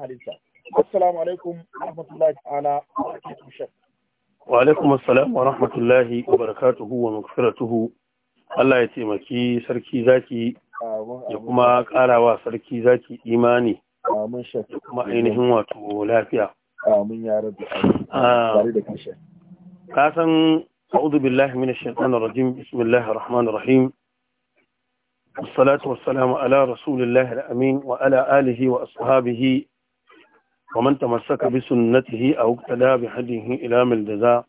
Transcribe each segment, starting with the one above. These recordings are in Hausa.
halitta assalamu alaikum wa rahmatullahi ta'ala wa barakatuhu shek wa alaikum assalam wa rahmatullahi wa barakatuhu wa Allah ya taimaki sarki zaki ya kuma karawa sarki zaki imani ya kuma ainihin wato lafiya amin ya rabbi ah. da kashe ka san a'udhu billahi minash shaitanir rajim bismillahir rahmanir rahim والصلاة والسلام على رسول الله الأمين وعلى آله وأصحابه ومن تمسك بسنته أو اقتدى بهديه إلى من الجزاء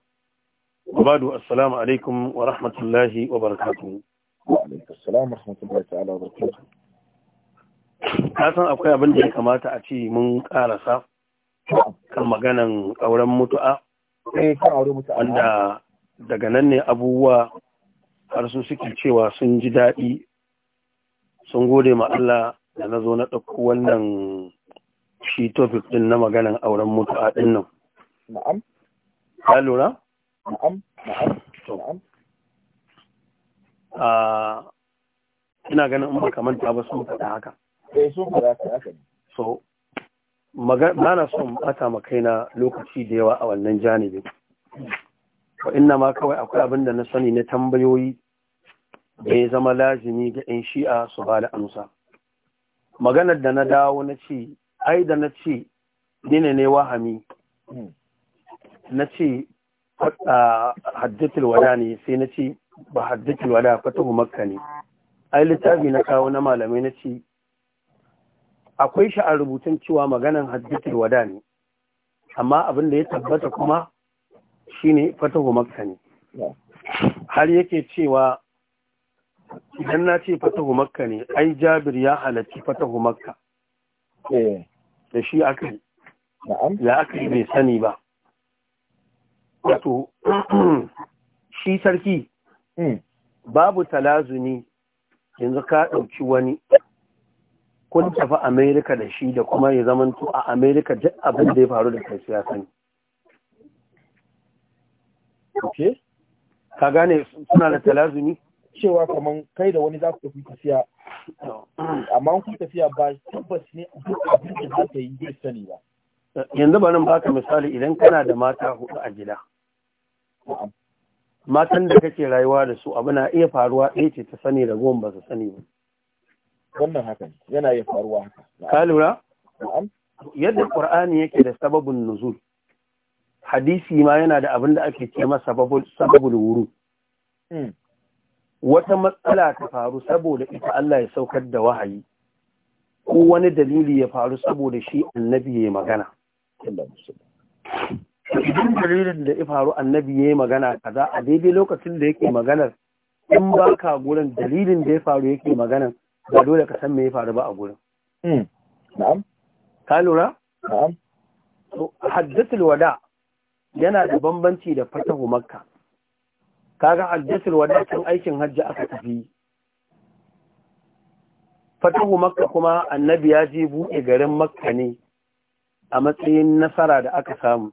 وبعد السلام عليكم ورحمة الله وبركاته وعليكم السلام ورحمة الله تعالى وبركاته kasan akwai abin da ya kamata a ce mun karasa kan maganan eh, auren mutu'a wanda daga nan ne abubuwa har su suke cewa sun ji daɗi sun gode ma Allah da na zo na ɗauko wannan shi topic din na maganan auren mutu'a din nan na'am ka lura na'am na'am na'am a ah, ina ganin in baka manta ba sun faɗa haka eh sun faɗa haka so ba na son bata ma kaina lokaci da yawa a wannan janibin Ko inna ma kawai akwai abin da na sani na tambayoyi da ya zama lazimi ga 'yan shi'a su ba da amsa maganar da na dawo na ce ai da na ce ni ne wahami hmm. na ce haddatul wada ne sai na ce ba haddatul wada fatahu makka ne ai littafi na kawo na malamai na ce akwai shi a rubutun cewa maganan haddatul wada ne amma abin da ya tabbata kuma shine fatahu makka ne har yake cewa idan na ce fatahu makka ne ai jabir ya halarci fatahu makka eh. da shi aka yi ya aka yi bai sani ba wato shi sarki hmm. babu talazuni yanzu ka ɗauki wani kun tafi amerika da shi da kuma ya zamanto a amerika duk abin da ya faru da kai ya sani ka gane suna da talazuni cewa kaman kai da wani za ku tafi tafiya amma kun tafiya ba tabbas ne duk abin da za ka yi zai sani ba yanzu ba nan baka misali idan kana da mata hudu a gida matan da kake rayuwa da su abu na iya faruwa ɗaya ce ta sani da goma ba su sani ba wannan haka yana iya faruwa haka ka lura yadda qur'ani yake da sababin nuzul hadisi ma yana da abin da ake ce masa sababul wuru hmm. wata matsala ta faru saboda ita Allah ya saukar da wahayi ko wani dalili ya faru saboda shi annabi ya yi magana idan dalilin da ya faru annabi ya yi magana kaza a daidai lokacin da yake maganar in ba ka gurin dalilin da ya faru yake maganar ba dole ka san me ya faru ba a gurin hmm. ka lura na'am haddatul wada yana da bambanci da fatahu makka kaga aljasir wadatun aikin hajji aka tafi fatahu makka kuma annabi ya ji buɗe garin makka ne a matsayin nasara da aka samu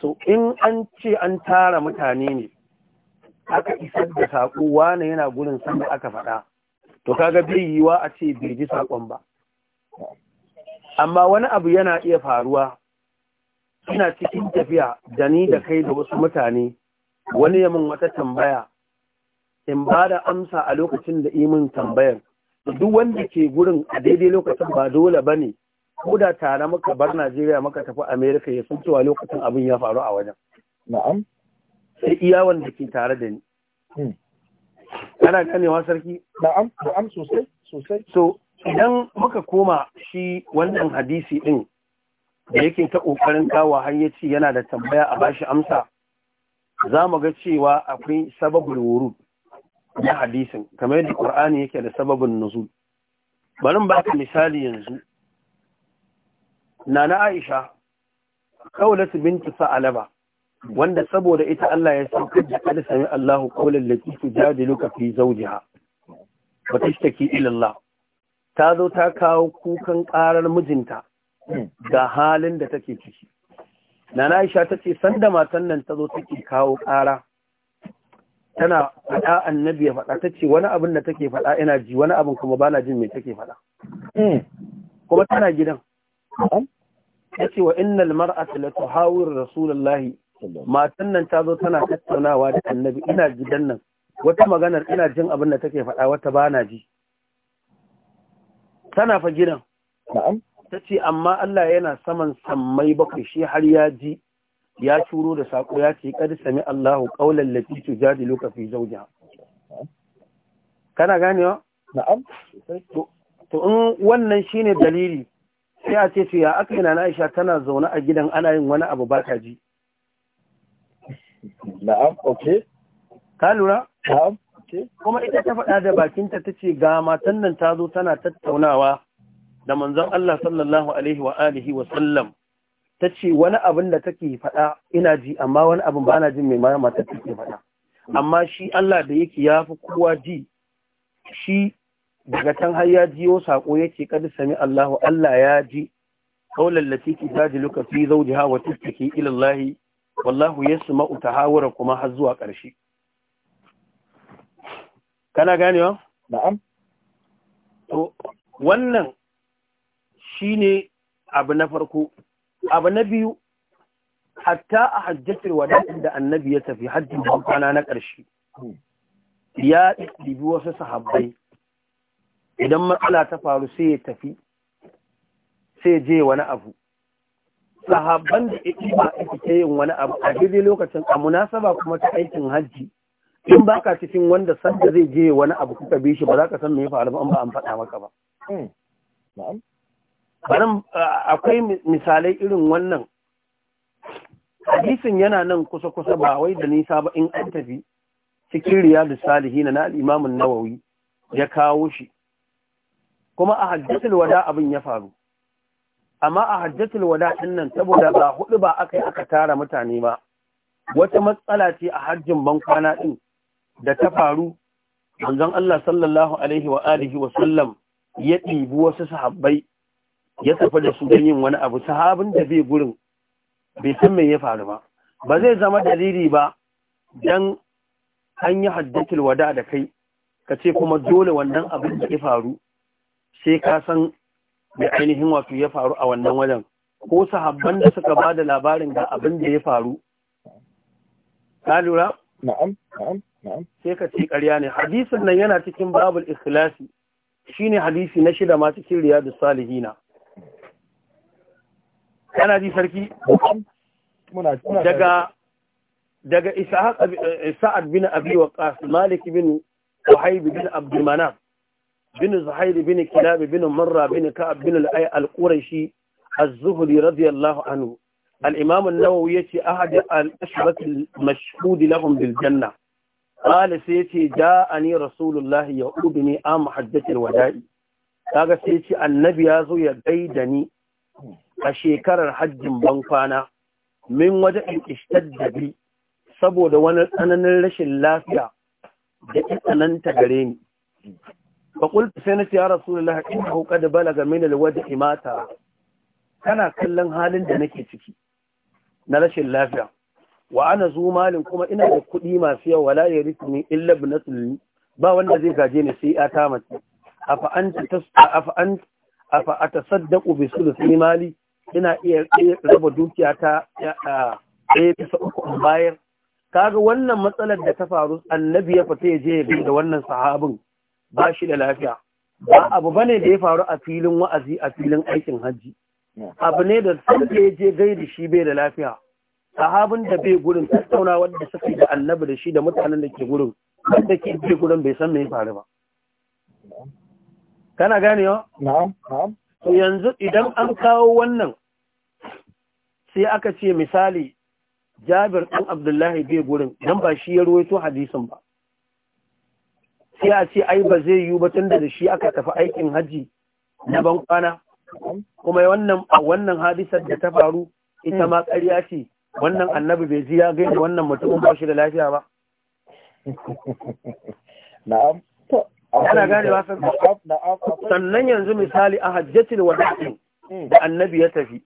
so in an ce an tara mutane ne aka isar da saƙo wane yana gurin da aka faɗa to kaga bai yiwa a ce bai ji sakon ba amma wani abu yana iya faruwa ina cikin tafiya da ni da kai da wasu mutane wani ya min wata tambaya in ba da amsa a lokacin da imin tambayar duk wanda ke gurin a daidai lokacin ba dole ba ne ko da tare muka bar najeriya muka tafi amerika ya sun cewa lokacin abin ya faru a wajen na'am sai iya wanda ke tare da ni hmm. Kana ganewa sarki na'am na'am sosai sosai so idan muka koma shi wannan hadisi din da yake ta kokarin kawo har yace yana da tambaya a bashi amsa za mu ga cewa akwai sababul wurud na hadisin kamar yadda Qur'ani yake da sababin nuzul bari baka misali yanzu nana Aisha kaulatu binti Sa'alaba wanda saboda ita Allah ya saukar da kada sami Allahu qawlan lati tujadiluka fi zawjiha wa tashtaki ila Allah ta zo ta kawo kukan ƙarar mijinta ga halin da take ciki Nana Aisha ta ce sanda matan nan ta zo take kawo ƙara tana faɗa annabi ya faɗa ta ce wani abin da take faɗa ina ji wani abin kuma ba na jin me take faɗa. Hmm. Kuma tana gidan. Ta ce wa innal mar'ata la tuhawir rasulullahi matan nan ta zo tana tattaunawa da annabi ina gidan nan wata maganar ina jin abin da take faɗa wata ba na ji. Tana fa gidan. Na'am. ta ce amma Allah yana saman sammai bakwai shi har ya ji ya turo da saƙo ya ce kada sami Allahu ƙaular su tu jadi lokaci zauja kana ganewa na'am to in wannan shi ne dalili sai a ce to ya aka yana na Aisha tana zaune a gidan ana yin wani abu baka ji na'am ok. ka lura na'am ok. kuma ita ta faɗa da bakinta tace ga matan nan ta zo tana tattaunawa da manzon Allah sallallahu alaihi wa alihi wa sallam ta ce wani abin da take faɗa ina ji amma wani abin ba na jin mai mara mata take faɗa amma shi Allah da yake ya fi kowa ji shi daga can har ya jiyo saƙo yake kada sami Allahu Allah ya ji kaulan lati ki taji luka fi zawjiha wa tattaki ila Allah wallahu yasma'u tahawura kuma har zuwa ƙarshe kana ganewa na'am to wannan Shi ne abu na farko abu na biyu hatta a hajjatul da annabi ya tafi hajjin kwana na ƙarshe ya ɗibi wasu sahabbai idan matsala ta faru sai ya tafi sai je wani abu sahabban da ya ɗiba ita ta yin wani abu a daidai lokacin a munasaba kuma ta aikin hajji in ba ka cikin wanda sanda zai je wani abu kuka bi shi ba za ka san me ya faru ba an faɗa maka ba hmm. barin akwai misalai irin wannan hadisin yana nan kusa-kusa ba wai da nisa ba in an tafi cikin riyadu salihin na al'imamin nawawi ya kawo shi kuma a hajjatul wada abin ya faru amma a hajjatul wada ɗin nan saboda ba hudu ba aka yi aka tara mutane ba wata matsala ce a hajjin bankwana ɗin da ta faru manzon Allah sallallahu alaihi wa alihi wa sallam ya ɗibi wasu sahabbai ya tafi da su don yin wani abu sahabin da bai gurin bai san me ya faru ba ba zai zama dalili ba dan an yi haddatul wada da kai ka ce kuma dole wannan abin da ya faru sai ka san mai ainihin wato ya faru a wannan wajen ko sahabban da suka ba da labarin ga abin da ya faru ka lura na'am na'am sai ka ce ƙarya ne hadisin nan yana cikin babul ikhlasi shine hadisi na shida ma cikin riyadus salihina yana sarki daga daga isa'ad isa'ad bin abi waqas malik bin suhayb bin abd manaf bin zuhayr bin kilab bin marra bin ka'ab bin al-ay al-qurayshi az-zuhri radiyallahu anhu al-imam an-nawawi yace ahad al-ashbat al-mashhud lahum bil janna qala sayati ja'ani rasulullah ya'udni am hajjat al-wada'i kaga sayati annabi yazo ya gaidani a shekarar hajjin bankwana min waje in ishtadda bi saboda wani tsananin rashin lafiya da tsananta gare ni faƙul sai na ya a inna hu da balaga min alwajh imata Tana kallon halin da nake ciki na rashin lafiya wa ana zu malin kuma ina da kuɗi masu yawa wala yarithni illa ibnatul ba wanda zai gaje ni sai ta mace afa anta tas'a afa anta afa mali ina iya raba dukiya ta a bisa uku in bayar kaga wannan matsalar da ta faru annabi ya fita ya je ya da wannan sahabin ba shi da lafiya ba abu bane da ya faru a filin wa'azi a filin aikin hajji abu ne da sun ya je gaida shi bai da lafiya sahabin da bai gurin tattauna wanda suka yi da annabi da shi da mutanen da ke gurin wanda ke bai gurin bai san me ya faru ba kana ganewa na'am na'am to yanzu idan an kawo wannan sai aka ce misali jabir ɗan abdullahi bai gurin don ba shi ya ruwaito hadisin ba sai a ce ai ba zai yiwu ba tun da shi aka tafi aikin hajji na ban kwana kuma wannan wannan hadisar da ta faru ita ma ƙarya ce wannan annabi bai ji ya gaida wannan mutumin ba shi da lafiya ba na'am ana ganewa sannan yanzu misali a hajjatul wada'i hmm. da annabi ya tafi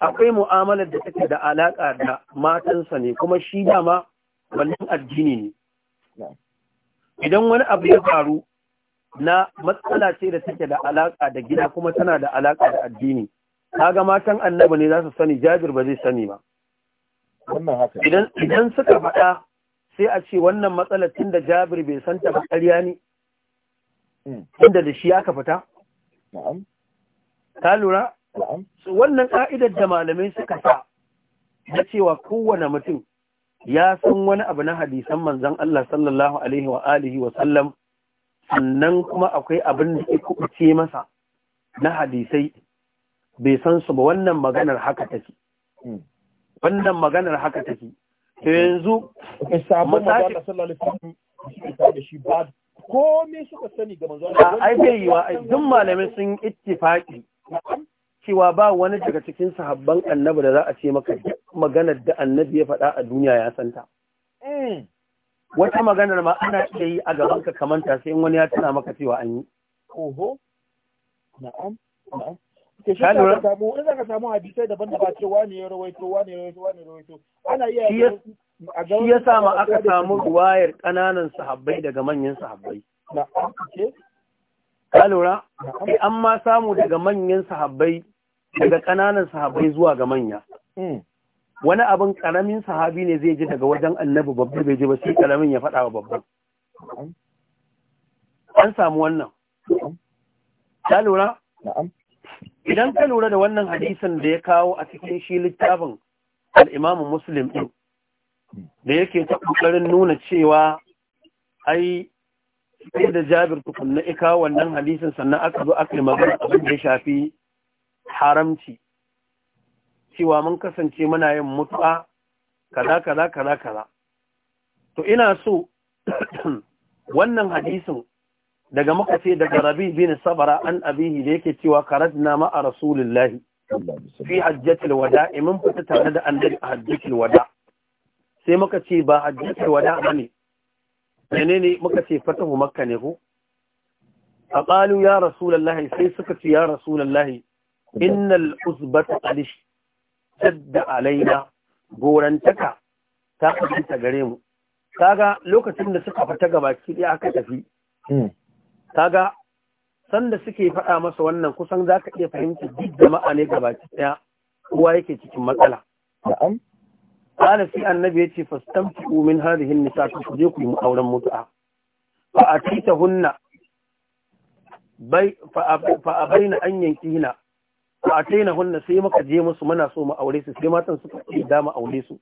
akwai mu'amalar da take da alaƙa da matansa ne kuma shi dama wannan addini ne idan wani abu ya faru na matsala ce da take da alaƙa da gida kuma tana da alaƙa da addini ga matan annabi ne za su sani jabir ba zai sani ba idan suka faɗa sai a ce wannan matsalar tun da jabir bai santa ba ƙarya ne hmm. tun da shi aka fita ta lura So wannan ƙa'idar da malamai suka sa na cewa kowane mutum ya san wani abu na hadisan manzan Allah sallallahu alaihi wa alihi wa sallam sannan kuma akwai abin da ke kubuce masa na hadisai bai san su ba wannan maganar haka take. Hmm. Wannan maganar haka take. To hmm. yanzu komai suka sani ga manzan? Allah. Ai bai yi wa duk malamai sun ittifaki cewa ba wani daga cikin sahabban annabi da za a ce maka maganar da annabi ya faɗa a duniya ya santa. Eh. Wata maganar ma ana iya yi a gaban ka kamanta sai wani ya tana maka cewa an yi. Oho, na'am, na'am. Ke shi ka samu, in za ka samu hadisai daban da ba ce wani ya rawaito, wani ya rawaito, wani ya rawaito. Ana iya a gaban Shi ya ma aka samu ruwayar ƙananan sahabbai daga manyan sahabbai. Na'am, ke? Ka lura? Sai an ma samu daga manyan sahabbai daga ƙananan sahabai zuwa ga manya hmm. wani abin ƙaramin sahabi ne zai ji daga wajen annabi babban bai ji ba sai ƙaramin ya faɗa wa babban an samu wannan ta lura idan ka lura da wannan hadisin da ya kawo a cikin shi littafin al'imamu musulun ɗin da yake ta ƙoƙarin nuna cewa ai sai da jabir tukun na ika wannan hadisin sannan aka zo aka yi magana abin da ya shafi haramci cewa mun kasance muna yin mutu'a kaza kaza kaza kaza to ina so wannan hadisin daga muka ce daga rabi bin sabara an abihi da yake cewa karadna ma a rasulullahi fi hajjatul wada imin fita tare da annabi a hajjatul wada sai muka ce ba hajjatul wada bane menene muka ce fatahu makka ne ko a qalu ya rasulullahi sai suka ce ya rasulullahi innal usbata qadish tadda alaina gorantaka ta fita gare mu kaga lokacin da suka fita gaba ki aka tafi hmm. kaga sanda suke faɗa masa wannan kusan za ka iya fahimta duk jama'a ne gaba ɗaya kowa yake cikin matsala na'am قال في النبي يتي فاستمتعوا من هذه النساء تخرجكم من أولا متعة فأتيتهن بي فأبين أن ينكيهن a taina hunna sai muka je musu muna so mu aure su sai matan suka ce da aure su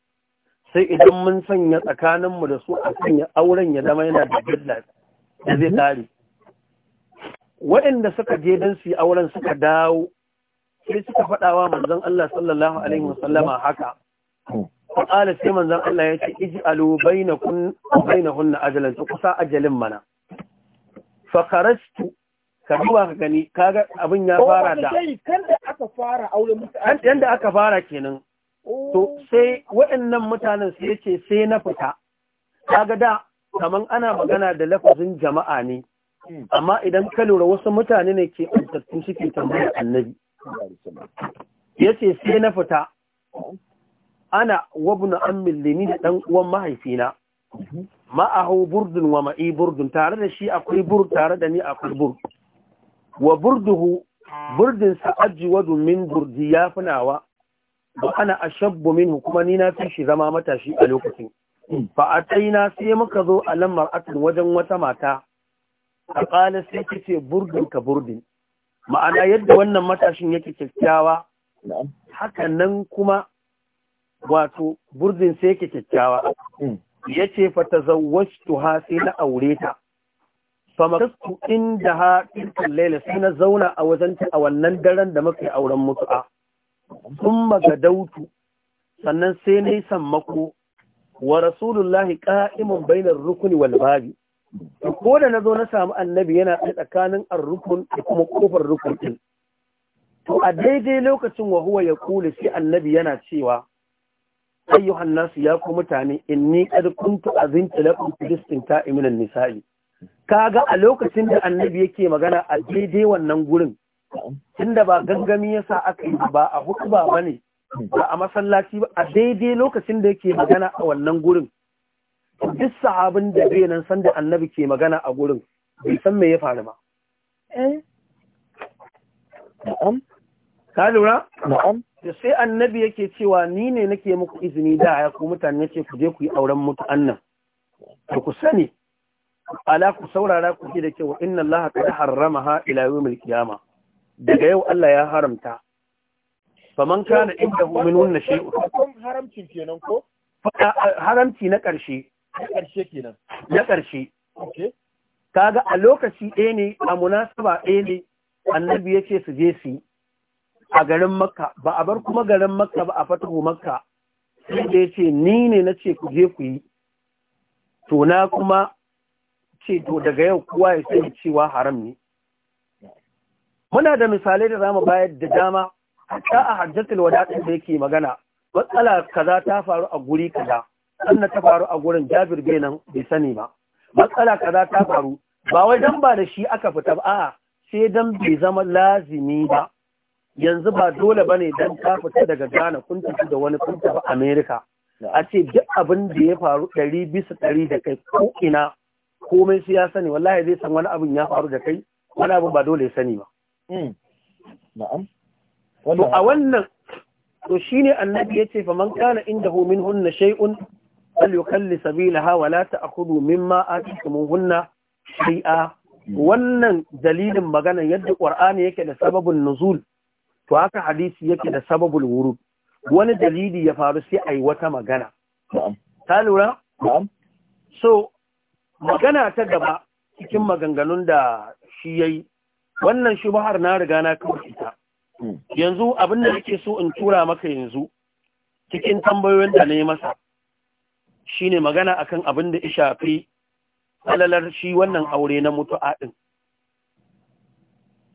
sai idan mun sanya tsakanin mu da su a sanya auren ya zama yana da billa da zai tare waɗanda suka je dan su yi auren suka dawo sai suka faɗawa manzon Allah sallallahu alaihi wasallama haka Ƙwa'ala sai manzon Allah ya ce, Iji alubai na hunna ajalan, ku kusa ajalin mana. Fakarastu ka duba ka gani kaga abin ya oh, fara da kan da aka fara auren mutane yanda aka fara kenan oh. to sai waɗannan mutanen sai yace sai na fita kaga da kaman ana magana da lafazin jama'a ne hmm. amma idan ka lura wasu mutane ne ke antattun suke tambayar annabi yace sai na fita ana wabna an millini da ɗan uwan mahaifina hmm. ma'ahu burdun wa ma'i burdun tare da shi akwai bur tare da ni akwai bur wa burduhu burdin sa ajwadu min burdi nawa? wa ana ashabbu minhu kuma ni na fi shi zama matashi a lokacin fa ataina sai muka zo a lamar atin wajen wata mata a kala sai kace burdin ka burdin ma'ana yadda wannan matashin yake kyakkyawa haka nan kuma wato burdin sai yake kyakkyawa hmm. yace fa tazawwajtuha sai na aure ta famakastu inda ha tilkan laila suna zauna a wajen a wannan daren da muka yi auren mutu'a sun magadautu sannan sai na yi sammako wa rasulullahi ka'imun bainar rukuni walbabi. ko da na zo na samu annabi yana tsakanin ar da kuma kofar rukun ɗin. to a daidai lokacin wa huwa kula sai annabi yana cewa ayyuhan nasu ya ku mutane inni qad kuntu azintu lakum fi istinta'i minan nisa'i kaga a lokacin da annabi yake magana a daidai wannan gurin inda ba gangami yasa aka yi ba a hukuba ba ne ba a masallaci ba a daidai lokacin da yake magana a wannan gurin duk sahabin da bai nan san da annabi ke magana a gurin bai san me ya faru ba eh? na'am ka lura na'am da sai annabi yake cewa ni ne nake muku izini da ya ku mutane ce ku je ku yi auren mutu annan to ku sani ala ku saurara ku ji da cewa inna Allah qad ha ila yawmil qiyama daga yau Allah ya haramta faman kana inda min wannan shi haramci kenan ko haramci na karshe na kenan na ƙarshe kaga a lokaci ɗaya ne a munasaba ɗaya ne annabi ya ce su je su a garin makka ba a bar kuma garin makka ba a fatahu makka sai da ya ce ni ne na ce ku je ku yi to na kuma ce to daga yau kowa ya sani cewa haram ne muna da misalai da zamu bayar da dama hatta a hajjatul wada da yake magana matsala kaza ta faru a guri kaza sannan ta faru a gurin Jabir bai bai sani ba matsala kaza ta faru ba wai dan ba da shi aka fita ba a'a sai dan bai zama lazimi ba yanzu ba dole bane dan ta fita daga Ghana kun tafi da wani kun tafi America a ce duk abin da ya faru ɗari bisa ɗari da kai ko ina komai sai ya sani wallahi zai san wani abin ya faru da kai wani abin ba dole ya sani ba hmm. to a wannan to shine annabi yace fa man kana indahu hunna shay'un yukalli sabilaha wa la ta'khudhu mimma hunna shay'a hmm. wannan dalilin magana yadda qur'ani yake da sababun nuzul to haka hadisi yake da sababul wurud wani dalili ya faru sai ai wata magana ta lura so magana ta gaba cikin maganganun da shi ya yi wannan shubahar na riga na kawai ta hmm. yanzu abin da nake so in tura maka yanzu cikin tambayoyin da na yi masa shine magana akan abin da ya shafi alalar shi wannan aure na mutu'a din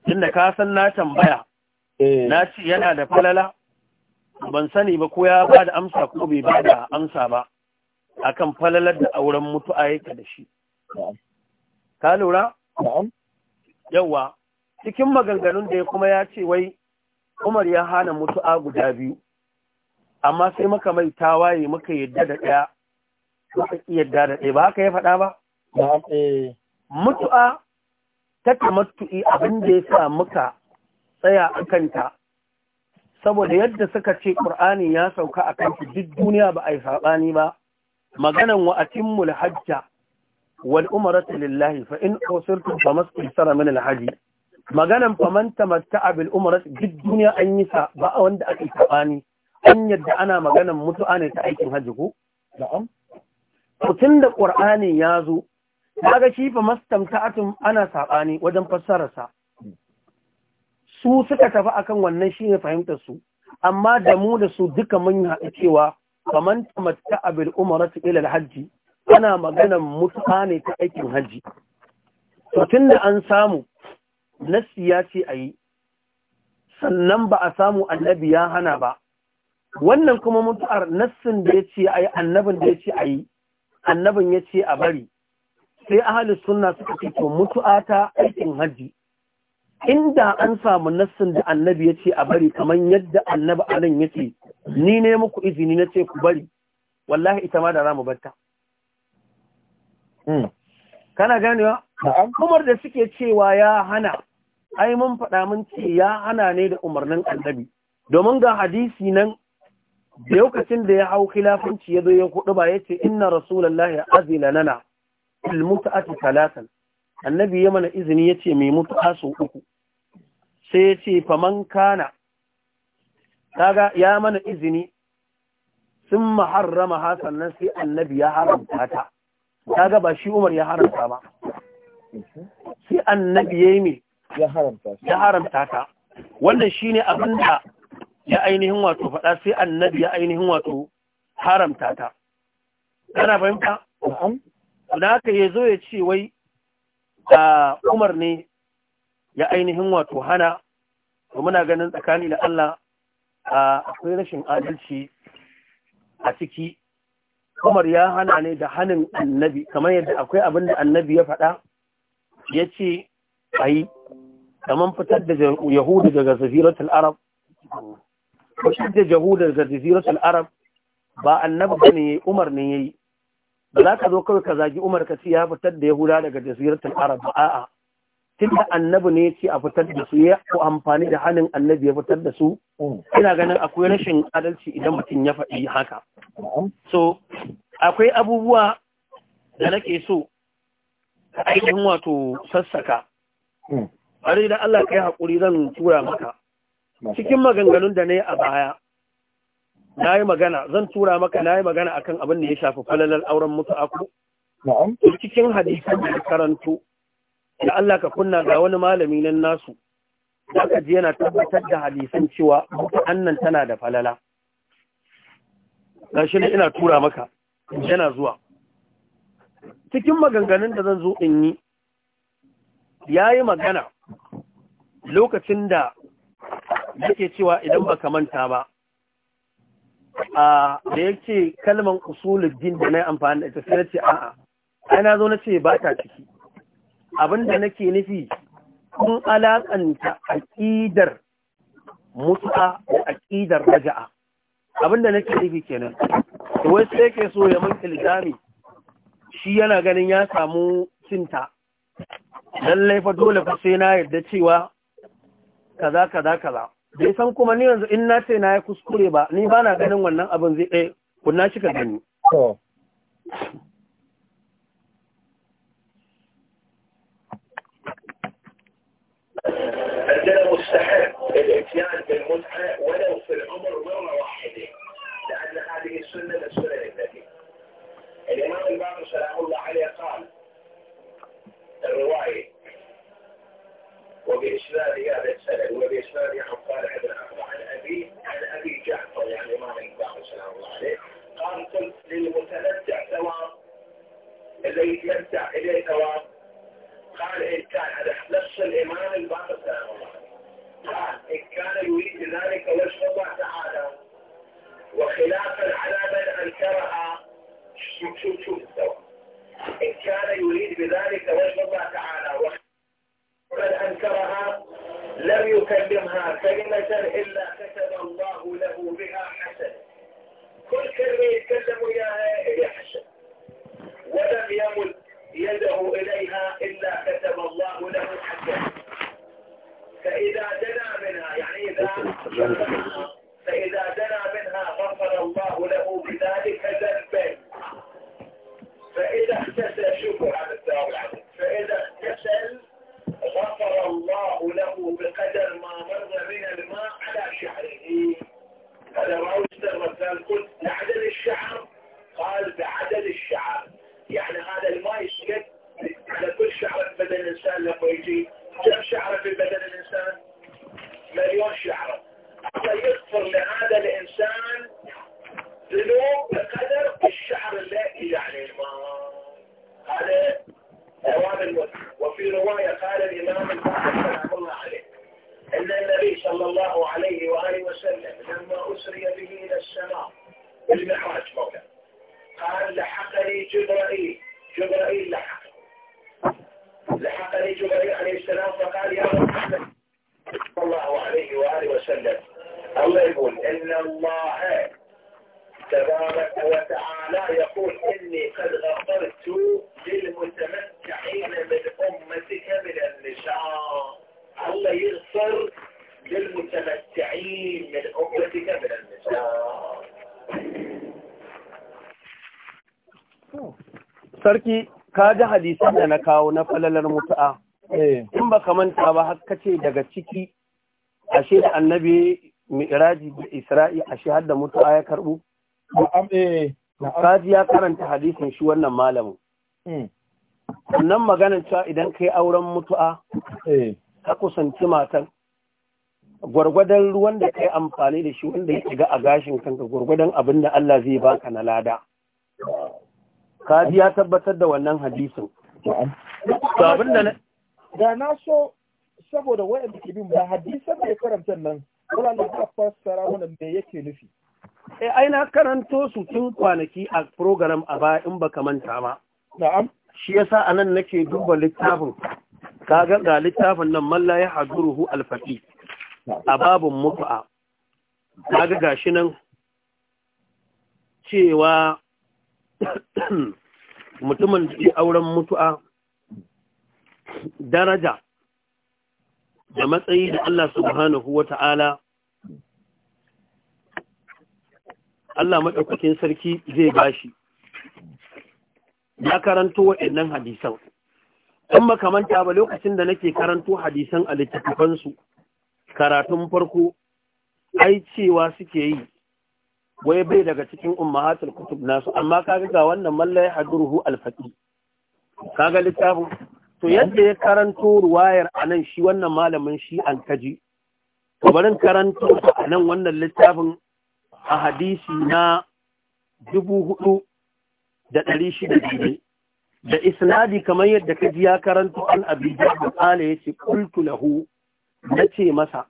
tunda ka san na tambaya eh. na ce yana da falala ban sani ba ko ya ba da amsa ko bai ba da amsa ba akan falalar da auren mutu'a yake da shi ka lura Yawwa, cikin maganganun da ya kuma ya ce wai Umar ya hana mutu'a guda biyu amma sai muka mai tawaye muka yadda da ɗaya maka yadda da ɗaya ba haka ya faɗa ba eh. mutu'a ta tamattu'i abin da ya sa muka tsaya a kanta saboda yadda suka ce ƙur'ani ya sauka a kanta duk duniya ba a yi saɓani ba maganan wa atimmul hajja wal umrata lillahi fa in usirtum sara min al hajji maganan man tamatta bil umrati duk duniya an yi ba wanda aka tabani an yadda ana maganan mutu'a ne ta aikin hajji ko na'am mutun da qur'ani ya zo kaga shi fa mastamta'atum ana sabani wajen sa su suka tafi akan wannan shine fahimtar su amma da mu da su duka mun haɗa cewa kaman tamatta abil su ila hajji ana maganan mutuwa ne ta aikin hajji to da an samu nassi ya ce ayi sannan ba a samu annabi ya hana ba wannan kuma mutu'ar nassin da ya ce ayi annabin da ya ce ayi annabin ya ce a bari sai ahalus sunna suka ce to mutu'a ta aikin hajji inda an samu nassin da annabi ya ce a bari kamar yadda annabi anan ya ce ni ne muku izini na ce ku bari wallahi ita ma da za mu batta hmm. kana ganewa umar da suke cewa ya hana ai mun faɗa mun ce ya hana ne da umarnin annabi domin ga hadisi nan da lokacin da ya hau khilafanci ya zo ya kudu ba ya ce inna rasulullahi azila nana fil mut'ati talatan annabi ya mana izini ya ce mai mutu'a sau uku sai ya ce faman kana kaga ya mana izini sun maharrama hasan nan sai annabi ya haramta ta kaga ba shi umar ya haramta ba sai annabi ya yi mai ya haramta ta wannan shi ne abin da ya ainihin wato faɗa sai annabi ya ainihin wato haramta ta kana fahimta? da haka ya zo ya ce wai a umar ne ya ainihin wato hana muna ganin tsakani da Allah akwai rashin adalci a ciki Umar ya hana ne da hannun annabi kamar yadda akwai abin da annabi ya faɗa ya ce a yi kamar fitar da yahudu daga zafiratul arab fitar da yahudu daga zafiratul arab ba annabi ba ne umar ne ya yi ba za ka zo kawai ka zagi umar ka ce ya fitar da yahuda daga zafiratul arab ba a'a tunda annabi ne ce a fitar da su ya ko amfani da hannun annabi ya fitar da su hmm. ina ganin akwai rashin adalci idan mutum ya faɗi haka so akwai abubuwa da nake so ka wato sassaka hmm. bari da Allah kai haƙuri zan tura maka cikin maganganun da na yi a baya na yi magana zan tura maka na yi magana akan abin da ya shafi falalar auren mutu aku cikin hadisan da karanto da Allah ka kunna ga wani malami nan nasu da aka ji yana tabbatar da hadisan cewa annan tana da falala gashi ne ina tura maka yana zuwa cikin maganganun da zan zo in yi yayi magana lokacin da yake cewa idan baka manta ba a da yake kalman usuluddin da na amfani da ita sai na ce a'a ai na zo na ce ba ta ciki abinda nake nufi kun alakanta aƙidar mutu'a da aƙidar raja'a abinda nake nufi kenan to wai sai yake so ya mun ilgami shi yana ganin ya samu cinta lallai fa dole fa sai na yarda cewa kaza kaza kaza bai san kuma ni yanzu in na ce na ya kuskure ba ni ba na ganin wannan abin zai ɗaya eh, kunna shi ka gani عندنا مستحب الاتيان بالمتعة ولو في العمر مرة واحدة لأن هذه السنة من سنن النبي الإمام الباقر سلام الله عليه قال الرواية وبإسناد هذا السند وبإسناد عن صالح بن عمرو عن أبي عن أبي جعفر يعني الإمام الباقر سلام الله عليه قال قلت للمتمتع ثواب اللي يتمتع إليه ثواب قال إن إيه كان هذا نفس الإمام الباقر سلام نعم، قال إن كان يريد ذلك وجه الله تعالى وخلافا على من أنكرها شوف شوف شوف الدواء إن كان يريد بذلك وجه الله تعالى وخلافا من أنكرها لم يكلمها كلمة إلا كتب الله له بها حسن كل كلمة يتكلم إياها إلي حسن ولم يمل يدعو إليها إلا كتب الله له حجه فإذا دنا منها يعني إذا فإذا دنا منها غفر الله له بذلك ذنبا فإذا احتسى شكر ka ji hadisan da na kawo na falalar mutu'a eh. in ba ka manta ba har ce daga ciki ashe da annabi mi'raji da isra'i ashe har da mutu'a ya karbu eh, kaji ya karanta hadisin shi wannan malamin hmm. nan maganin cewa idan kai auren mutu'a eh. ka kusanci matan gwargwadon ruwan da kai amfani da shi wanda ya shiga a gashin kanka gwargwadon abin da Allah zai baka na lada kaji ya tabbatar da wannan hadisin to abin da na da na so saboda wayan ke bin ba hadisan da ya karanta nan wala da ka fassara mana me yake nufi eh ai na karanto su tun kwanaki a program a baya in baka manta ba. na'am shi yasa anan nake duba littafin kaga ga littafin nan malla ya haduruhu alfafi. a babun mutu'a kaga gashi nan cewa mutumin da ke auren mutu'a daraja da matsayi da Allah subhanahu wa ta'ala Allah maɗaukakin sarki zai bashi ya karanto waɗannan hadisan in makamanta ba lokacin da nake karanto hadisan a littattafansu karatun farko ai cewa suke yi wai bai daga cikin ummahatul kutub nasu amma kaga ga wannan mallai hadruhu al-faqi kaga littafin to yadda ya karanto ruwayar anan shi wannan malamin shi an kaji to barin karanto anan wannan littafin a hadisi na dubu hudu da ɗari shida da isnadi kamar yadda ka ji ya karanto an abi da qala yace qultu lahu nace masa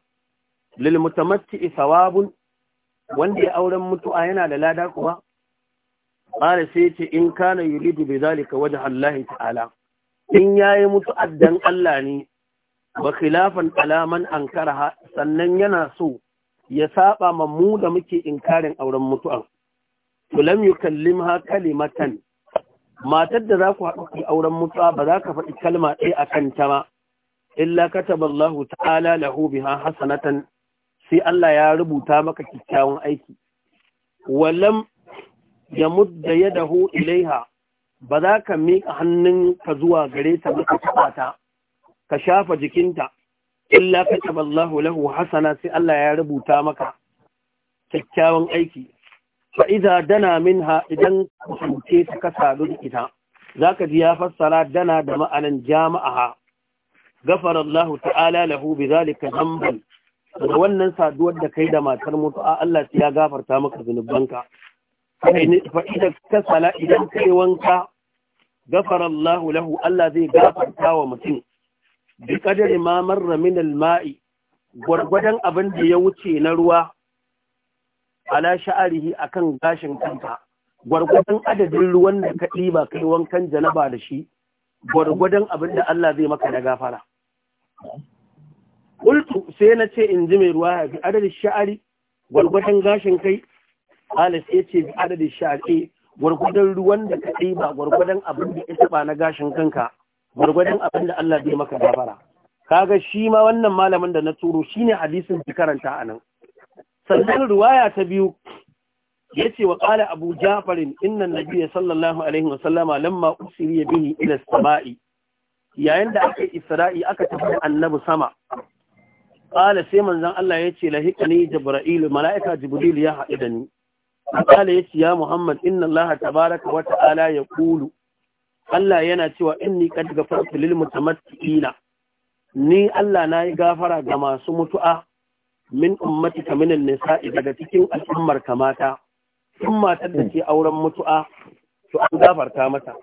lil mutamatti thawabun wanda ya auren mutu'a yana da lada kuwa ƙara sai ce in kana yuridu bi zalika waje Allah ta'ala in yayi mutu'a, dan Allah ne ba khilafan alaman ankaraha sannan yana so ya saba ma mu da muke inkarin auren mutu'an to lam yukallimha kalimatan matar da za ku haɗu auren mutuwa ba za ka faɗi kalma ɗaya a kanta ba illa kataballahu ta'ala lahu biha hasanatan sai Allah ya rubuta maka kyakkyawan aiki walam ya mudda dahu ilaiha ba za ka miƙa hannunka zuwa gare ta ba ka ta ka shafa jikinta illa taɓa Allahu lahu hasana sai Allah ya rubuta maka kyakkyawan aiki fa idza dana minha idan kuce ta kasalu ita zaka ji ya fassara dana da ma'anan jama'aha ghafara Allahu ta'ala lahu zalika dhanban da wannan saduwar da kai da matar mutu'a Allah ya gafarta maka zunubanka kai fa'ida ka sala idan kai wanka gafara Allah lahu Allah zai gafarta wa mutum bi kadari ma marra min mai gwargwadon abin da ya wuce na ruwa ala sha'arihi akan gashin kanka gwargwadon adadin ruwan da ka ɗiba kai wankan janaba da shi gwargwadon abin da Allah zai maka na gafara Kultu sai na ce in ji mai ruwa ya fi adadin sha'ari gwargwadon gashin kai, Alas ya ce bi adadin sha'ari eh, gwargwadon ruwan da ka ɗiba gwargwadon abin da ya taɓa na gashin kanka, gwargwadon abin da Allah bai maka gafara. Kaga shi ma wannan malamin da na turo shine hadisin da karanta a nan. Sannan ruwaya ta biyu ya ce wa ƙala Abu Jafarin inna Nabiya sallallahu alaihi wa sallama lamma usiri ya bihi ila sama'i. Yayin da aka isra'i aka tafi annabi sama ƙala sai manzan Allah ya ce lahika lahiƙani jibra'ilu mala'ika jibril ya haɗu da ni ƙala ya ce ya muhammad inna Allah tabaraka wata Ala ya kulu Allah yana cewa ni inni qad ghafartu ta mutamatti'ina ni Allah na yi gafara ga masu mutu'a min ummati ka minan nisa'i daga cikin al'ummar kamata sun matar da ke auren mutu'a to an gafarta mata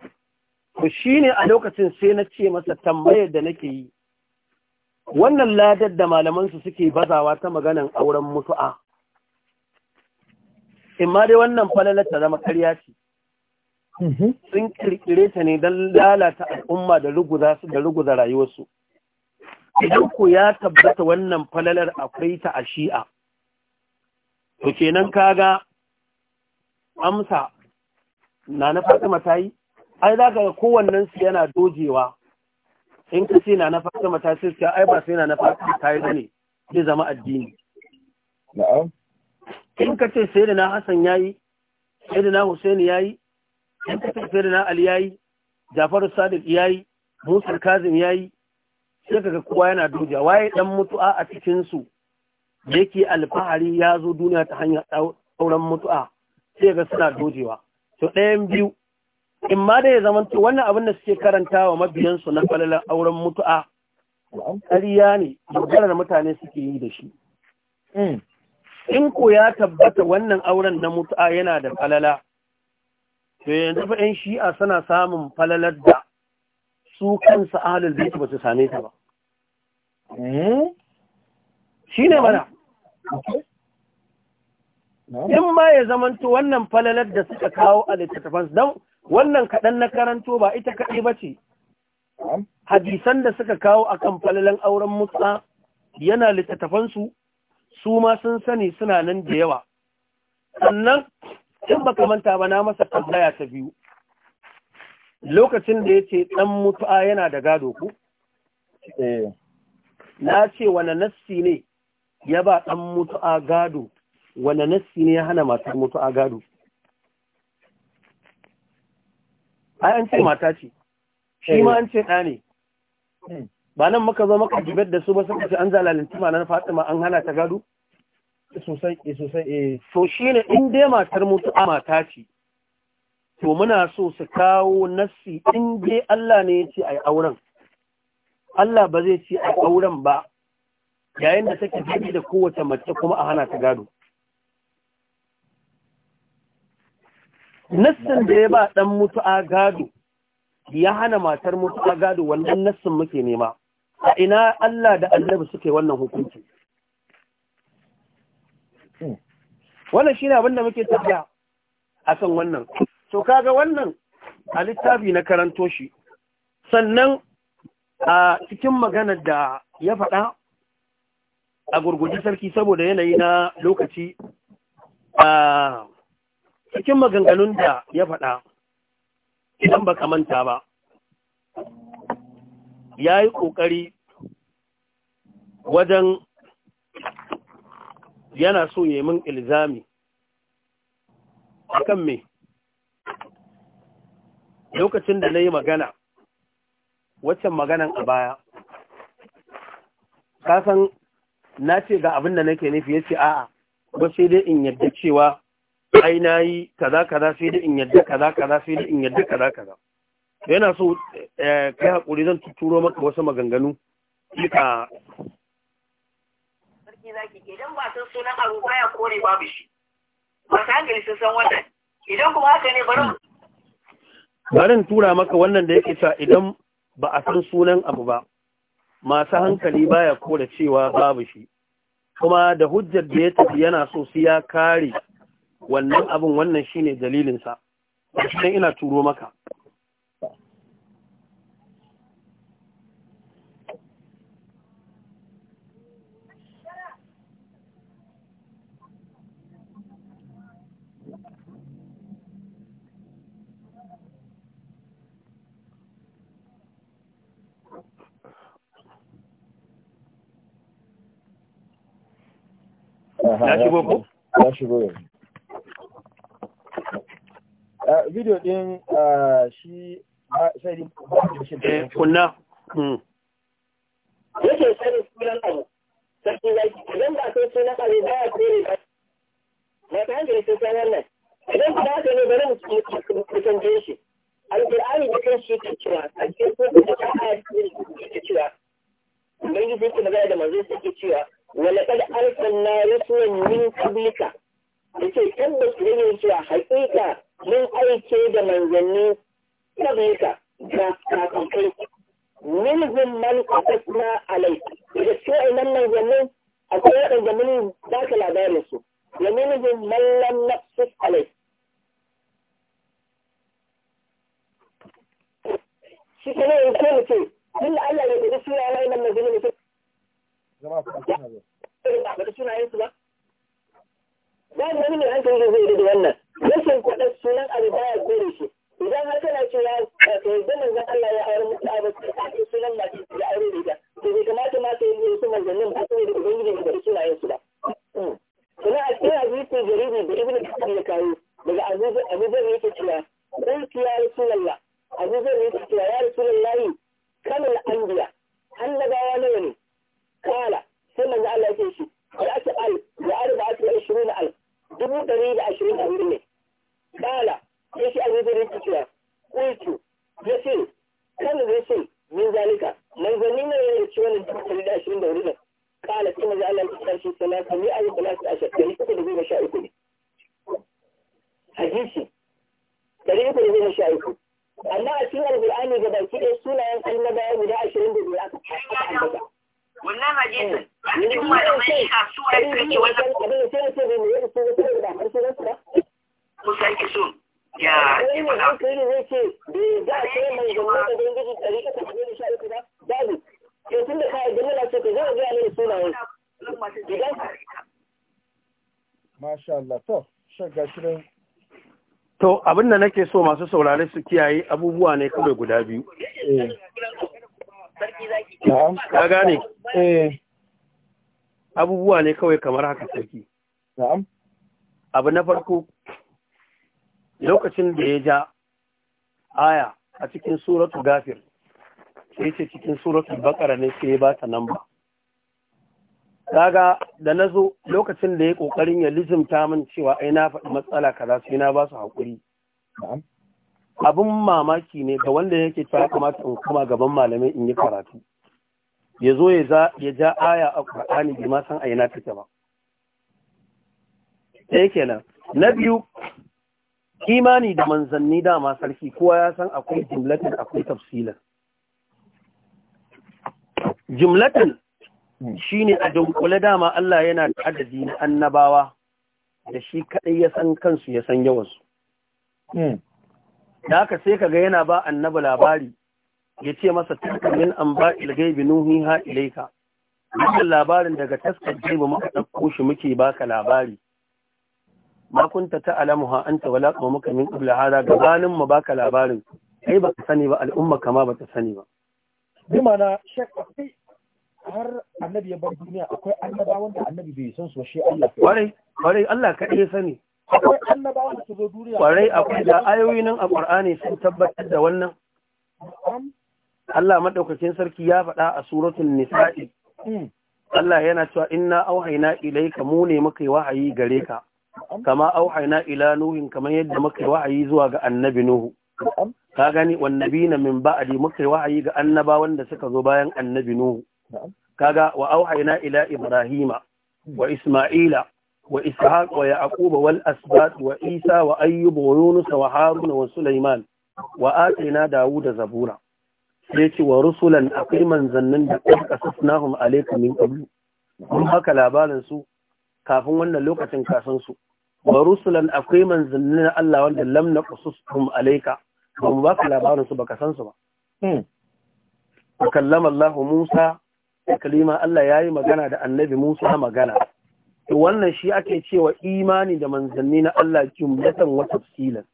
to ne a lokacin sai na ce masa tambayar da nake yi wannan ladar da malamansu suke bazawa ta maganan auren mutu'a in ma dai wannan falalar ta zama karya ce mm-hmm. sun kirkire ta ne don lalata al'umma da ruguza su da ruguza rayuwarsu idan ku ya tabbata wannan falalar akwai ta a shi'a to kenan kaga amsa na na fatima ta yi ai za ka kowannensu yana dojewa in ka ce na na fatima sai shirka ai ba sai na na fata ta yi bane zai zama addini na'am in ka ce sai da na hasan yayi sai da na husaini yayi in ka ce sai da na ali yayi jafaru sadiq yayi musa kazim yayi sai kaga kowa yana doja waye dan mutu'a a cikin su yake alfahari ya zo duniya ta hanyar sauran mutu'a sai ga suna dojewa to ɗayan biyu in ma da ya zamanta wannan abin da suke karanta wa mabiyansu na falalar auren mutu'a ƙariya ne dogarar mutane suke yi da shi hmm. in ko ya tabbata wannan auren na mutu'a yana da falala to yanzu fa ƴan shi'a suna samun falalar da su kansa ahalul bait ba su same ta ba hmm. shi ne mana in ma ya zamanta wannan falalar da suka kawo a littattafan don wannan kaɗan na karanto ba ita kaɗai ba ce hadisan da suka kawo a kan falalan auren mutsa yana littattafansu su ma sun sani suna nan da yawa sannan in baka manta ba na masa tambaya ta biyu lokacin da ya ce ɗan mutu'a yana da gado ku? Eh. na ce wane nassi ne ya ba ɗan mutu'a gado wane nassi ne ya hana matar mutu'a gado ai an ce mata ce shi ma an ce ɗane ne ba nan maka zo maka jibar da su ba suka ce an zalalinci ma na fatima an hana ta gado sosai eh, sosai eh so eh. shine in dai matar mutu a mata ce to muna so su kawo nassi in dai Allah ne ya ce ai auren Allah ba zai ce ai auren ba yayin da take jibi da kowace mace kuma a hana ta gado nassin da ya ba ɗan mutu'a gado ya hana matar mutu'a gado wannan nassin muke nema a ina Allah da annabi suke wannan hukunci wannan shine abin da muke tafiya akan wannan to kaga wannan a littafi na karanto shi sannan a cikin maganar da ya faɗa a gurguji sarki saboda yanayi na lokaci cikin maganganun da ya faɗa idan ba manta ba ya yi ƙoƙari wajen yana so ya min ilzami akan me lokacin da na yi magana waccan maganan a baya kasan na ce ga abin da nake nufi ya ce a'a ba sai dai in yarda cewa ai na yi kaza kaza sai da in yadda kaza kaza sai da in yadda kaza kaza yana so eh, kai hakuri zan tuturo maka wasu maganganu ka zaki idan ba san sunan aro baya kore babu shi ba ta hankali sun san wannan idan kuma haka ne bari barin tura maka wannan da yake sa idan ba a san sunan abu ba masu hankali baya kore cewa babu shi kuma da hujjar da ya tafi yana so su ya kare wannan abin wannan shine dalilinsa shi ina turo maka Ya shigo ko? Ya shigo yanzu. Eh, video din eh, shi eh, sai kunna hmm. yake sanin sunan abu idan ba sai abu ba ya kore ba ba ta hankali sai wannan idan ne bari mu shi da kan shi yake cewa a ko da cewa da manzo cewa yake ne cewa haƙiƙa mun aike da manzanni kabika da kakankai minhum man qasasna alai daga nan manzanni a akwai da mun ba ka labarin su da minhum man na naqsus alai. shi ne in ko mutum min da Allah ya gudu suna yana nan manzanni mutum zama ku ba ba da yin su ba ba wani mai hankali zai da wannan rashin kwaɗar sunan abu baya kore shi idan har kana cewa ka zan manzon Allah ya aure mutu abu ka sunan masu da aure da ita to bai kamata ma sai yin su manzannin ba sai da ubangiji da sunayen su ba hmm. sannan a cikin hadisi jariri da ibnu kasir ya kawo daga abubuwan yake cewa qultu ya rasulullah abubuwan yake cewa ya rasulullahi kamar anbiya annabawa nawa ne kala sai manzo Allah ya ce shi ya ta al ya arba ta 20 al dubu ɗari da ashirin a wurin ne kala ya ce alhudurin tafiya kultu ya ce kan zai ce min zalika manzanni ne ya ce wannan dubu da ashirin da hudu kala sai maza Allah ya tashi salata ni ayi salata a shekari uku da goma sha uku ne hadisi ɗari uku da goma sha uku amma a cikin alƙur'ani ga baki ɗaya sunayen annabawa guda ashirin da biyu aka ambata wannan hadisin eh, eh, a cikin eh, shi wannan abin da sai ce bai mai da ba ko sai ki so ne yake da da da shi babu to to shagga shirin To abin da nake so masu saurare su kiyaye abubuwa ne kawai guda biyu. Eh. Ka gane? Eh. Abubuwa ne kawai kamar haka sarki. Abu na farko lokacin da ya ja aya a cikin suratu gafir sai ce cikin suratu bakara ne sai ya ba ta namba kaga da na zo lokacin da ya kokarin ya lizimta min cewa ai na faɗi matsala kaza sai na ba su haƙuri abin mamaki ne ga wanda yake ta kamata in kuma gaban malamai in yi karatu ya zo ya ja aya a ƙur'ani bi ma san na take ba ɗaya kenan na biyu imani da manzanni dama sarki kowa ya san akwai jimlatin akwai tafsilin jimlatin shine a dunkule dama Allah yana da adadi na annabawa da shi kaɗai ya san kansu ya san yawansu hmm. da haka sai kaga yana ba annaba labari ya ce masa taskamin an ba ilgaibi nuhi ha ilaika wannan labarin daga taskar gaibi muka ɗauko shi muke baka labari ma kunta ta'lamuha anta wala qawmuka min qabla hada gabanin mu baka labarin kai baka sani ba al'umma kama bata sani ba bi mana shek har annabi ya bar duniya akwai annabawan da annabi bai san su shi Allah kwarai kwarai Allah kaɗai sani akwai annabawan da su zo duniya kwarai akwai da ayoyi nan a Qur'ani sun tabbatar da wannan Allah madaukakin sarki ya faɗa a suratul nisa'i hmm. Allah yana cewa inna auhayna ilayka mu ne muka yi wahayi gare ka kama auhayna ila nuhin kamar yadda muka wa'ayi zuwa ga annabi nuhu ka gani wannabina min ba'di muka wa'ayi ga annaba wanda suka zo bayan annabi nuhu ga wa auhayna ila ibrahima wa isma'ila wa ishaq wa yaqub wal asbat wa isa wa ayyub wa yunus wa harun wa sulaiman wa atina da zabura sai ce wa rusulan akwai manzannin da kasasnahum alayka min qablu mun haka labarin su kafin wannan lokacin kasansu. wa rusulan akwai manzanni na Allah wanda lamna naqsusum alayka ba mu ka labarin su baka san su ba hmm. wa kallama Allah Musa da kalima Allah yayi magana da annabi Musa magana to wannan shi ake cewa imani da manzanni na Allah jumlatan wa tafsilan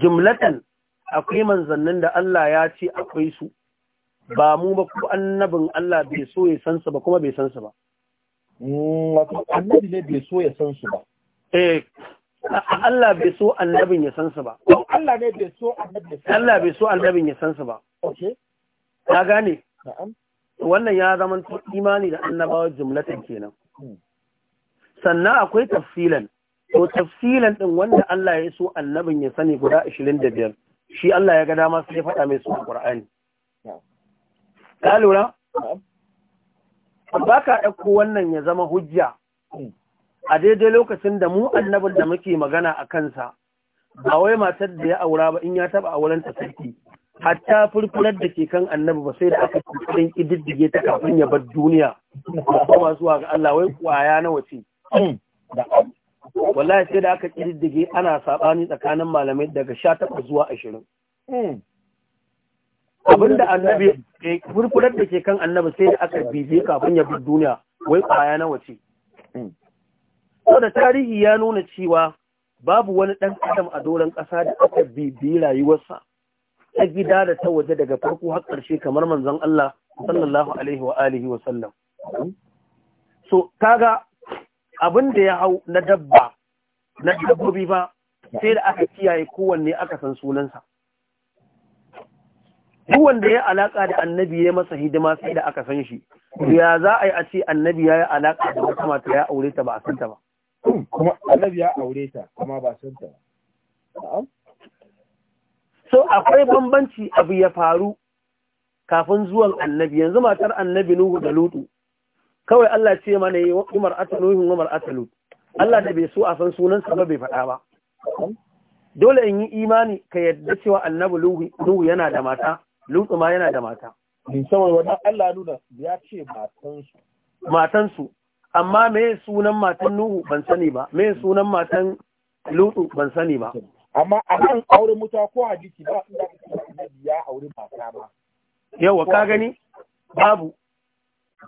jumlatan akwai manzannin da Allah ya ce akwai su ba mu ba ku annabin Allah bai so ya san su ba kuma bai san su ba Mm, annabi ne bai so ya san su ba Eh, Allah bai so annabin ya san su ba oh, Allah ne bai so annabin ya san Allah bai so annabin ya san su ba okay ka gane na'am wannan ya zama imani da annabawa jumlatan kenan hmm. sannan akwai tafsilan to tafsilan din wanda Allah ya so annabin ya sani guda 25 shi Allah ya ga dama sai faɗa mai su Qur'ani ka lura ba ka ɗauko wannan ya zama hujja hmm. a daidai lokacin da mu annabin da muke magana a kansa ba wai matar da ya aura ba in ya taba a wurin tafarki hatta furfurar da ke kan annabi ba sai da aka kusurin ididdige ta kafin ya bar duniya kuma masu ga Allah wai kwaya na wace wallahi sai da aka kididdige ana sabani tsakanin malamai daga sha takwas zuwa ashirin abinda annabi furfurar da ke kan annabi sai da aka bije kafin ya bar duniya wai kwaya na wace saboda tarihi ya nuna cewa babu wani ɗan adam a doron ƙasa da aka bibi rayuwarsa ta gida da ta waje daga farko har ƙarshe kamar manzon Allah sallallahu alaihi wa alihi wa sallam so kaga abin da ya hau na dabba na dabbobi ba sai da aka kiyaye kowanne aka san sunansa duk wanda ya alaka da annabi ya masa hidima sai da aka san shi ya za a yi a ce annabi ya yi alaka da wata mata ya aure ta ba a san ta ba kuma ya aure ta kuma ba san ta so akwai bambanci abu ya faru kafin zuwan annabi yanzu matar annabi nuhu da lutu kawai Allah ce mana yi umar ataluhin umar atalut Allah da bai so a san sunansa ba bai faɗa ba dole in yi imani ka yadda cewa annabi nuhu yana da mata lutu ma yana da mata saboda Allah nuna ya ce matansu amma me sunan matan Nuhu ban sani ba me sunan matan Lutu ban sani ba amma a kan aure mutuwa ko hadisi ba inda ya aure mata ba yawa ka gani babu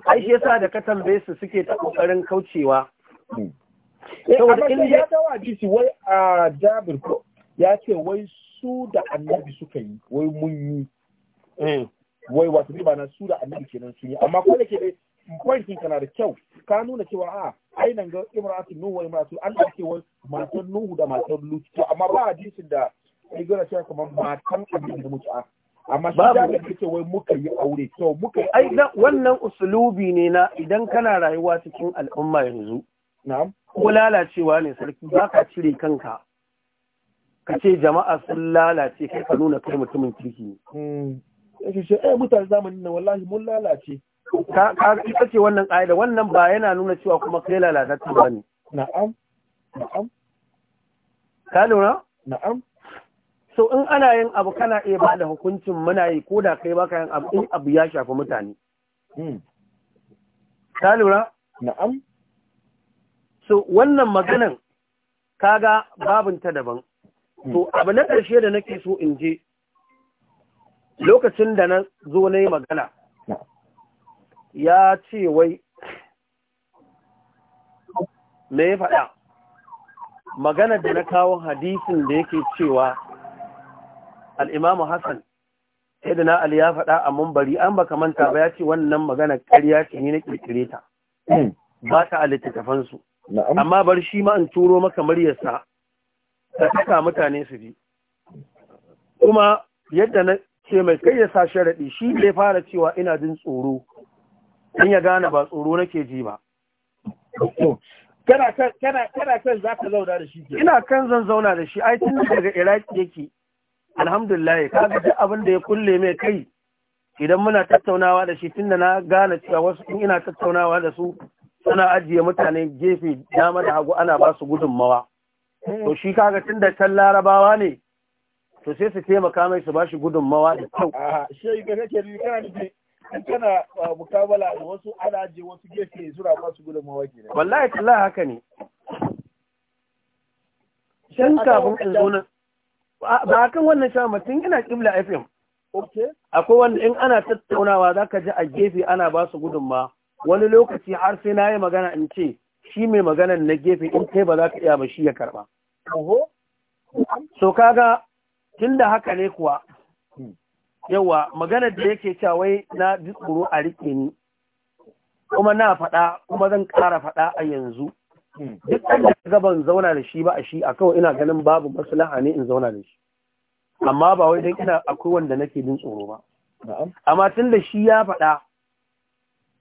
ai shi yasa da katan tambaye su suke ta kokarin kaucewa hmm. eh, saboda in ya dawo hadisi wai a Jabir ko ya ce wai su da annabi suka yi wai mun yi eh. wai wasu ba na su da annabi kenan sun yi amma ko da ke barkin kana da kyau ka nuna cewa a ah, ai nan ga imratu nuhu imratu an da matar nuhu da matan lutu to amma ba hadisin da ya gina cewa kamar matan abin da mutu a amma shi da ce wai muka yi aure to muka yi ai wannan usulubi ne na idan kana rayuwa cikin al'umma yanzu na'am ko lalacewa ne sarki ba ka cire kanka ka ce jama'a sun lalace kai ka nuna kai mutumin kirki ne. Hmm. ce, eh mutane zamanin nan wallahi mun lalace. ka ita ce wannan ƙa'ida wannan ba yana nuna cewa kuma kai lalatattu ba ne na'am na'am ka lura na'am so in ana yin abu kana iya ba da hukuncin muna yi ko da kai baka yin abu in abu ya shafi mutane hmm. ka lura na'am so wannan maganan kaga babinta daban hmm. to abu na ƙarshe da nake so in je lokacin da na zo na yi magana ya ce wai me ya faɗa magana da na kawo hadisin da yake cewa al'imamu hassan yadda ali ya faɗa a mumbari an baka manta ba ya ce wannan magana karya ce ne na ƙirƙire ta ba ta a littattafansu amma bar shi ma in turo maka yasa. ta saka mutane su bi kuma yadda na ce mai kai ya sa sharaɗi shi ne fara cewa ina jin tsoro in ya gane ba tsoro nake ji ba kana kan za ka zauna da shi ke ina kan zan zauna da shi ai tun daga iraki yake alhamdulillah kaga duk abin da ya kulle mai kai idan muna tattaunawa da shi tun da na gane cewa wasu in ina tattaunawa da su suna ajiye mutane gefe dama da hagu ana ba su gudunmawa to shi kaga tun da can larabawa ne to sai su taimaka mai su ba shi gudunmawa da kyau in kana uh, mukabala da wasu ana je wasu gefe suna masu gudunmawa ke nan. Wallahi tallahi haka ne. Shan kafin in zo nan. Ba a kan wannan sha mutum ina kibla FM. Akwai wanda in ana tattaunawa za ka ji a gefe ana ba su gudunma. Wani lokaci har sai na yi magana in ce shi mai magana na gefe in kai ba za ka iya ba shi ya karba. So kaga tun da haka ne kuwa yawa maganar da yake cewa wai na ji tsoro a rike ni kuma na faɗa kuma zan ƙara faɗa a yanzu hmm. duk da ga ban zauna da shi ba a shi a ina ganin babu maslaha ne in zauna da shi amma ba wai don ina akwai wanda nake jin tsoro ba amma tun da shi ya faɗa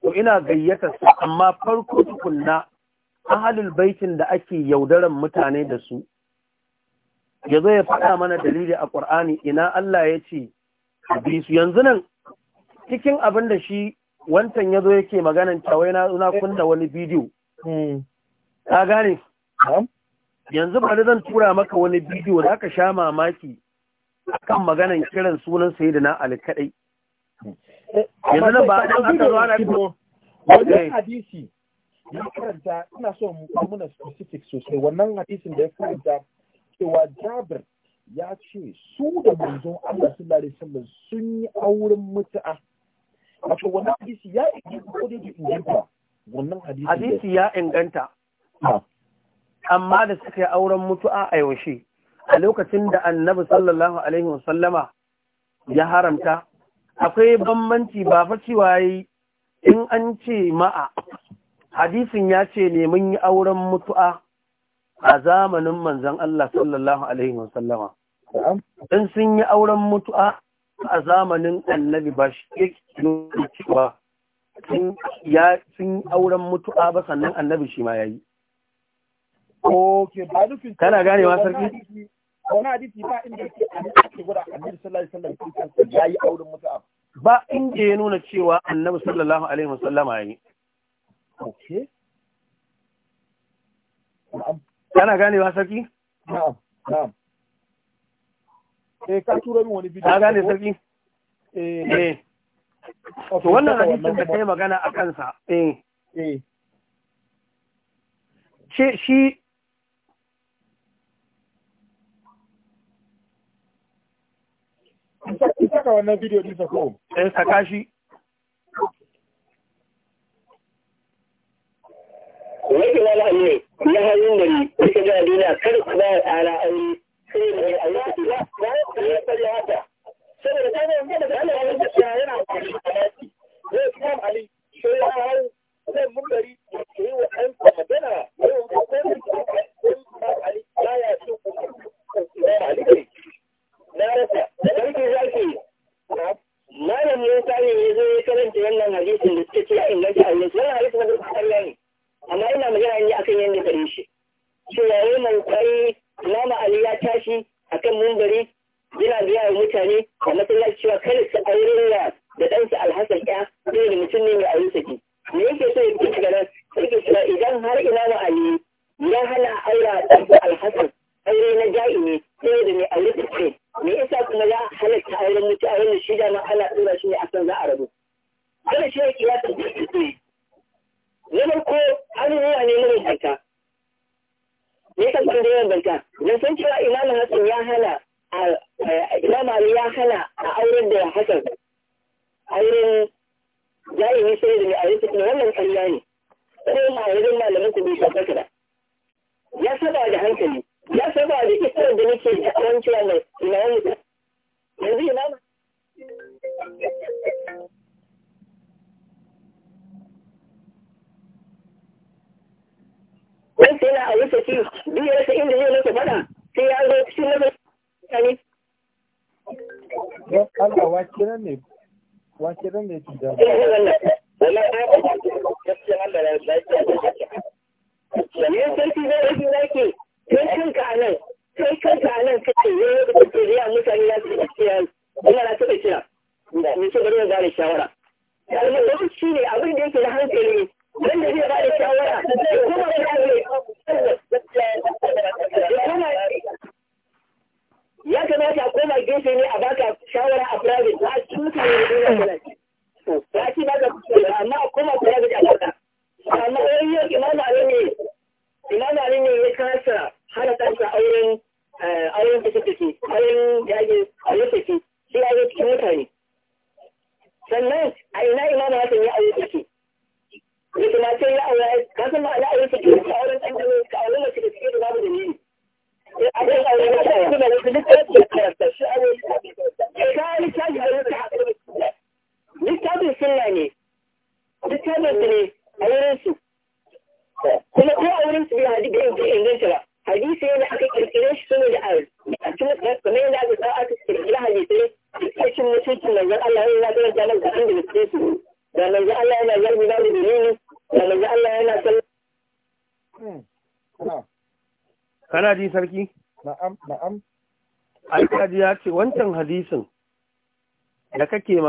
to ina gayyata su amma farko tukunna ahalul baitin da ake yaudaran mutane da su ya zo ya faɗa mana dalili a ƙur'ani ina Allah ya ce hadisu yanzu nan cikin abin da shi wantan ya zo yake maganan cewa na na kunna wani bidiyo hmm. ka gane yanzu bari zan tura maka wani bidiyo da aka sha mamaki kan maganan kiran sunan sai da na alkaɗai yanzu nan ba a aka zo ana wajen eh. hadisi ya karanta ina so mu muna specific sosai wannan hadisin da ya karanta cewa jabir ya ce su da manzon Allah sallallahu alaihi wasallam sun yi auren mutu'a wato wannan hadisi ya inganta ko dai inganta wannan hadisi hadisi ya inganta amma da suka yi auren mutu'a a yaushe a lokacin da annabi sallallahu alaihi wasallama ya haramta akwai bambanci ba fa cewa yi in an ce ma'a hadisin ya ce ne mun yi auren mutu'a a zamanin manzan Allah sallallahu Alaihi wasallama. In sun yi auren mutu'a a zamanin annabi ba shi yake cewa sun yi auren mutu'a ba sannan annabi shi ma ya yi. Kana ganewa sarki? Wani hadisi ba inda yake ake guda annabi sallallahu Alaihi wasallama ya yi auren mutu'a. Ba inda ya nuna cewa annabi sallallahu Alaihi wasallama ya yi. kana ba sarki na'am na'am eh ka wani bidiyo ka gane sarki eh, eh. wannan hadisin da kai a kansa eh eh wannan eh, shi wata wani amir ya hannun da ni suka ga duniya kar ku ba ala aure sai da aure ya da yi ta yana kwashi zai kuma ali ya ya zaki malam ne ya zo karanta wannan hadisin da suke cewa inna ja'alna wannan hadisin da ne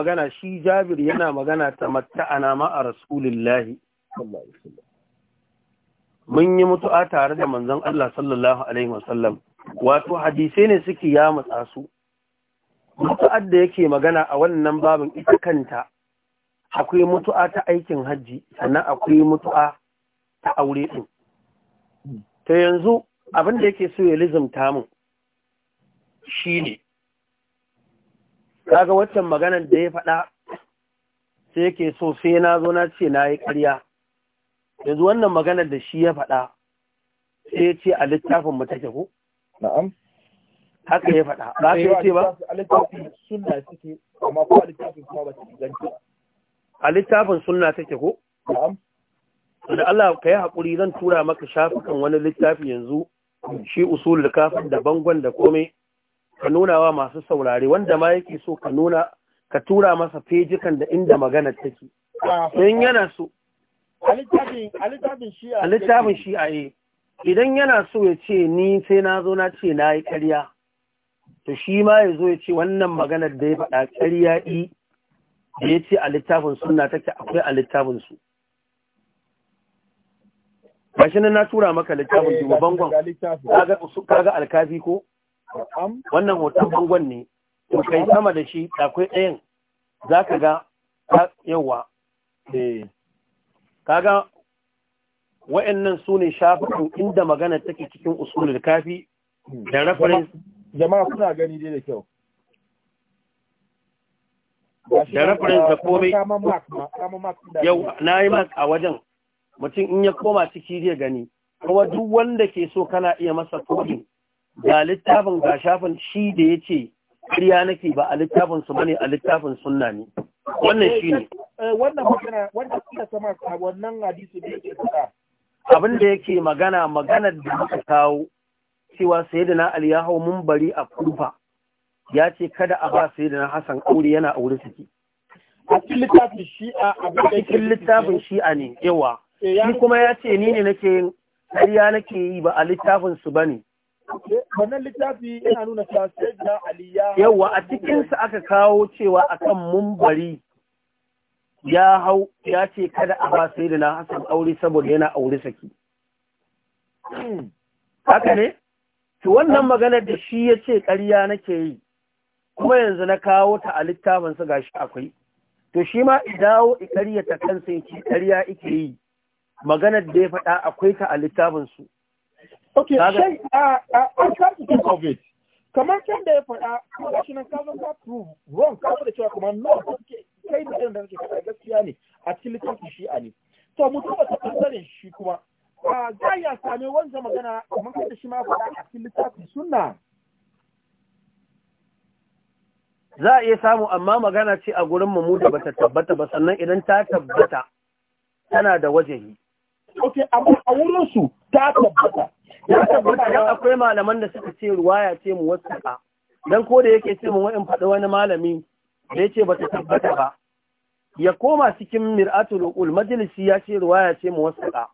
magana shi jabir yana magana ta matta'ana ma'a rasulullahi mun yi mutu'a tare da manzon Allah sallallahu alaihi wasallam wato hadisai ne suke ya matsa su mutu'ar da yake magana a wannan babin ita kanta akwai mutu'a ta aikin hajji sannan akwai mutu'a ta aure din ta yanzu abin da yake so ya lizumta min ne. kaga waccan maganar da ya faɗa sai yake so sai na zo na ce na yi ƙarya yanzu wannan maganar da shi ya faɗa sai ya ce a littafin mu take ko na'am haka ya faɗa ba ka yace ba a littafin sunna take amma ko a littafin kuma ba ta inganta a littafin sunna take ko na'am da Allah ka yi haƙuri zan tura maka shafukan wani littafi yanzu shi usulul kafin da bangon da komai ka nuna wa masu saurare wanda ma yake so ka nuna ka tura masa fejikan da inda magana take don yana so a littafin shi'a a eh. idan yana so ya ce ni sai na zo na ce na yi ƙarya to shi ma ya zo ya ce wannan maganar da ya faɗa ƙarya yi eh, da ya ce a littafin suna take akwai a littafin su shi na tura maka littafin eh, ba bangon kaga alkafi ko wannan hoton bangon ne in kai sama da shi akwai ɗayan za ka ga yawa eh, kaga wa'annan su ne shafin inda magana take cikin da kafi da reference jama'a suna gani dai da kyau da reference da komai yau na yi mark a wajen mutum in ya koma ciki zai gani Kawai duk wanda ke so kana iya masa kodin ga littafin ga shafin shi da ya ce ƙarya nake ba a littafin su bane a littafin sunna ne wannan shi ne eh, wannan magana suka sama wannan hadisi da yake fada abin da yake magana magana da muka kawo cewa sayyidina ali ya hau mumbari a kurfa, ya ce kada a ba sayyidina hasan aure yana aure suke a cikin littafin shi'a a cikin littafin shi'a ne yawa eh, shi kuma ya ce ni ne nake yin ƙarya nake yi ba a littafin su bane wannan littafi yana nuna cewa sayyidina ali yawa a cikinsa aka kawo cewa akan mumbari ya hau ya ce kada a ba na hasan aure saboda yana aure saki haka ne to wannan maganar da shi ya ce ƙarya nake yi kuma yanzu na kawo ta a littafin su gashi akwai to shi ma idawo ƙarya ta kansa yake ƙarya ike yi maganar da ya faɗa akwai ta a littafin su Okay, shai, an can't think of it. Kamar can da ya faɗa, kuma gashi uh, nan ka ka prove wrong, ka da cewa kamar no, kai da irin da kake faɗa gaskiya ne a cikin littafin a ne. To uh, mutum ba ta ɓangaren shi kuma. Za ya same wanda magana kamar kai da shi ma faɗa a cikin littafin sunna. Za a iya samu amma magana ce a gurin mu da bata tabbata ba sannan idan ta tabbata tana da wajehi. Ok, amma a wurinsu ta tabbata. ya tabbata dan akwai malaman da suka ce ruwaya ce mu ka dan ko da yake ce mu wa'in faɗi wani malami da yace ba ta tabbata ba ya koma cikin mir'atul uqul majalisi ya ce ruwaya ce mu ka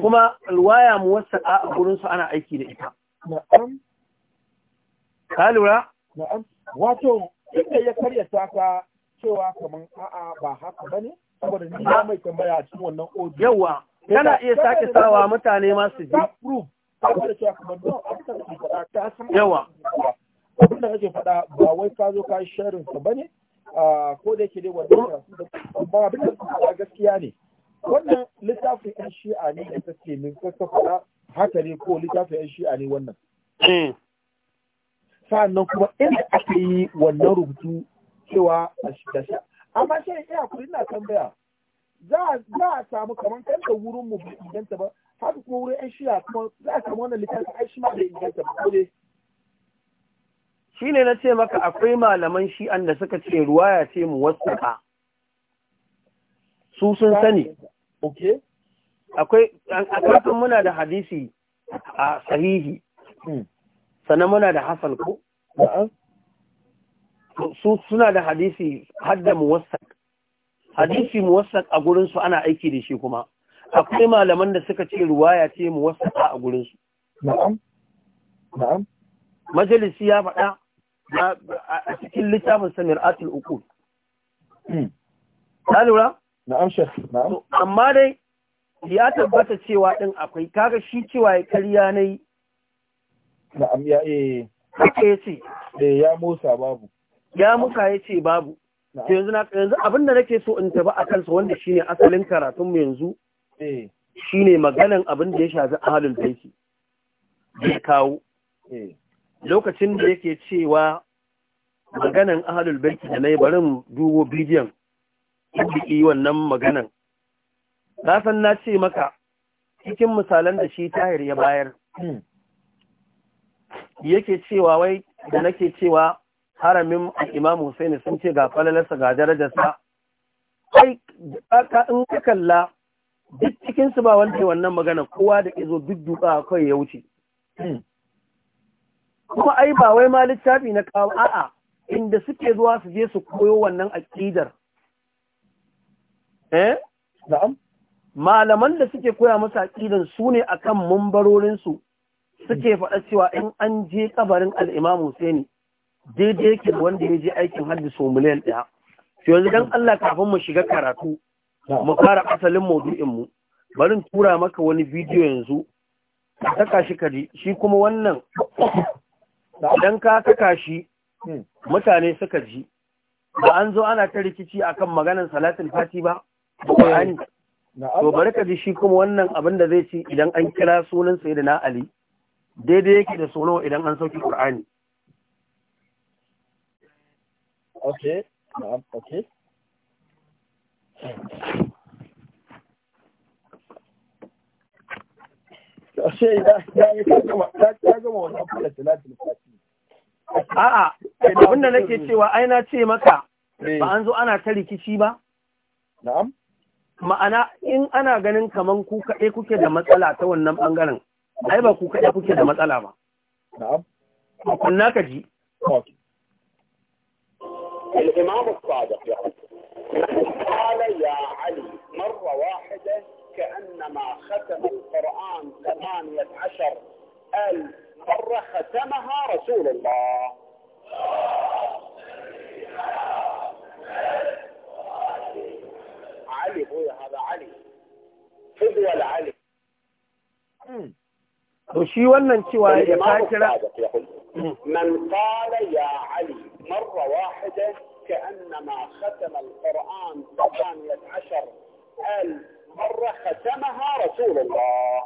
kuma ruwaya mu ka a gurin su ana aiki da ita na'am ka lura na'am wato inda ya karya cewa kaman a'a ba haka bane saboda ni mai tambaya cikin wannan audio yawa kana iya sake sawa mutane ma su ji yawa abin da kake faɗa ba wai ka zo ka sharin sa bane ko da yake dai wannan ba abin da faɗa gaskiya ne wannan littafin yan shi'a ne da kake min ka faɗa haka ne ko littafin yan shi'a ne wannan eh. sa'annan kuma inda aka yi wannan rubutu cewa da sha amma shi ya kuri na tambaya za a samu kamar kan wurin mu bai inganta ba haka kuma wurin 'yan shiya kuma za a samu wannan littafin ai shi ma da inganta ba kode shi ne na ce maka akwai malaman shi'an da suka ce ruwa ya ce mu wasu ka su sun sani akwai akwai muna da hadisi a sahihi hmm. sannan muna da Hassan, ko su suna da hadisi hadda muwassak hadisi muwassak a gurinsu ana aiki da shi kuma akwai malaman da suka ce ruwaya ce mu wasu a gurinsu. Na'am, na'am. Majalisi ya faɗa a cikin littafin Samir Atul Uku. Hmm. Ta lura? Na'am, shef, na'am. Amma dai, ya tabbata cewa ɗin akwai, kaga shi cewa ya karya na yi. Na'am, ya eh. Haka ya ce. Eh, ya musa babu. Ya musa ya ce babu. Yanzu abin da nake so in tabi a kansa wanda shine asalin karatunmu yanzu. Eh, shine maganan abin da ya shafi ahalul baiti ya kawo eh, lokacin da yake cewa maganan ahalul baiti da nayi barin dubo bidiyon yi wannan maganan na san na ce maka cikin misalan da shi tahir ya bayar yake cewa wai da nake cewa haramin sai ne sun ce ga falalarsa ga darajarsa ai in ka kalla duk cikinsu ba wanda wannan magana kowa da izo duk duka kai ya wuce kuma ai ba wai ma littafi na kawo a'a inda suke zuwa su je su koyo wannan aqidar eh na'am malaman da suke koya masa aqidan su ne akan mumbarorin su suke faɗa cewa in an je kabarin al-Imam Husaini daidai yake da wanda ya je aikin hadisi miliyan ɗaya to yanzu dan Allah kafin mu shiga karatu mu fara asalin maudu'in mu bari in tura maka wani bidiyo yanzu ka saka shi kaji shi kuma wannan idan ka saka shi hmm. mutane suka ji ba an zo ana ta rikici akan maganar salatin fati ba hmm. to bari ka ji shi kuma wannan abin da zai ci idan an kira sunan na ali daidai yake da sunan idan an sauki qur'ani okay okay Ashe nake cewa ai na ce maka eh. ba an zo ana ta rikici ba? Na'am. Ma'ana in ana ganin kamar ku kaɗe kuke da matsala ta wannan ɓangaren, ai ba ku kaɗe kuke da matsala ba. Na'am. ji. قال يا علي مرة واحدة كأنما ختم القرآن ثمانية عشر ألف مرة ختمها رسول الله علي ابوي هذا علي فدوى العلي وشي wannan cewa ya kira man qala ya ali marra كأنما ختم القرآن 18 ألف مرة ختمها رسول الله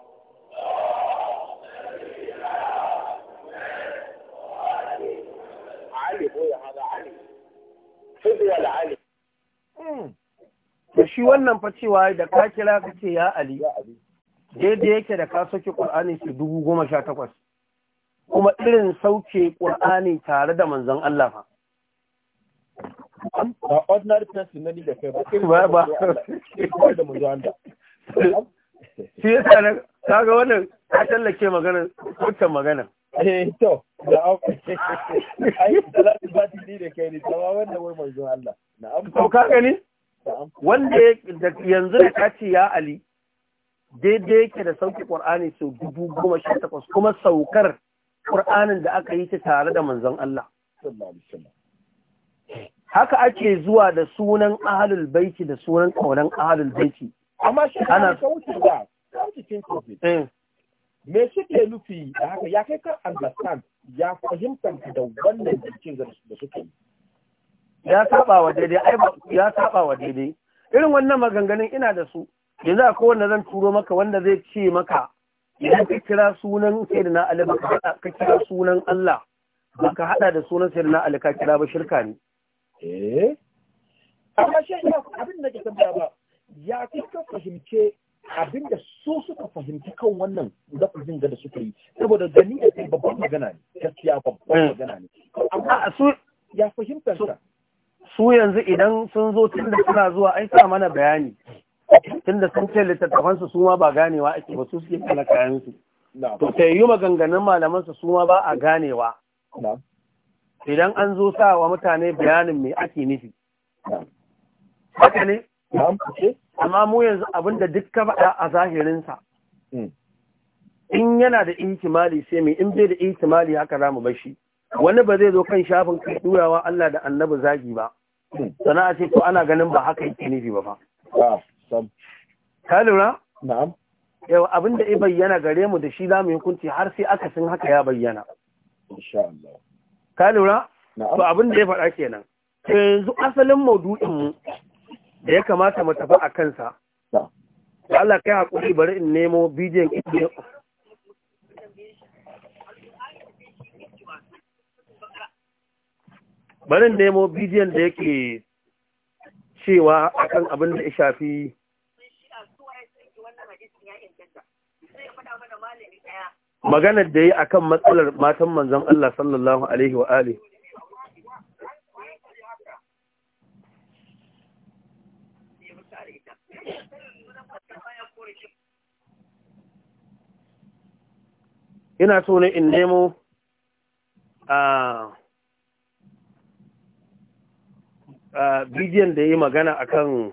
علي بوي هذا علي فدوى العلي shi wannan fa cewa da ka kira ka ce ya Ali daidai yake da ka sauke Qur'ani shi 2018 kuma irin sauke Qur'ani tare da manzon Allah fa ba ordinary person na ni da kai ba ba ba da shi yasa kaga wannan ka tallake magana dukkan magana eh to da ai salatu da wanda yanzu da ka ya Ali daidai yake da sauki Qur'ani sau dubu goma sha takwas kuma saukar Qur'anin da aka yi ta tare da manzon Allah sallallahu haka ake zuwa da sunan ahalul baiti da sunan kaunan ahalul baiti amma shi ana eh. me suke nufi da haka ya kai kan understand ya fahimtar da wannan jikin da suke yi ya saba wa daidai ai ya saba wa daidai irin wannan maganganun ina da su yanzu akwai wanda zan turo maka wanda zai ce maka idan ka kira sunan sayyidina Ali ka kira sunan Allah ka hada da sunan sayyidina Ali ka kira ba shirka ne eh amma shi fi abin da ke tambaya ba ya ka fahimce abin da su suka fahimci kan wannan lafazin da suka yi saboda gani da kai babban magana ne gaskiya babban hmm. magana ne amma su ya fahimta sa su yanzu idan sun zo tun da suna zuwa ai sa mana bayani tun da sun ce littattafansu su ma ba ganewa ake ba su suke kana kayan su to sai yi maganganun malaman su ma ba a ganewa idan an zo sa wa mutane bayanin me ake nufi haka ne amma mu yanzu abinda duk ka faɗa a zahirinsa hmm. in yana da ihtimali sai mai in bai da ihtimali haka za mu bashi wani ba zai zo kan shafin kai turawa Allah da annabi zagi ba hmm. sana'a ce to ana ganin ba haka yake nufi ba fa ah, ka lura na'am yau abinda ya bayyana gare mu da shi za mu yi hukunci har sai akasin haka ya bayyana insha Allah ka lura to abin da ya faɗa kenan yanzu asalin maudu'in mu da ya kamata mu tafi a kansa da Allah kai hakuri bari in nemo bidiyon bari nemo bidiyon da yake cewa akan abin da ya shafi maganar da ya yi akan matsalar matan manzan Allah sallallahu alaihi wa alihi ina so ne in nemo a bidiyon da yi magana akan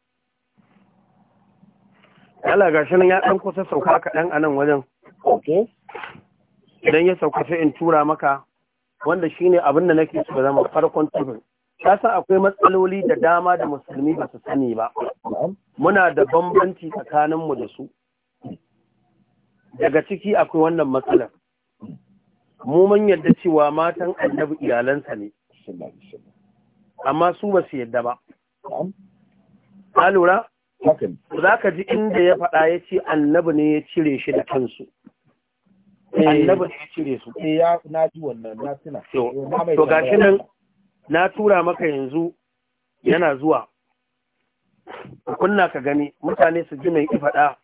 Allah ga shi nan ya ɗan kusa sauka kaɗan a nan wajen. Idan ya sauka sai in tura maka wanda shi ne abin da nake so zama farkon tudun. Ta san akwai matsaloli da dama da musulmi ba su sani ba. Muna da bambanci tsakaninmu da su. Daga ciki akwai wannan matsalar. Mu mun yadda cewa matan annabi iyalansa ne. Amma su ba su yarda ba. Ka lura? za ka ji inda ya faɗa ya ce annabi ne ya cire shi da kansu eh. annabi ne ya cire su eh na ji wannan na tuna to eh, ga shi nan na tura maka yanzu yana zuwa kunna ka gani mutane su ji mai faɗa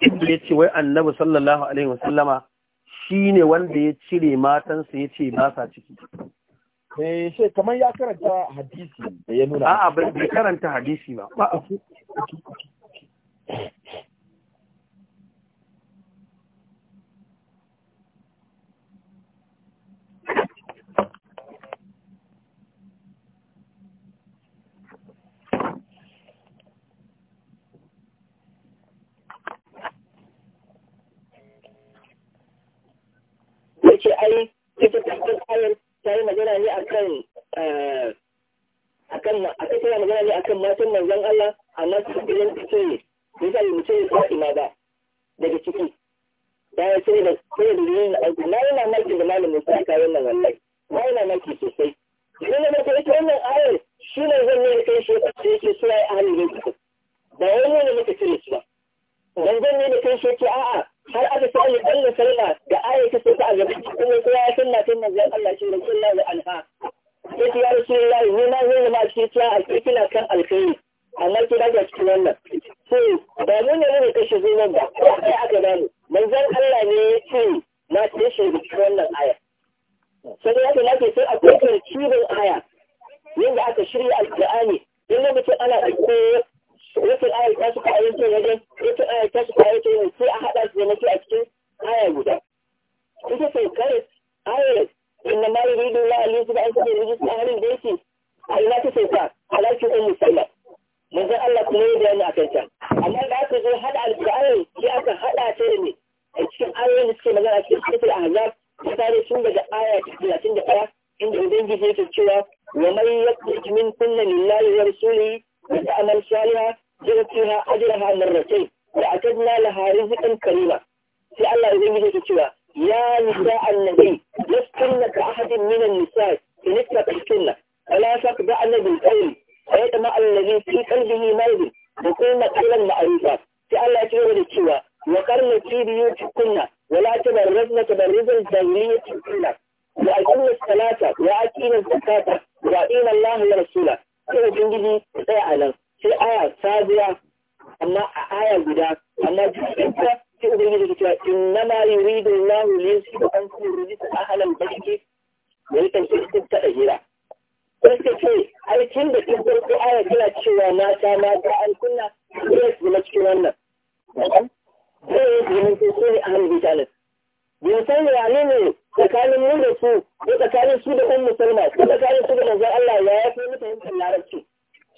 inda ya ce wai annabi sallallahu alaihi wasallama shine wanda ya cire matansa ya ce ba sa ciki eh shi kamar ya karanta hadisi da ya nuna a'a bai karanta hadisi ba ba ce ta yi magana ne a kan akan tana eh, magana ne a kan matan manzan Allah a amma su kiran su ce bisa mu ce Fatima ba daga ciki da ya ce da sai da yin aiki na yana maki da malamin sa ka wannan wallai, na yana maki sosai idan na mata ita wannan ayar shi ne zan ne kai shi ya ce yake suna yi sura ahli ne ba wani ne muka cire shi ba dan zan ne kai shi ya ce a'a har aka ta yi dalla sallah da aya ta sauka a gaba kuma kowa ya sanna tun manzon Allah shi Rasulullah da alha sai ki ya Rasulullah ni ma zai ma shi ta cikin kan alkhairi amma ki daga cikin wannan so ba mu ne ne kashe zuwan ba sai aka gano manzon Allah ne ya ce na tashi da cikin wannan aya sai ya ce nake sai akwai cibin aya yadda aka shirya alƙur'ani in mutum ana da wata aya ta su kayan ce wajen wata aya ta su kayan ce wajen sai a haɗa su zama a cikin aya guda ita sai kare ayar inna ma yuridu la ali su da an kaɗe rijis na halin da yake a ina ta sai ta halakin musamman. sallah manzo Allah kuma ya bayani a kanta amma da aka zo haɗa alƙur'ani sai aka haɗa ta da ne a cikin ayoyin da suke magana cikin suratul ahzab ta tare sun daga aya ta 31 inda ubangiji yake cewa wa man yakun min kunna lillahi wa rasulihi wata amal saliha jira tuha ajraha da wa atadna laha rizqan karima sai Allah ya yi miki cewa ya nisa annabi lakanna ka ahadin min an-nisa inna ka tunna ala shak da annabi kai sai da ma allazi fi qalbihi maydi da kuma matsalan ma'arifa sai Allah ya ce da cewa wa karna tibiyu tunna wa la tabarrazna tabarrizan zawiyatin kullak wa aqimus salata wa aqimus zakata wa aqim Allah wa rasulahu sai ubangiji ya tsaya a nan sai aya sabuwa amma a aya guda amma duk da sai ubangiji ya cewa innama yuridu Allahu li yusiba ankum rijsa ahla al-bayti wa ta tadhira ko sai ce ai da tun farko aya tana cewa mata mata an kunna sai su zama cikin wannan sai ya zama su ne ahla al-bayti bin san wane ne tsakanin mu da su ko tsakanin su da ɗan musulma ko tsakanin su da manzon Allah ya ya fi mutane larabci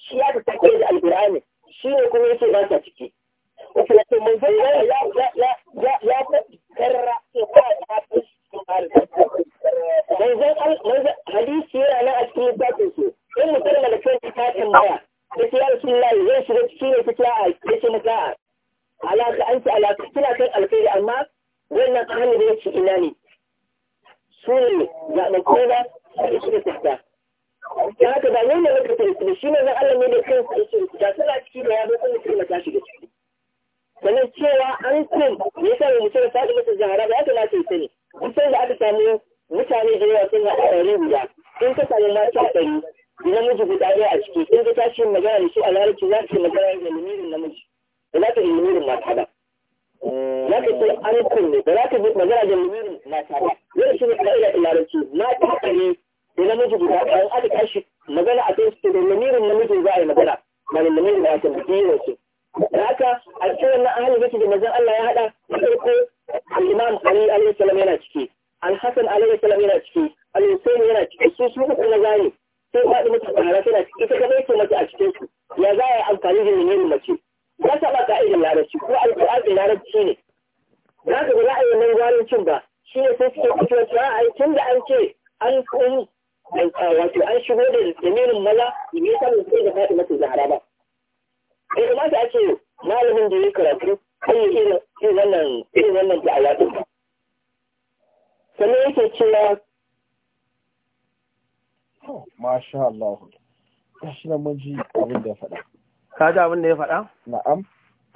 shi ya ta takwai da alqur'ani shi ne kuma yake ba ta ciki wato wato manzon ya ya ya ya ya abin ya faɗa? Na'am.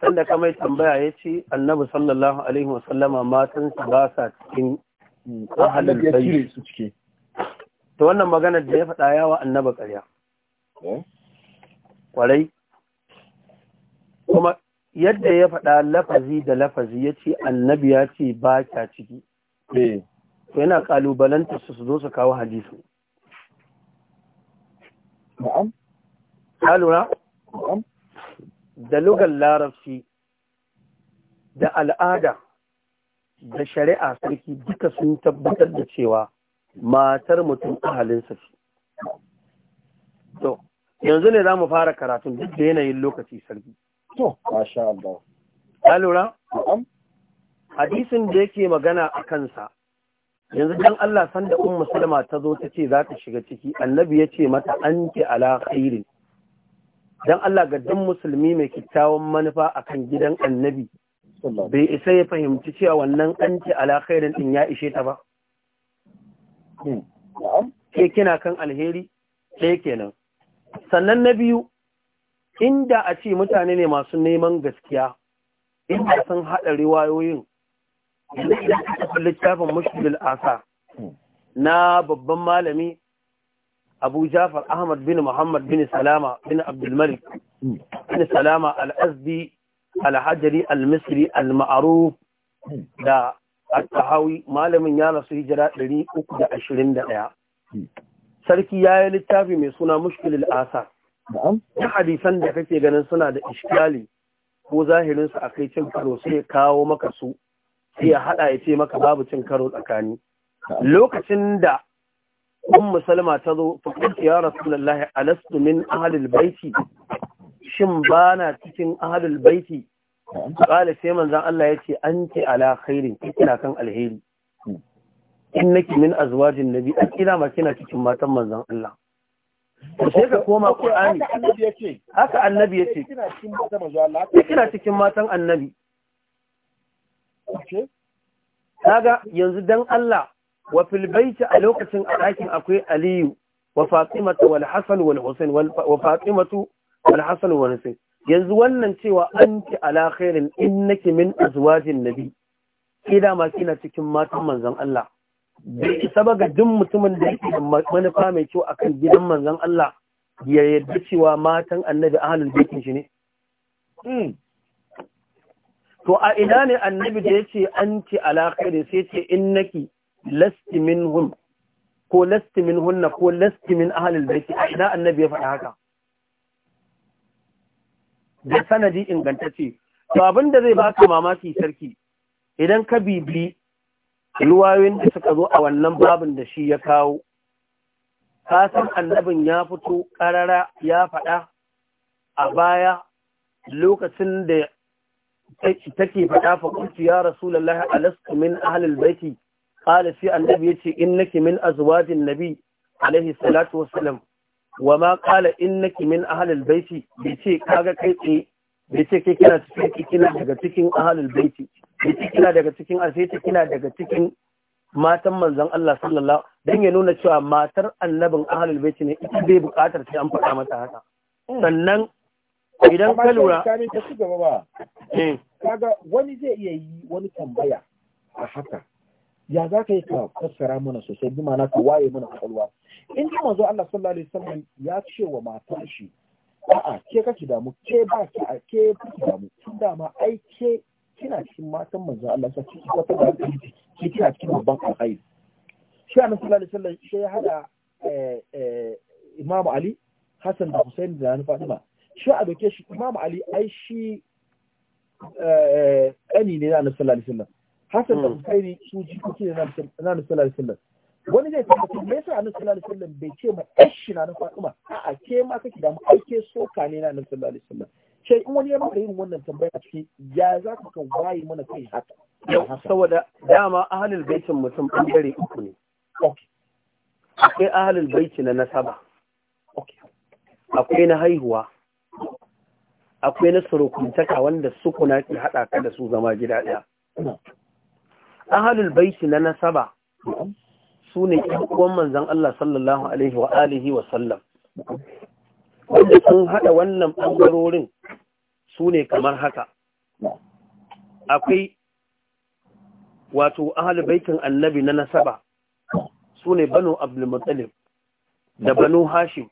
Sanda ka mai tambaya ya ce annabi sallallahu alaihi wa sallama matan su ba sa cikin ahalin bai. su cike. To wannan magana da ya faɗa yawa annaba ƙarya. Eh? Kwarai. Kuma yadda ya faɗa lafazi da lafazi ya ce annabi ya ce ba kya ciki. Eh. To yana ƙalubalanta su zo su kawo hadisu. Na'am. Ka lura? da lugar larabci da al'ada da shari'a sarki duka sun tabbatar da cewa matar mutum ahalinsa ce. To, yanzu ne za mu fara karatun duk da yanayin lokaci sarki. To, masha Allah. Ya lura? Hadisin da yake magana a kansa, yanzu don Allah sanda Umma salama ta zo ta ce za ta shiga ciki, annabi ya ce mata an ki ala khairin. dan Allah ga dan musulmi mai kyakkyawan manufa akan gidan annabi bai isa ya fahimci cewa wannan anci ala khairin din ya ishe ta ba hmm. ke kina kan alheri ke kenan sannan na biyu inda a ce mutane ne masu neman gaskiya inda sun haɗa riwayoyin yanzu idan aka tafi littafin mashulul asa hmm. na babban malami abu jafar ahmad bin muhammad bin salama bin abdulmalik bin salama al-azdi al-hajari al-misri al-ma'aruf da al-tahawi malamin ya rasu hijira ɗaya. sarki ya yi littafi mai suna mushkilul asar ta hadisan da kake ganin suna da iskali ko zahirinsu a kai cin karo sai kawo maka su ya haɗa ya ce maka babu cin karo tsakani lokacin da ummu salma ta zo faƙin ya rasulullahi alastu min ahlul baiti shin bana cikin ahlul baiti qala sai manzon Allah yace anti ala khairin kina kan alheri innaki min azwajin nabi an kina ma kina cikin matan manzon Allah sai ka koma qur'ani haka annabi ya ce. kina cikin matan annabi ga. yanzu dan Allah wa fil a lokacin a ɗakin akwai aliyu wa fatimatu wal hasan wa yanzu wannan cewa anti ala in nake min azwajin nabi ke dama kina cikin matan manzon Allah bai isa ba ga duk mutumin da yake manufa mai kyau akan gidan manzon Allah ya yarda cewa matan annabi ahlul baitin shi ne hmm. to a ina ne annabi da yace anti ala sai ce in nake? lasti minhum ko lasti hunna ko lasti min ahlil baiti a ina annabi ya faɗa haka da sanadi ingantacce to abin da zai baka mamaki sarki idan ka bibi ruwayoyin da suka zo a wannan babin da shi ya kawo ka san annabin ya fito ƙarara ya faɗa a baya lokacin da take faɗa faƙunci ya rasulallah a min ahalil baiti قال سي النبي يتي إنك من أزواج النبي عليه الصلاة والسلام وما قال إنك من أهل البيت يتي كاغا كيتي بيتي كي كنا تفيتي كنا دغا تكين أهل البيت بيتي كنا دغا تكين أسيتي كنا دغا تكين matan manzon Allah sallallahu dan ya nuna cewa matar annabin ahlul baici ne ita bai bukatar sai an faɗa mata haka sannan idan ka lura kaga wani zai iya yi wani tambaya a haka ya za ka yi ka fassara mana sosai bi ma'ana ka waye mana kwakwalwa in ji manzo Allah sallallahu alaihi wasallam ya ce wa matar shi a'a ke kake damu ke ba ki a ke ba ki damu tun da ma ai ke kina cikin matan manzo Allah sa ki ka ta da ki kina cikin babban alkhairi shi annabi sallallahu alaihi wasallam shi ya hada eh, eh, Imam Ali Hassan da Hussein da Nana Fatima shi a doke shi Imam Ali ai shi eh, ƙani ne na annabi sallallahu alaihi wasallam hasan da hmm. kairi su jikoki na nabi sallallahu alaihi wasallam wani zai tabbata me yasa annabi sallallahu alaihi wasallam bai ce ma ashi na na fatima a'a ke ma kake da mu aike soka ne na annabi sallallahu alaihi wasallam sai in wani ya maka yin wannan tambaya ciki ya za ka kan waye mana kai haka saboda dama ahlul baitin mutum an bangare uku ne akwai ahlul baiti na nasaba akwai na haihuwa akwai na surukuntaka wanda sukuna ke haɗa ka da su zama gida ɗaya hmm. ahalul baiti na nasaba su ne uwan manzan Allah sallallahu alaihi wa alihi wa sallam wanda sun haɗa wannan bangarorin su ne kamar haka akwai wato ahalul baitin annabi na nasaba su ne banu abdulmuttalib da banu hashim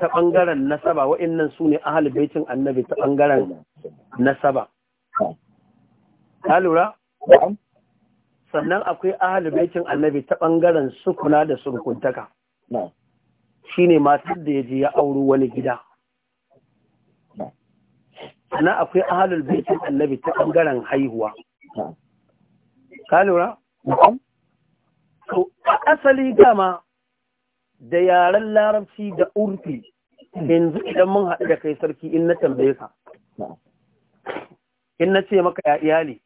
ta ɓangaren nasaba waɗannan su ne ahalul baitin annabi ta ɓangaren nasaba ta lura sannan akwai ahalin baitin annabi ta ɓangaren sukuna da surkuntaka shi ne matar da ya je ya auru wani gida sannan akwai ahalin baitin annabi ta ɓangaren haihuwa ka lura? a asali dama da yaren larabci da urfi yanzu idan mun haɗu da kai sarki in na tambaye ka in na ce maka ya iyali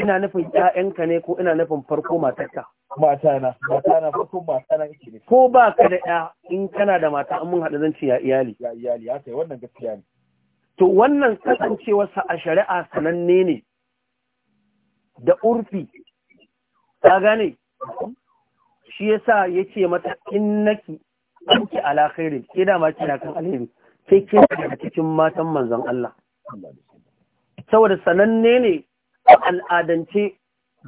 ina nufin ƴaƴanka ne ko ina nufin farko matarka matana matana farko matana yake ne ko ba ka da ƴa in kana da mata an mun haɗa zan ce ya iyali ya iyali ya sai wannan gaskiya ne to wannan kasancewarsa a shari'a sananne ne da urfi ta gane shi yasa yake mata in anki ala alakhairi ke da ma na kan alheri sai ke da cikin matan manzon Allah saboda sananne ne a al'adance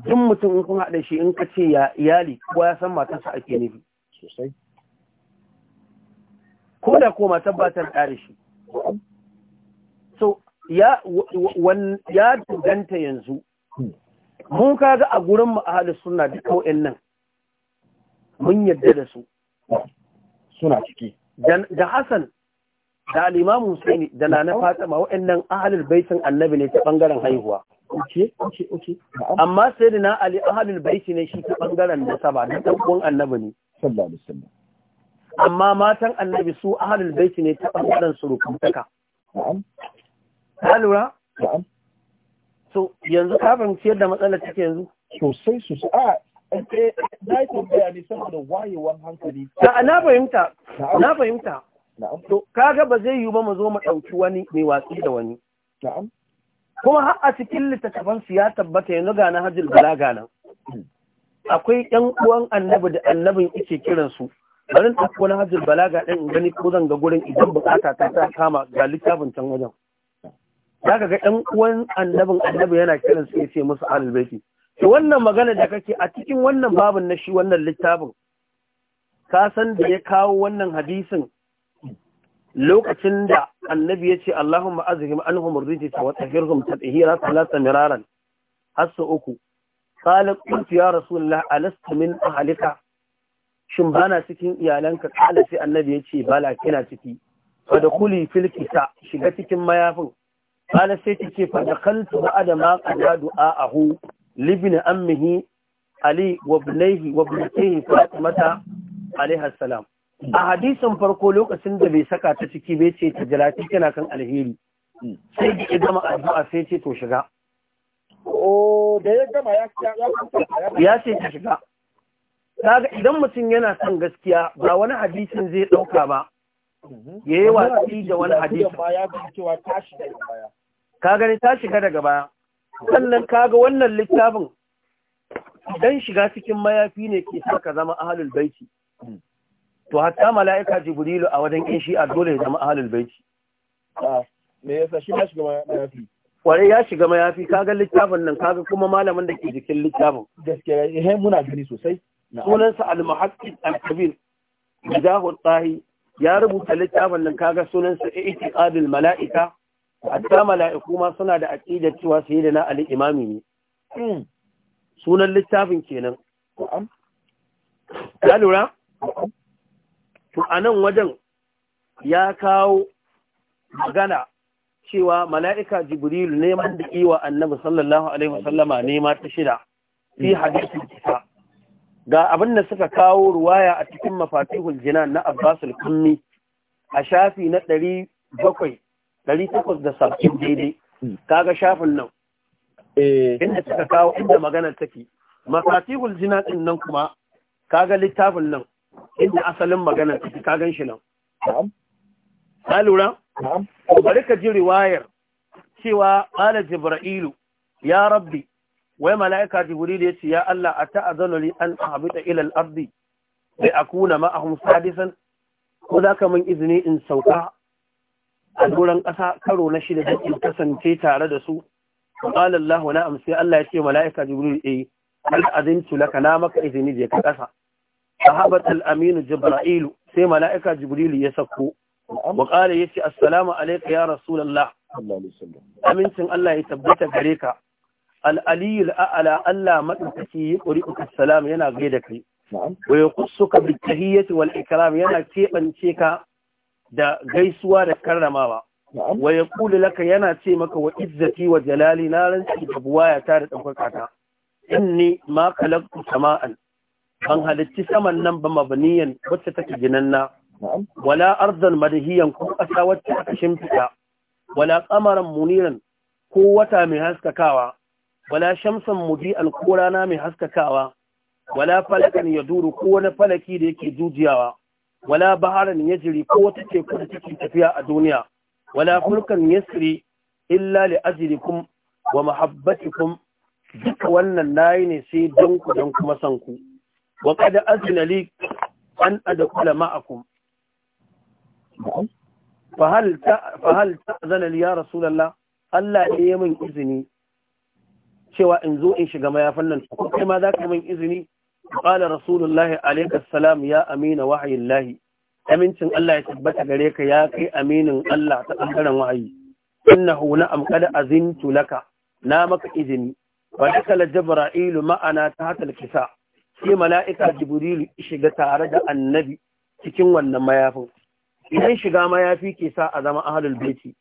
duk mutum in kun haɗa shi in ka ce ya iyali kowa ya san matarsa ake nufi sosai ko da ko matar ba ta ƙare shi so ya danta danganta yanzu mun kaga a gurin mu ahalus suna duk kawai nan mun yadda da su suna ciki da Hassan da al sai ne da Nana Fatima waɗannan ahalul baitin Annabi ne ta ɓangaren haihuwa amma sai da na ali ahalul baiti ne shi ta bangaren da saba da ɗan annabi ne amma matan annabi su ahalul baiti ne ta bangaren surukantaka na'am Ta lura so yanzu kafin fahimci da matsalar take yanzu sosai sosai a eh, eh, na yi tambaya ne hankali na fahimta na fahimta to kaga ba zai yiwu ba mu zo mu ɗauki wani mai watsi da wani na'am kuma har a cikin littattafan su ya tabbata yanzu ga na hajjul balaga nan akwai yan uwan annabi da annabin yake kiran su bari ta ko na hajjul balaga din in gani ko zan ga gurin idan bukata ta ta kama ga littafin can wajen zaka ga yan uwan annabin annabi yana kiran su yace musu ahlul baiti to wannan magana da kake a cikin wannan babin na shi wannan littafin ka san da ya kawo wannan hadisin lokacin da annabi ya ce Allahumma azhim anhum wata wa tahhirhum tadhira talata miraran hasu uku qala qultu ya rasu alasta halika ahlika shin bana cikin iyalanka kala sai annabi ya ce bala kina ciki fa kuli, filki ta. shiga cikin mayafin qala sai ta ce fa dakhaltu ba'da ma a du'a'ahu libni ammihi ali wa ibnayhi wa ibnatihi fatimata alaiha salam a hadisin farko lokacin da bai saka ta ciki bai ce ta jirati tana kan alheri sai da ya gama addu'a sai ce to shiga da ya gama ya ce ta shiga kaga idan mutum yana son gaskiya ba wani hadisin zai ɗauka ba ya yi watsi da wani hadisin ka gani ta shiga daga baya sannan kaga wannan littafin dan shiga cikin mayafi ne ke sa ka zama ahalul baiti to hatta mala'ika jibrilu a wajen kin shi a dole ya ma'alul baiti ah, me yasa shi ya shiga mayafi kware ya shiga mayafi kaga littafin nan kaga kuma malamin da ke jikin littafin gaskiya eh muna gani sosai sunansa al-muhaqqiq al-kabir Jahu Tsahi ya rubuta littafin nan kaga sunansa I'tiqadul Mala'ika hatta mala'iku ma suna da aqida cewa sayyidina Ali imami ne hmm. sunan littafin kenan ka lura to a nan wajen ya kawo magana cewa mala'ika jibrilu neman da iwa annabi sallallahu alaihi wasallama nema ta shida fi hmm. hadisin kisa ga abin da suka kawo ruwaya a cikin mafatihul jinan na abbasul kunni a shafi na ɗari bakwai ɗari takwas da sabbin daidai hmm. kaga shafin nan eh. inda suka kawo inda magana take mafatihul jinan ɗin nan kuma kaga littafin nan inda asalin magana take ka gan shi nan ka lura bari ka ji riwayar cewa ala jibra'ilu ya rabbi wai mala'ika ya yace ya Allah a ata'azanu li an ahbita ilal al-ardi li akuna ma'ahum sadisan ko ka min izini in sauka a duran ƙasa karo na shida da in kasance tare da su qala na amsi Allah yace mala'ika jibril yi. Eh, al azintu ka na maka izini je ka ƙasa sahabat Aminu Jibra'ilu, sai mala'ika Jibrilu ya sako wa ya yace assalamu alaika ya rasulallah! amincin Allah ya tabbata gare ka al-aliyul a'la Allah madaukaki ya quri'uka salam yana gaida kai wa yaqussuka bit tahiyyati wal ikram yana keɓance ka da gaisuwa da karramawa wa yaqulu laka yana ce maka wa izzati wa jalali na rantsi da buwaya ta da daukaka ta inni ma khalaqtu sama'an ban halicci saman nan ba mabaniyan wacce take ginanna wala ardan madahiyan ko ƙasa wacce aka shimfita wala qamaran muniran ko wata mai haskakawa wala shamsan mudi'an ko rana mai haskakawa wala falakan yaduru ko wani falaki da yake jujiyawa wala baharan yajri ko wata teku da take tafiya a duniya wala fulkan yasri illa li ajlikum wa mahabbatikum duka wannan nayi ne sai don ku don kuma san ku wa qad azna li an adkhula ma'akum fa hal ta fa hal ta'zana li ya rasulullah Allah ne ya min izini cewa in zo in shiga mayafan nan ko kai ma zaka min izini qala rasulullah alayka assalam ya amina wahayillahi amincin Allah ya tabbata gare ka ya kai aminin Allah ta ɓangaren In na na'am qad azintu laka na maka izini fa dakala ma'ana ta hatal kisa sai mala'ika jibrilu shiga tare da annabi cikin wannan mayafin idan shiga mayafi ke sa a zama ahalul beti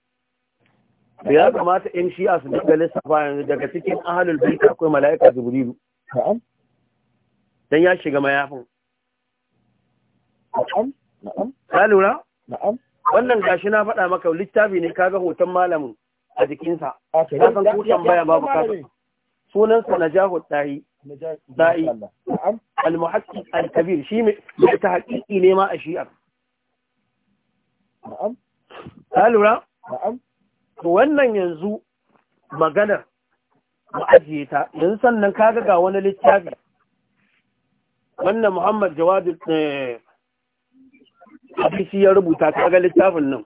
da ya kamata yan a su daga lissafa yanzu daga cikin ahalul beti akwai mala'ika jibrilu dan ya shiga mayafin ka lura wannan gashi na faɗa maka littafi ne kaga hoton malamin a jikinsa ka san ko tambaya babu kaga sunansa najahud tahi ba'i al-muhaqqiq al-kabir shi mai ta haƙiƙi ne ma a shi'ar na'am ka lura na'am to wannan yanzu maganar mu ta yanzu sannan kaga ga wani littafi wannan Muhammad Jawadu eh, hadisi ya rubuta kaga littafin nan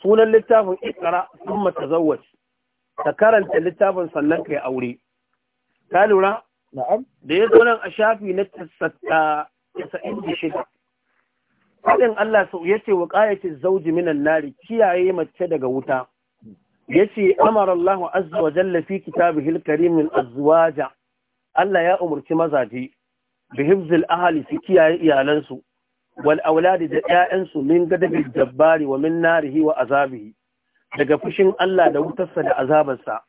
sunan littafin ikra kuma tazawwaj ta karanta littafin sannan kai aure ka lura na'am da ya zo nan a shafi na 96 Faɗin Allah sau ya ce wa ƙayyace zauji minan nari kiyaye mace daga wuta, ya ce, Amar Allah azza wa Jallafi kitabu kitabi hilkarimin azwaja, Allah ya umarci mazaje, bi hibzil ahali su kiyaye iyalansu, wal auladi da ‘ya'yansu min gadabi dabbari wa min narihi wa azabihi, daga fushin Allah da wutarsa da azabarsa,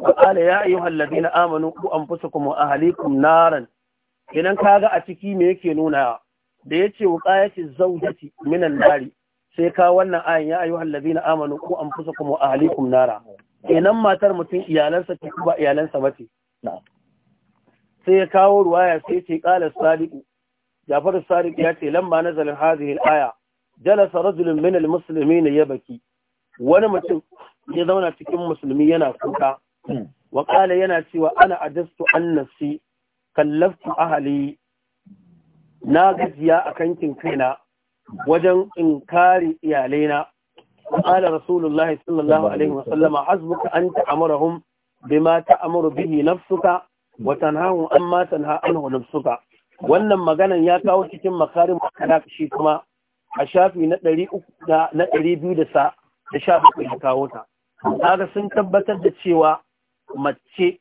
وقال يا ايها الذين امنوا قوا انفسكم واهليكم نارا idan kaga a ciki me yake nuna da yace wuqayati zawjati minan nari sai ka wannan ayin ya ayu ladina amanu qu anfusakum wa ahlikum nara kenan matar mutum iyalansa ce ba iyalansa bace sai ya kawo ruwaya sai ce qala sadiq jafar sadiq ya ce lamma nazala hadhihi al-aya jalasa rajulun min al-muslimin yabki wani mutum ya zauna cikin musulmi yana kuka wa qala yana cewa ana ajastu annasi nafsi kallaftu ahli na gajiya a kankin kaina wajen in kare iyalaina قال رسول الله صلى الله عليه وسلم حسبك أن تأمرهم بما تأمر به نفسك وتنهاهم أما تنهى عنه نفسك wannan maganan ya kawo cikin makarin makana shi kuma a shafi na ɗari biyu da sa da sha bakwai ya kawo ta kaga sun tabbatar da cewa mace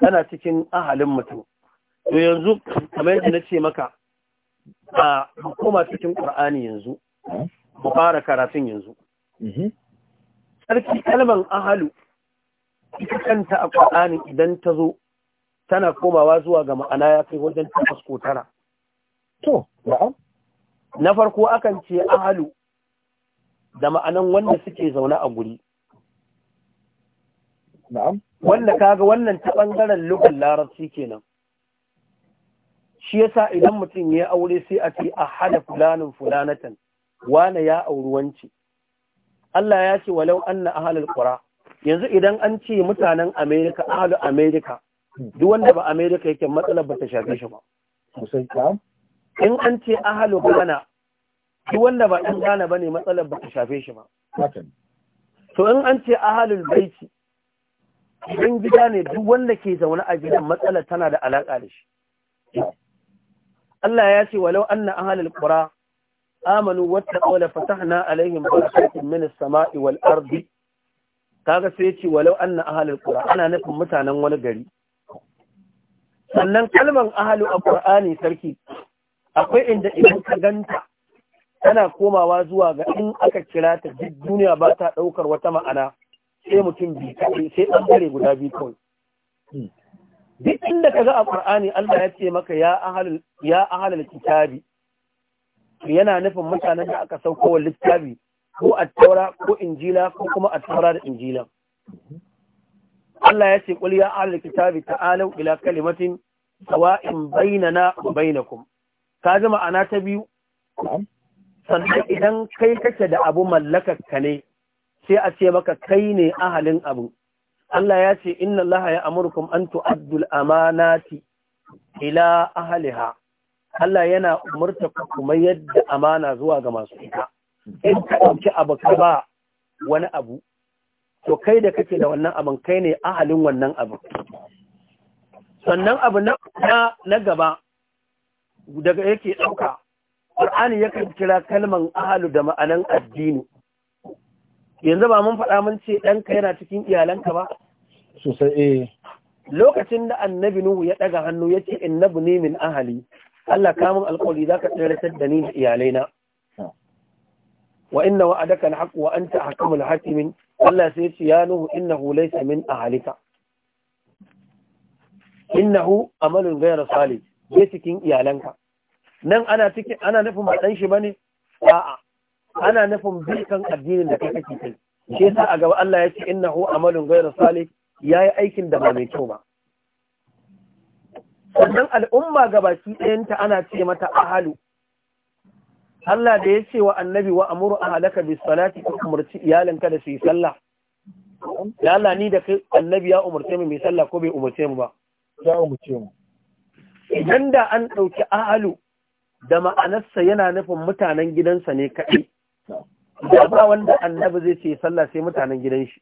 tana cikin ahalin mutum to yanzu kamar yadda na ce maka a koma cikin ƙur'ani yanzu mu fara karatun yanzu mm-hmm. sarki kalman ahalu ita kanta a ƙur'ani idan ta zo tana komawa zuwa ga ma'ana ya kai wajen takwas ko tara to na farko akan ce ahalu da ma'anan wanda suke zaune a guri wanda kaga wannan ta ɓangaren lugar larabci kenan shi yasa idan mutum ya aure sai a ce a hada fulanin fulanatan wane ya auri wanci Allah ya ce walau anna ahlul ƙura. yanzu idan an ce mutanen America ahalu America duk wanda ba America yake matsalar ba ta shafe shi ba in an ce ahalu Ghana duk wanda ba ɗan Ghana ba ne matsalar ba ta shafe shi ba to in an ce ahlul baiti idan gida ne duk wanda ke zaune a gidan matsalar tana da alaƙa da shi Allah ya ce walau anna ahlul ƙura, amanu wata la fatahna na alaihin min as-sama'i wal Ta kaga sai ce walau lau'anna ahlul ƙura, ana nufin mutanen wani gari sannan kalman ahalu a Kur'ani sarki akwai inda idan ka ganta tana komawa zuwa ga in aka kira ta duk duniya ba ta ɗaukar wata ma'ana sai mutum biyu kaɗai, sai bare guda biyu kawai duk inda ka ga a ƙur'ani Allah ya ce maka ya ahalal kitabi yana nufin mutanen da aka sauko wa littafi ko a taura ko injila ko kuma a taura da injila Allah ya ce ya ahalar kitabi ta'alau ila kalimatin sawa'in bainana wa bainakum ka ji ma'ana ta biyu sannan idan kai kake da abu mallakar ka ne sai a ce maka kai ne ahalin abu Allah ya ce inna Allah ya amurkum an tu'addul amanati ila ahliha Allah yana umurta ku kuma yadda amana zuwa ga masu ita in ka dauki abu ka ba wani abu to kai da kake da wannan abin kai ne ahalin wannan abu sannan abu na gaba daga yake ɗauka, Qur'ani yakan kira kalman ahalu da ma'anan addini yanzu ba mun faɗa mun ce ɗanka yana cikin iyalanka ba sosai eh lokacin da annabi nuhu ya ɗaga hannu ya ce innabu ne min ahali Allah kamun alƙawari za ka tsere da ni da iyalaina wa inna na haƙu wa anta ahkamul hakimin Allah sai ya ce ya nuhu innahu In min ahalika innahu amalun gayar sali, ya cikin iyalanka nan ana cikin ana nufin ba ne? shi a'a ana nufin bikan addinin da kai kake kai shi yasa a gaba Allah ya ce innahu amalun ghayru salih yayi aikin da ba mai kyau ba sannan al'umma gabaki ɗayanta ana ce mata ahalu Allah da ya ce wa annabi wa amuru ahalaka bis salati ka umarci iyalanka da su yi sallah ya Allah ni da kai annabi ya umarce mu mai sallah ko bai umarce mu ba ya umarce mu idan da an ɗauki ahalu da ma'anarsa yana nufin mutanen gidansa ne kaɗai da ba wanda annabi zai ce sallah sai mutanen gidan shi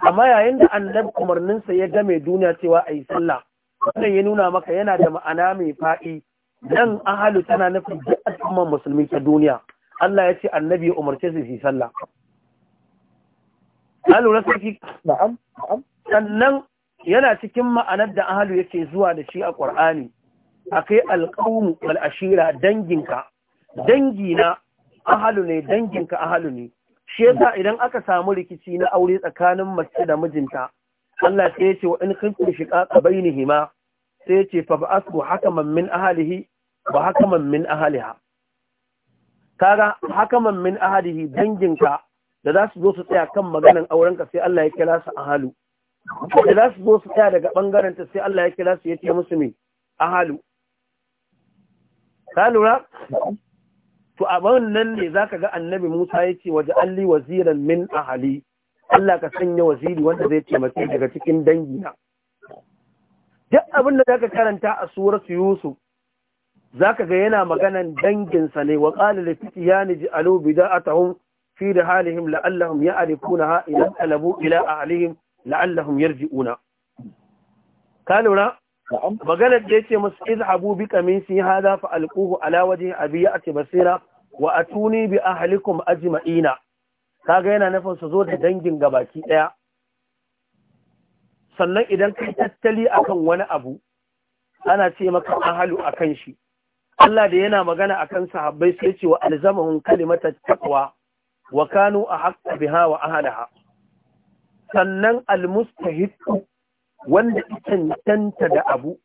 amma yayin da annabi umarninsa ya game duniya cewa a sallah wannan ya nuna maka yana da ma'ana mai fa'i dan ahalu tana nufin duk al'ummar musulmi ta duniya Allah ya ce annabi ya umarce su sallah an lura sarki na'am na'am sannan yana cikin ma'anar da ahalu yake zuwa da shi a qur'ani akai alqawm wal ashira danginka dangina ahalu ne danginka ahalu ne shi yasa idan aka samu rikici na aure tsakanin mace da mijinta Allah sai ya ce wa in kuntum shiqaqa bainihima sai ya ce fa ba'athu hakaman min ahlihi wa hakaman min ahliha kaga hakaman min ahlihi danginka da za su zo su tsaya kan maganan aurenka sai Allah ya kira su ahalu da za su zo su tsaya daga bangaren ta sai Allah ya kira su ya ce musu me ahalu ka lura to a wannan ne za ka ga annabi Musa ya ce waje alli waziran min ahali Allah ka sanya waziri wanda zai taimake daga cikin dangi na. duk abin da zaka karanta a suratu Yusuf zaka ga yana maganan danginsa ne wa qala li fityani ja'alu bida'atahum fi dhalihim la'allahum ya'rifunaha ila talabu ila ahlihim la'allahum yarji'una ka lura maganar da yace musu abu bi qamisi hada fa alquhu ala wajhi abi ya'ti basira wa atuni bi ahlikum ajma'ina kaga yana nufin su zo da dangin gabaki daya sannan idan kai tattali akan wani abu ana ce maka ahalu akan shi Allah da yana magana akan sahabbai sai ce wa alzamahum kalimatat taqwa wa kanu ahqqa biha wa ahlaha sannan almustahiqu wanda cancanta da abu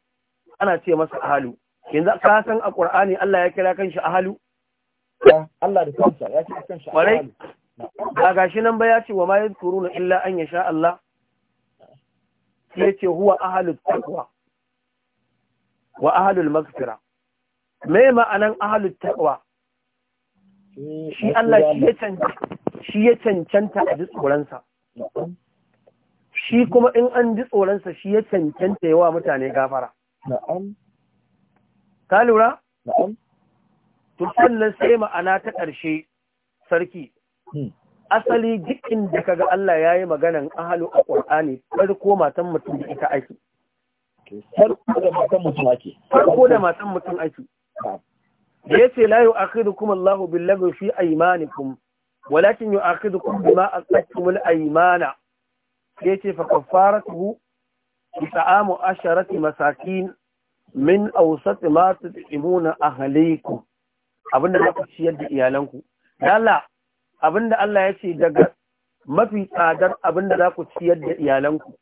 ana ce masa ahalu yanzu ka san a Kur'ani Allah ya kira kanshi ahalu Allah da kansa ya kira kanshi ahalu ba gashi nan ba ya ce wa ma na illa an ya sha Allah ya ce huwa ahalu taqwa wa ahalu maghfira me ma'anan ahalu taqwa eh, shi Allah shi ya cancanta a duk tsoronsa shi kuma in an ji tsoronsa shi ya cancanta yawa mutane gafara na'am ka lura na'am to nan sai ma'ana ta ƙarshe sarki hmm. asali jikin inda kaga Allah yi maganan ahalu a Qur'ani farko matan mutum da ita aiki. farko da matan mutum aiki? Da da matan mutum a yace la kuma Allahu bil-lagwi fi aymanikum walakin a bima aqadtumul aymana ya ce fa bi ta'amu asharati masakin min awsat ma tut'imuna ahlikum abinda za ku ciyar da iyalanku Allah abinda Allah ya ce daga mafi tsadar abinda za ku ciyar da iyalanku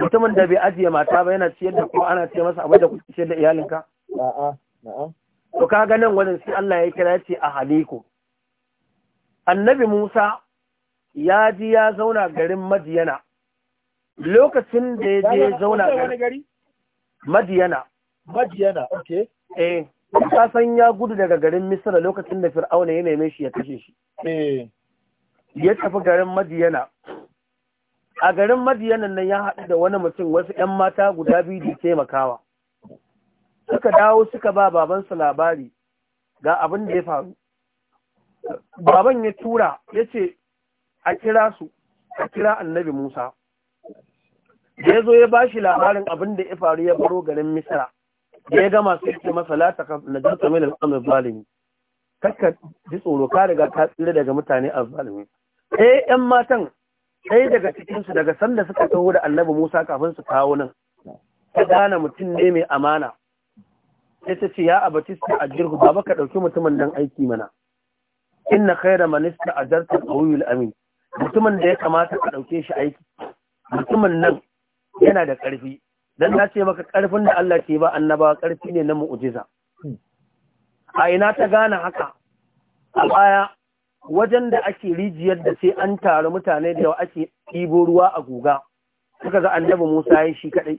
mutumin da bai ajiye mata ba yana ciyar da ku ana ce masa abinda ku ciyar da iyalinka a'a a'a to ka ga nan wajen sai Allah ya kira ya ce ahlikum annabi Musa ya ji ya zauna garin madiyana lokacin da ya je zauna garin madiyana madiyana okay eh ka san ya gudu daga garin misra lokacin da fir'auna ya neme shi ya kashe shi eh ya tafi garin madiyana a garin Madiyana nan ya haɗu da wani mutum wasu 'yan mata guda biyu da taimakawa suka dawo suka ba su labari ga abin da ya faru baban ya tura yace. a kira su a kira annabi Musa da ya zo ya ba shi labarin abin da ya faru ya baro garin Misra da ya gama sai ce masa la takaf najarta da al zalimi kakka ji tsoro ka riga ka tsira daga mutane zalimi eh yan matan sai daga cikin su daga sanda suka taho da annabi Musa kafin su kawo nan ta gane mutum ne mai amana sai ta ce ya a ajirhu baba ka ɗauki mutumin nan aiki mana inna a man a qawiyul amin mutumin da ya kamata ka ɗauke shi aiki mutumin nan yana da ƙarfi don na ce maka ƙarfin da Allah ke ba annabawa ƙarfi ne na mu'ujiza a ina ta gane haka a baya wajen da ake rijiyar da sai an taru mutane da yawa ake ɗibo ruwa a guga suka ga annabi Musa ya shi kaɗai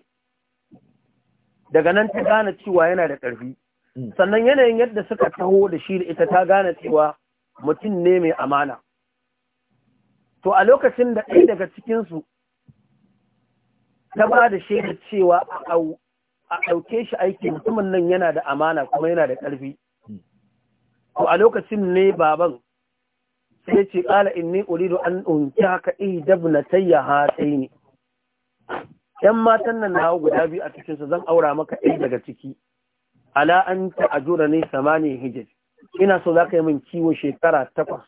daga nan ta gane cewa yana da ƙarfi hmm. sannan yanayin yadda suka taho da shi da ita ta gane cewa mutum ne mai amana to a lokacin da ɗaya daga cikinsu ta ba da shaida cewa a ɗauke shi aiki mutumin nan yana da amana kuma yana da ƙarfi to a lokacin ne baban sai ce ƙala inni uridu an unki haka dab ihdabna tayya ne ‘yan matan nan na hau guda biyu a cikinsu zan aura maka ɗaya daga ciki, ala an ta a jura ne samanin hijir, ina so za ka yi min kiwo shekara takwas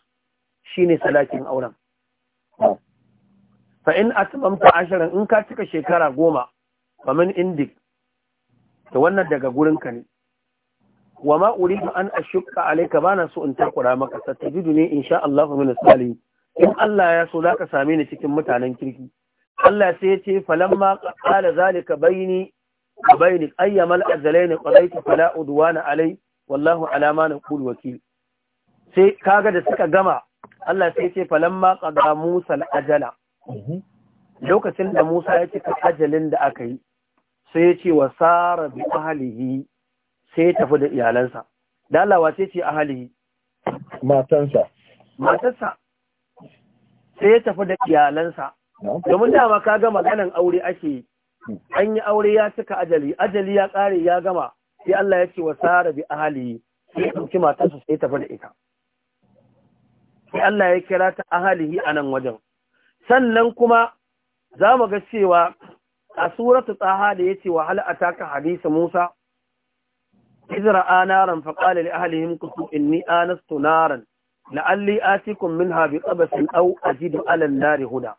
shi ne salakin auren. fa in atmamta ashirin in ka cika shekara goma famin indik da wannan daga gurinka ne wa ma ba an alaika ba na so in takura maka jidu ne in sha Allah min sali. in Allah ya so za ka same ni cikin mutanen kirki Allah sai ya ce ma ƙala zalika mala’ar wa bayni ayyamal ta qadaytu fala na alai wallahu alama na naqul wakil sai kaga da suka gama Allah sai ce falamma qada Musa al-ajala mhm. lokacin da Musa ya cika ajalin da aka yi sai ya ce wa sara bi ahlihi sai ya tafi da iyalansa Dalawa sai wace ce ahlihi matansa matarsa sai ya tafi da iyalansa domin dama ka ga maganan aure ake yi hmm. an yi aure ya cika ajali ajali ya kare ya gama sai Allah ya ce wa sara bi ahlihi sai ya ɗauki matarsa sai ya tafi da ita sai Allah ya kira ta ahalihi a nan wajen sannan kuma za mu ga cewa a suratu tsaha da ya ce wa hal'ata ka hadisa musa izra anaran faƙalil ahalihim kusu inni anastu naran la'alli atikun min habi ƙabasin au da alal nari huda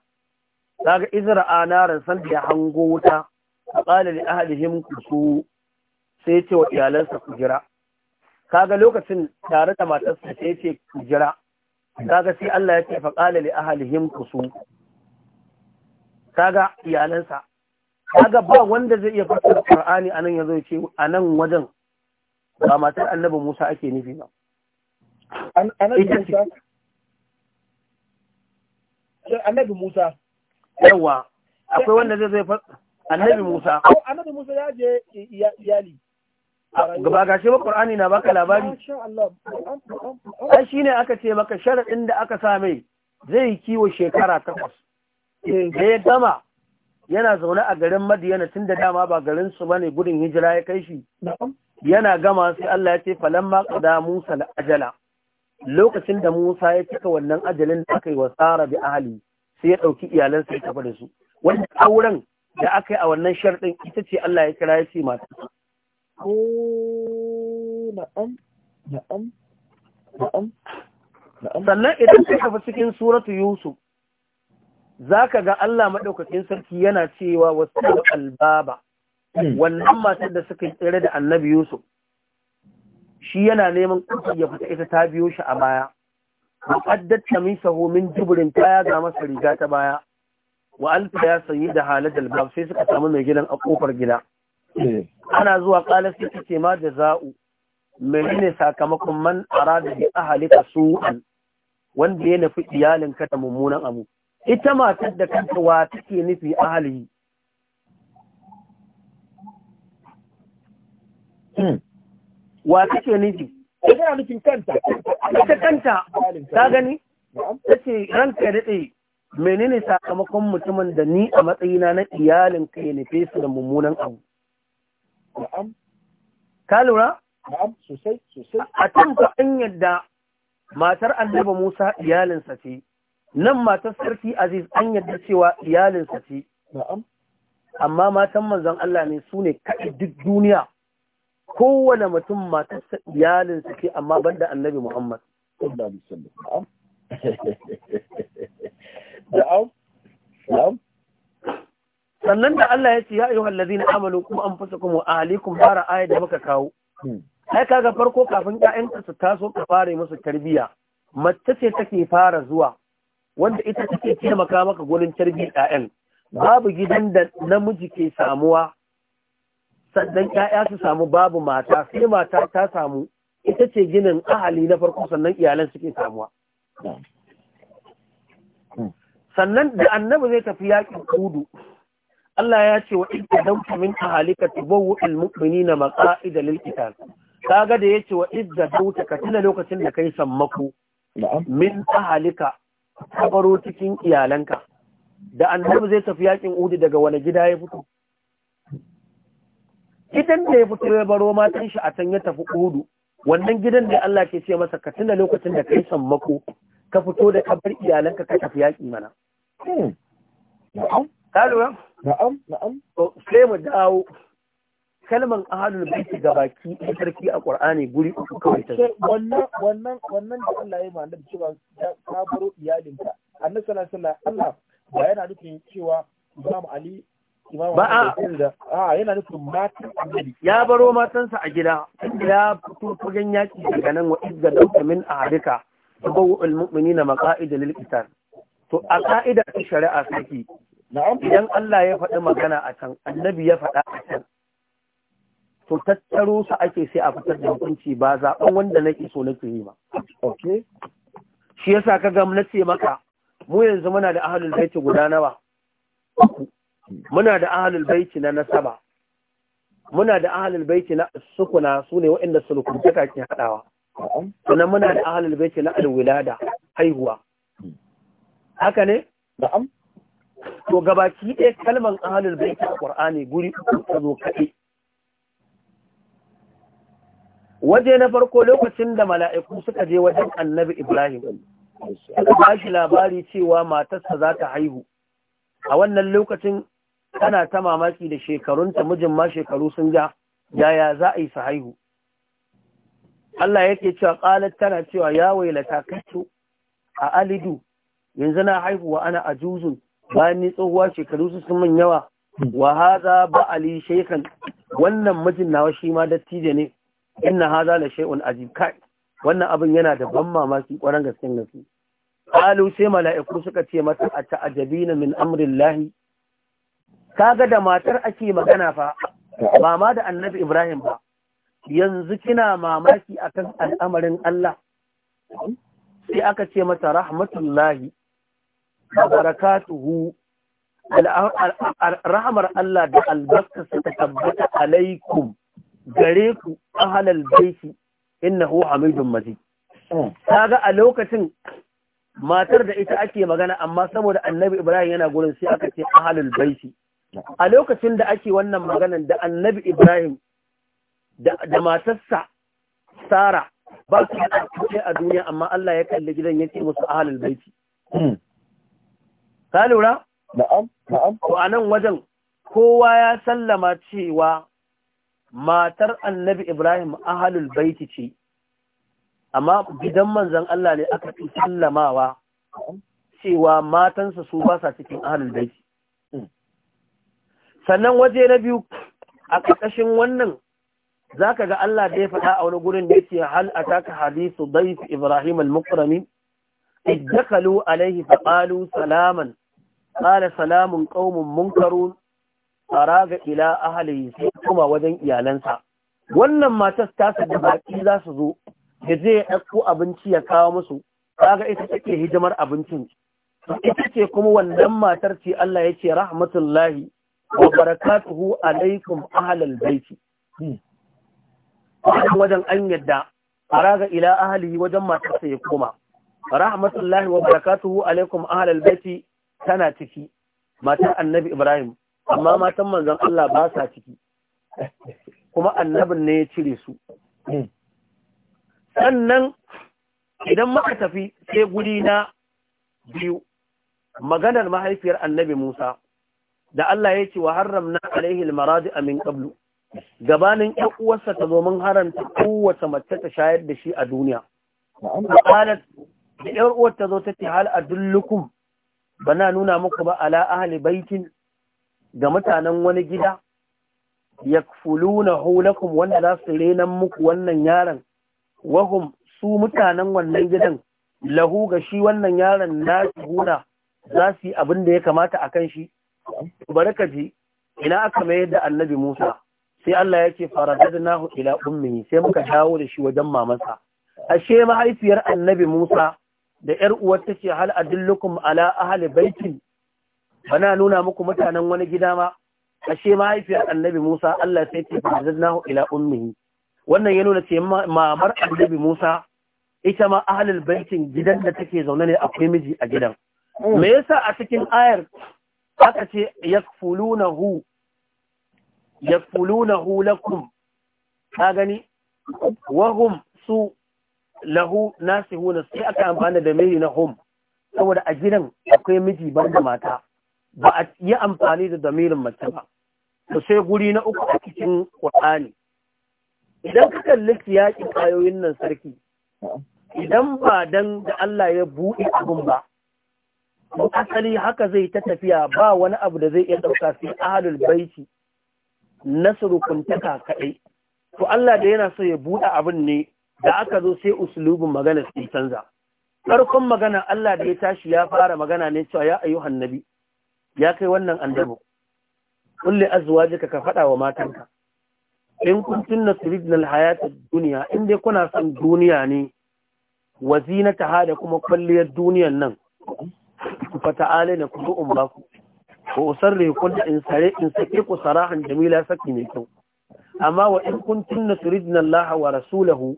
za ga izra naran san da ya hango wuta da ahalihin kusu sai ce wa iyalansa ku jira Ka ga lokacin tare da matarsa sai ce ku jira kaga sai Allah ya ce fa qala li ahlihim qusu kaga iyalansa kaga ba wanda zai iya fassara Qur'ani anan yazo ya ce anan wajen ba matar Annabi Musa ake nufi ba annabi Musa annabi Musa yawa akwai wanda zai zai annabi Musa annabi Musa ya je iyali ba ga shi ba Qur'ani na baka labari ai ne aka ce maka sharaɗin da aka sa mai zai kiwo shekara takwas eh. da ya gama yana zaune a garin Madiyana tun da dama ba garin su bane gudun hijira ya kai shi yana gama sai Allah ya ce falamma qada Musa da ajala lokacin da Musa ya cika wannan ajalin da aka yi wa tsara bi ahali sai ya ɗauki iyalansa ya tafi da su wanda auren da aka yi a wannan sharɗin ita ce Allah ya kira ya ce mata sannan idan ka tafi cikin suratu yusuf zaka ga Allah madaukakin sarki yana cewa wasu albaba hmm. wannan matar da suka tsere da annabi yusuf shi yana neman ƙarfi ya fita ita ta biyo shi a baya muqaddat tamisahu min jibrin ta ya ga masa riga ta baya wa alfa ya sayyida da albab sai suka samu mai gidan a kofar gida Eh. ana zuwa ƙalar sai ce ma da za'u menene sakamakon man da bi ahalika su'an wanda ya nufi iyalinka da mummunan abu ita matar da kanta wa take nufi ahali hmm. wa take nufi ita nufin kanta ita kanta ta gani ta ce ranka ya daɗe menene sakamakon mutumin da ni a matsayina na iyalin ka ya nufe su da mummunan abu Ka lura? sosai, sosai. A an yadda matar annabi Musa iyalinsa ce, nan matar sarki Aziz an yadda cewa iyalinsa ce. Amma matan manzan Allah ne su ne kaɗi duk duniya. Kowane mutum sa iyalinsa ce amma banda annabi Muhammad. Na'am. sannan da Allah ya ce ya ayyuhal ladina amalu kuma anfusakum wa ahlikum fara ayat da muka kawo hmm. ai kaga farko kafin 'ya'yanka su taso ka fara musu tarbiyya mace ce take fara zuwa wanda ita take taimaka maka gurin tarbiyyar ƴaƴan babu gidan da namiji ke samuwa sannan ƴaƴa su samu babu mata sai mata ta samu ita ce ginin ahali na farko sannan iyalan suke samuwa hmm. sannan da annabi zai tafi yaƙin kudu Allah ya ce wa in ka min ahalika tubawwu na maqa'ida lil qital kaga da yace wa idda dauta ka tuna lokacin da kai sammako min halika kabaro cikin iyalanka da annabi zai tafi yakin udi daga wani gida ya fito Idan da ya fito ya baro matan shi a can ya tafi Udu, wannan gidan da Allah ke ce masa ka tuna lokacin da kai sammako ka fito da kabar iyalanka ka tafi yaki mana hmm. ka lura na'am na'am sai mu dawo kalman ahadul baiti ga baki da sarki a qur'ani guri uku kawai ta wannan wannan wannan da Allah ya manda cewa ta baro iyalinka annabi sallallahu alaihi Allah ba yana nufin cewa Imam Ali Imam ba a yana nufin matan annabi ya baro matansa a gida ya fito fagen yaki daga nan wa idda dauka min ahadika tubawu almu'minina maqa'ida lil qital to a ka'ida ta shari'a saki idan Allah ya faɗi magana a can annabi ya faɗa a can to tattaro su ake sai a fitar da hukunci ba zaɓen wanda nake so na yi ba Ok. shi ya sa ka ga na ce maka mu yanzu muna da ahalul baiti guda nawa muna da ahalul baiti na nasaba muna da ahalul baiti na sukuna sune waɗanda sulukuntaka kake haɗawa sannan muna da ahalul baiti na alwilada haihuwa hmm. haka ne na'am to gabaki ɗaya kalman ahalul baiti a ƙur'ani guri ta zo kaɗai waje na farko lokacin da mala'iku suka je wajen annabi ibrahim suka ba shi labari cewa matarsa za ta haihu a wannan lokacin tana ta mamaki da shekarunta mijin ma shekaru sun ja yaya za a yi su haihu Allah yake cewa ƙalar tana cewa ya wailata kacu a alidu yanzu na haihuwa ana ajuzun bayan ni tsohuwa shekaru su sun man yawa wa haza ba ali shekan. wannan mijin nawa shi ma dattijo ne inna haza la shay'un ajib kai wannan abin yana da ban mamaki kwaran gaskiyar gaske qalu sai mala'iku suka ce mata a ajabina min amrillahi kaga da matar ake magana fa ba ma da annabi ibrahim ba yanzu kina mamaki akan al'amarin Allah sai aka ce mata rahmatullahi wa barakatuhu rahamar Allah da albarkarsa ta tabbata alaikum gare ku ahlal baiti innahu hamidun majid kaga a lokacin matar da ita ake magana amma saboda annabi ibrahim yana gurin sai aka ce halal baiti a lokacin da ake wannan maganan da annabi ibrahim da matarsa sara ba su yi a duniya amma allah ya kalli gidan ya ce musu halal baiti hmm. ka lura na'am na'am a anan wajen kowa ya sallama cewa matar annabi Ibrahim ahalul baiti ce amma gidan manzan Allah ne aka fi sallamawa cewa matansa su basa cikin ahalul baiti mm. sannan waje na biyu a ƙarƙashin wannan za ka ga Allah da ya faɗa a wani gurin da yake hal a taka hadisu daif Ibrahim al-Mukrami iddakalu alaihi salaman ƙala salamun ƙaumin munkarun faraga ila ahali sai kuma wajen iyalansa wannan matar ta da baki za su zo da zai ɗauko abinci ya kawo musu kaga ita take hijimar abincin ita ce kuma wannan matar ce Allah ya ce rahmatullahi wa barakatuhu alaikum ahlal baiti wannan wajen an yadda faraga ila ahali wajen matarsa ya koma rahmatullahi wa barakatuhu alaikum ahlal baiti tana ciki matan annabi Ibrahim amma matan manzon Allah ba sa ciki kuma annabin ne ya cire su sannan idan muka tafi sai guri na biyu maganar mahaifiyar annabi Musa da Allah ya ce wa haramna alaihi almaradi'a min qablu gabanin ƴan uwarsa ta zo mun haramta kowace mace ta shayar da shi a duniya qalat da ƴar uwar ta zo ta ce hal dullukum bana nuna muku ba ala ahli baitin ga mutanen wani gida yakfuluna hulakum wanda za su renan muku wannan yaron wahum su mutanen wannan gidan lahu ga shi wannan yaron na gona za su yi abin da ya kamata a kan shi baraka ji ina aka mayar da annabi Musa sai Allah ya ce nahu, ila yi. sai muka dawo da shi wajen mamansa ashe mahaifiyar annabi Musa da ‘yar uwar ta ce hal adullukum ala ahli baitin bana nuna muku mutanen wani gida ma ashe mahaifiyar annabi Musa Allah sai ta fadadnahu ila ummihi wannan ya nuna ce mamar annabi Musa ita ma ahalin baikin gidan da take zaune ne akwai miji a gidan me yasa a cikin ayar aka ce yakfulunahu yakfulunahu lakum ka gani wahum su lahu nasihuna sai aka amfana da mai na home saboda a gidan akwai miji ban da mata ba a yi amfani da damirin mace ba to sai guri na uku a cikin Qur'ani idan ka kalli siyaƙin kayoyin nan sarki idan ba dan da Allah ya buɗe abin ba asali haka zai ta tafiya ba wani abu da zai iya ɗauka sai ahlul baiti nasu taka kaɗai to Allah da yana so ya buɗe abin ne da aka zo sai uslubin magana sun canza farkon magana Allah da ya tashi ya fara magana ne cewa ya ayyu hannabi ya kai wannan kulle azuwa jika ka faɗa wa matanka in kun turidna alhayata ad duniya, in dai kuna son duniya ne na ta da kuma kwalliyar duniyan nan fa ta'alina kudu ummaku ko usarri kun in sare in sake ku sarahan jamila saki mai kyau amma wa in rid na Allah wa rasulahu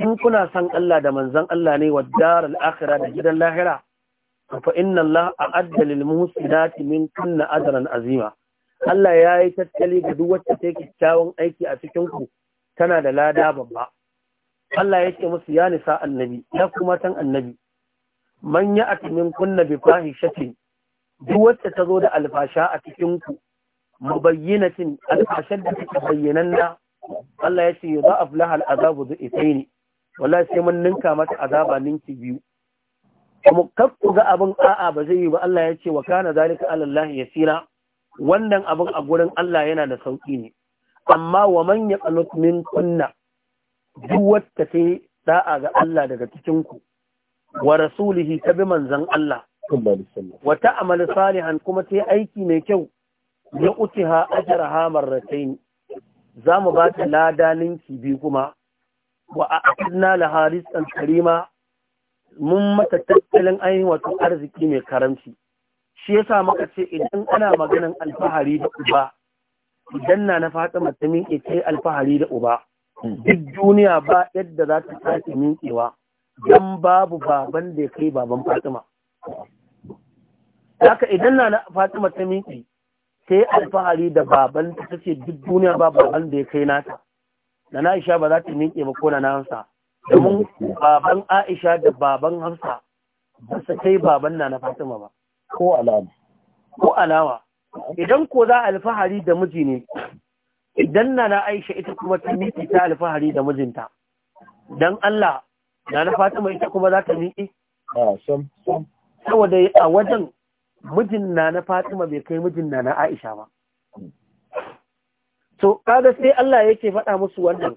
in kuna san Allah da manzan Allah ne wa daral akhira da gidan lahira fa inna Allah a'adda lil muhsinati min kunna ajran azima Allah ya yi tattali ga duk wacce ta kyakkyawan aiki a cikin ku tana da lada babba Allah yake musu ya nisa annabi ya kuma tan annabi man ya atimin kunna bi fahishatin duk wacce ta zo da alfasha a cikin ku mubayyinatin alfashar da take bayyananna Allah ya ce za a fulaha al'azabu da wallahi sai mun ninka mata azaba ninki biyu kuma kar ku ga abin a'a ba zai yi ba Allah ya ce wa kana zalika ya yasira wannan abin a gurin Allah yana da sauki ne amma wa man qanut min kunna duk wacce ta da'a ga Allah daga cikin ku wa rasulihi ta bi manzon Allah wa ta'mal salihan kuma ta aiki mai kyau ya utiha ajraha marratayn za mu ba ta lada ninki biyu kuma wa a'adna laha rizqan karima mun mata tattalin ainihin wato arziki mai karamci shi ya sa muka ce idan ana maganin alfahari da uba idan na na fata mata miƙe ce alfahari da uba hmm. duk duniya ba yadda za ta sake minkewa don babu baban da ya kai baban fatima haka idan na na fatima ta miƙe sai alfahari da baban ta ce duk duniya ba baban da ya kai nata na na Aisha ba za ta miƙe ba ko na hamsa domin baban Aisha da baban hamsa ba su kai baban na na Fatima ba ko alama ko alama idan ko za alfahari da miji ne idan na na Aisha ita kuma ta miƙe ta alfahari da mijinta don Allah na na Fatima ita kuma za ta miƙe saboda a wajen mijin na na Fatima bai kai mijin na na Aisha ba to kada sai Allah yake faɗa musu wannan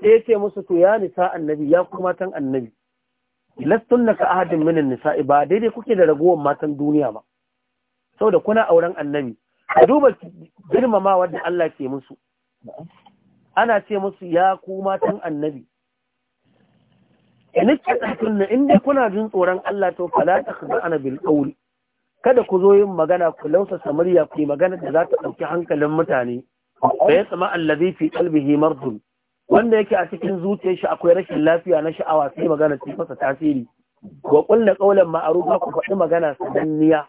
sai yake musu to ya nisa annabi ya kuma matan annabi Lastun ka ahadin minin nisa, ba daidai kuke da ragowar matan duniya ba da kuna auren annabi a duba girmamawa da Allah ke musu ana ce musu ya ku matan annabi in ka tsakunna inda kuna jin tsoron Allah to fala ta ga ana bil kada ku zo yin magana ku lausa samariya ku yi magana da za ta ɗauki hankalin mutane fa sama allazi fi qalbihi mardun wanda yake a cikin zuciyar shi akwai rashin lafiya na sha'awa sai magana ta fasa tasiri wa qulna qawlan ma'rufa ku faɗi magana sananniya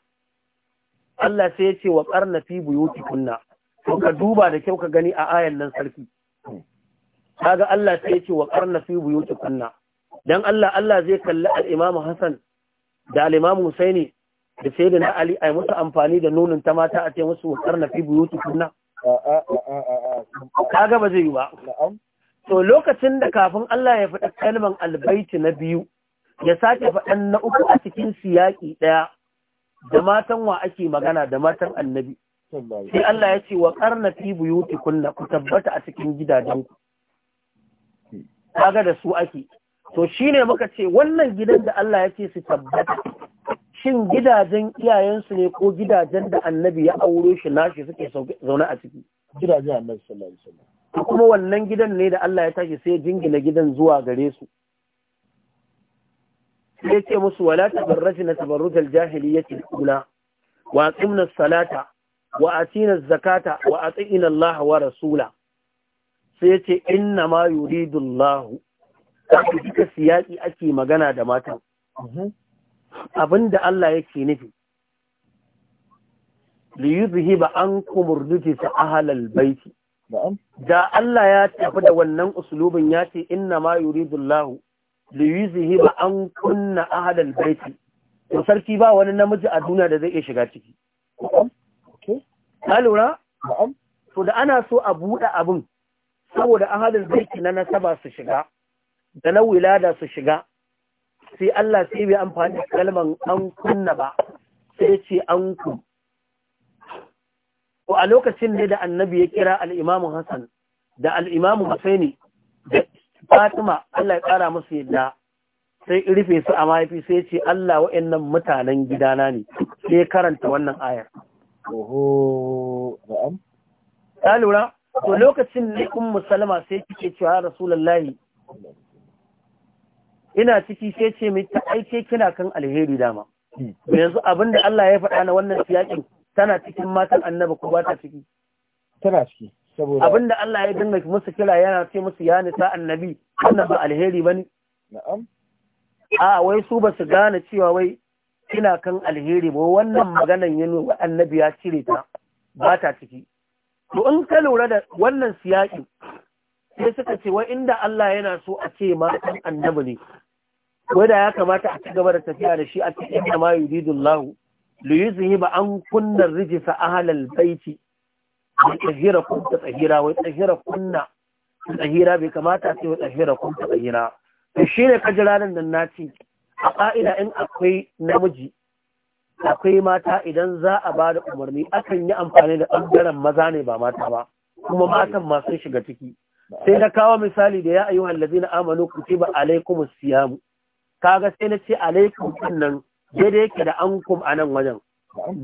Allah sai ya ce wa qarna fi kunna. to ka duba da kyau ka gani a ayan nan sarki kaga Allah sai ya ce wa qarna fi kunna. dan Allah Allah zai kalli al-Imam Hassan da al-Imam Husaini da Sayyidina Ali ai musu amfani da nunin ta mata a ce musu wa qarna fi kunna? ga ba zai yi ba to lokacin da kafin Allah ya faɗa kalman albaiti na biyu ya sake faɗan na uku a cikin siyaki ɗaya da matan wa ake magana da matan annabi sai Allah ya ce wa karna fi buyuti kunna ku tabbata a cikin gidajenku. ku ga da su ake to shine muka ce wannan gidan da Allah ya ce su tabbata shin gidajen iyayensu ne ko gidajen da annabi ya auro shi nashi suke zaune a ciki gidajen annabi sallallahu alaihi kuma wannan gidan ne da Allah ya tashi sai jingina gidan zuwa gare su sai ce musu wala tabarrajna tabarrujal jahiliyyati al-ula wa aqimna salata wa atina zakata wa atina Allah wa rasula sai ya ce inna ma yuridu Allah ta ake magana da matan mhm. Abin da Allah yake nufi li yuzhiba ankum urdisa ahlal baiti da Allah ya tafi da wannan usulubin ya ce inna ma yuridu Allah ba an kunna ahlal baiti to sarki ba wani namiji a duniya da zai iya shiga ciki ka lura to da ana so a buɗe abin saboda ahlal baiti na nasaba su shiga da na wilada su shiga sai Allah sai bai amfani da kalman an kunna ba sai ce an ku ko a lokacin ne da annabi ya kira al-imamu Hassan da al-imamu Husaini da Fatima Allah ya kara musu yadda sai rufe su a mafi sai ce Allah wa'annan mutanen gidana ne sai ya karanta wannan ayar oho na'am ta lura to lokacin ne ummu salama sai kike cewa rasulullahi ina ciki sai ce mai ta aike kina kan alheri dama yanzu abin da Allah ya faɗa na wannan siyakin tana cikin matan annaba ko ba ta ciki tana ciki saboda abin da Allah ya dinga musu kira yana ce musu ya nisa annabi wannan ba alheri ba na'am a wai su ba su gane cewa wai kina kan alheri ba wannan maganan wa annabi ya cire ta ba ta ciki to in ka lura da wannan siyaƙin, sai suka ce wai inda Allah yana so a ce ma annabi ne ko da ya kamata a ci gaba da tafiya da shi a cikin da ma yuridullahu li ba an kunna rijsa ahlal baiti wa tahira kun ta tahira wai tahira kunna tahira bai kamata sai wa tahira kun ta tahira to shine kajiranin nan naci a ƙa'ida in akwai namiji akwai mata idan za a ba da umarni akan yi amfani da ɓangaren maza ne ba mata ba kuma matan masu shiga ciki sai na kawo misali da ya ayyuhan lazina amanu kutiba 'Alaikum siyamu kaga sai na ce alaikum nan da yake da ankum a nan wajen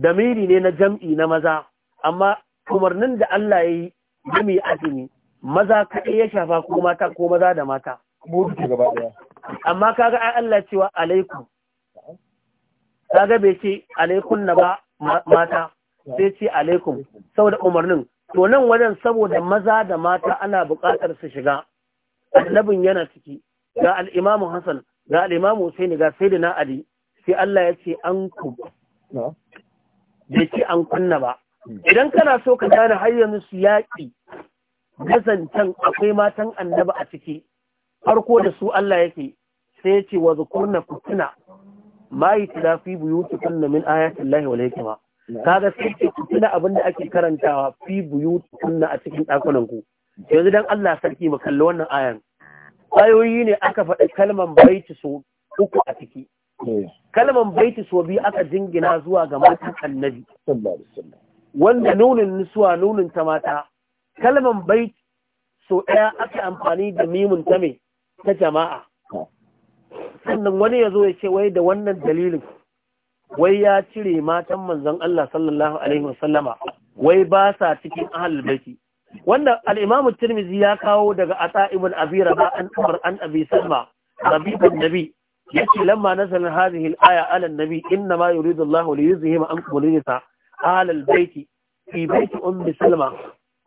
damiri ne na jam'i na maza amma umarnin da Allah ya yi jami azumi maza kaɗai ya shafa ko mata ko maza da mata amma kaga ai Allah cewa alaikum kaga bai ce 'Alaikum na ba mata sai ce alaikum saboda umarnin to nan wajen saboda maza da mata ana buƙatar su shiga annabin yana ciki ga al'imamu Hassan ga al'imamu sai ga sai da na ali sai Allah ya ce an ku da ce an kunna ba idan kana so ka gane har yanzu su yaƙi gazantan akwai matan annaba a ciki farko da su Allah yake sai ya ce wa zukunna kutuna ma yi tilafi buyuti kunna min ayatin wa wal Ka kaga sai ce kutuna abinda ake karantawa fi buyuti kunna a cikin ɗakunan yanzu don Allah sarki mu kalli wannan ayan ayoyi ne aka faɗi kalman baiti so uku a ciki eh. kalman baiti so biyu aka jingina zuwa ga matan annabi wanda nunin nisuwa nunin ta mata kalman baiti so ɗaya aka amfani da mimun ta mai ta jama'a sannan wani ya zo ya ce wai da wannan dalilin wai ya cire matan manzon Allah sallallahu alaihi wasallama wai ba sa cikin ahal baiti wanda al tirmizi ya kawo daga Ata ibn Abi Rabi an Umar an Abi Salma Rabi bin Nabi yace lamma nazala hadhihi aya alan an-nabi inna ma yuridu Allah li yuzhima ankum al-rijsa ala al-bayt fi bayt Umm Salma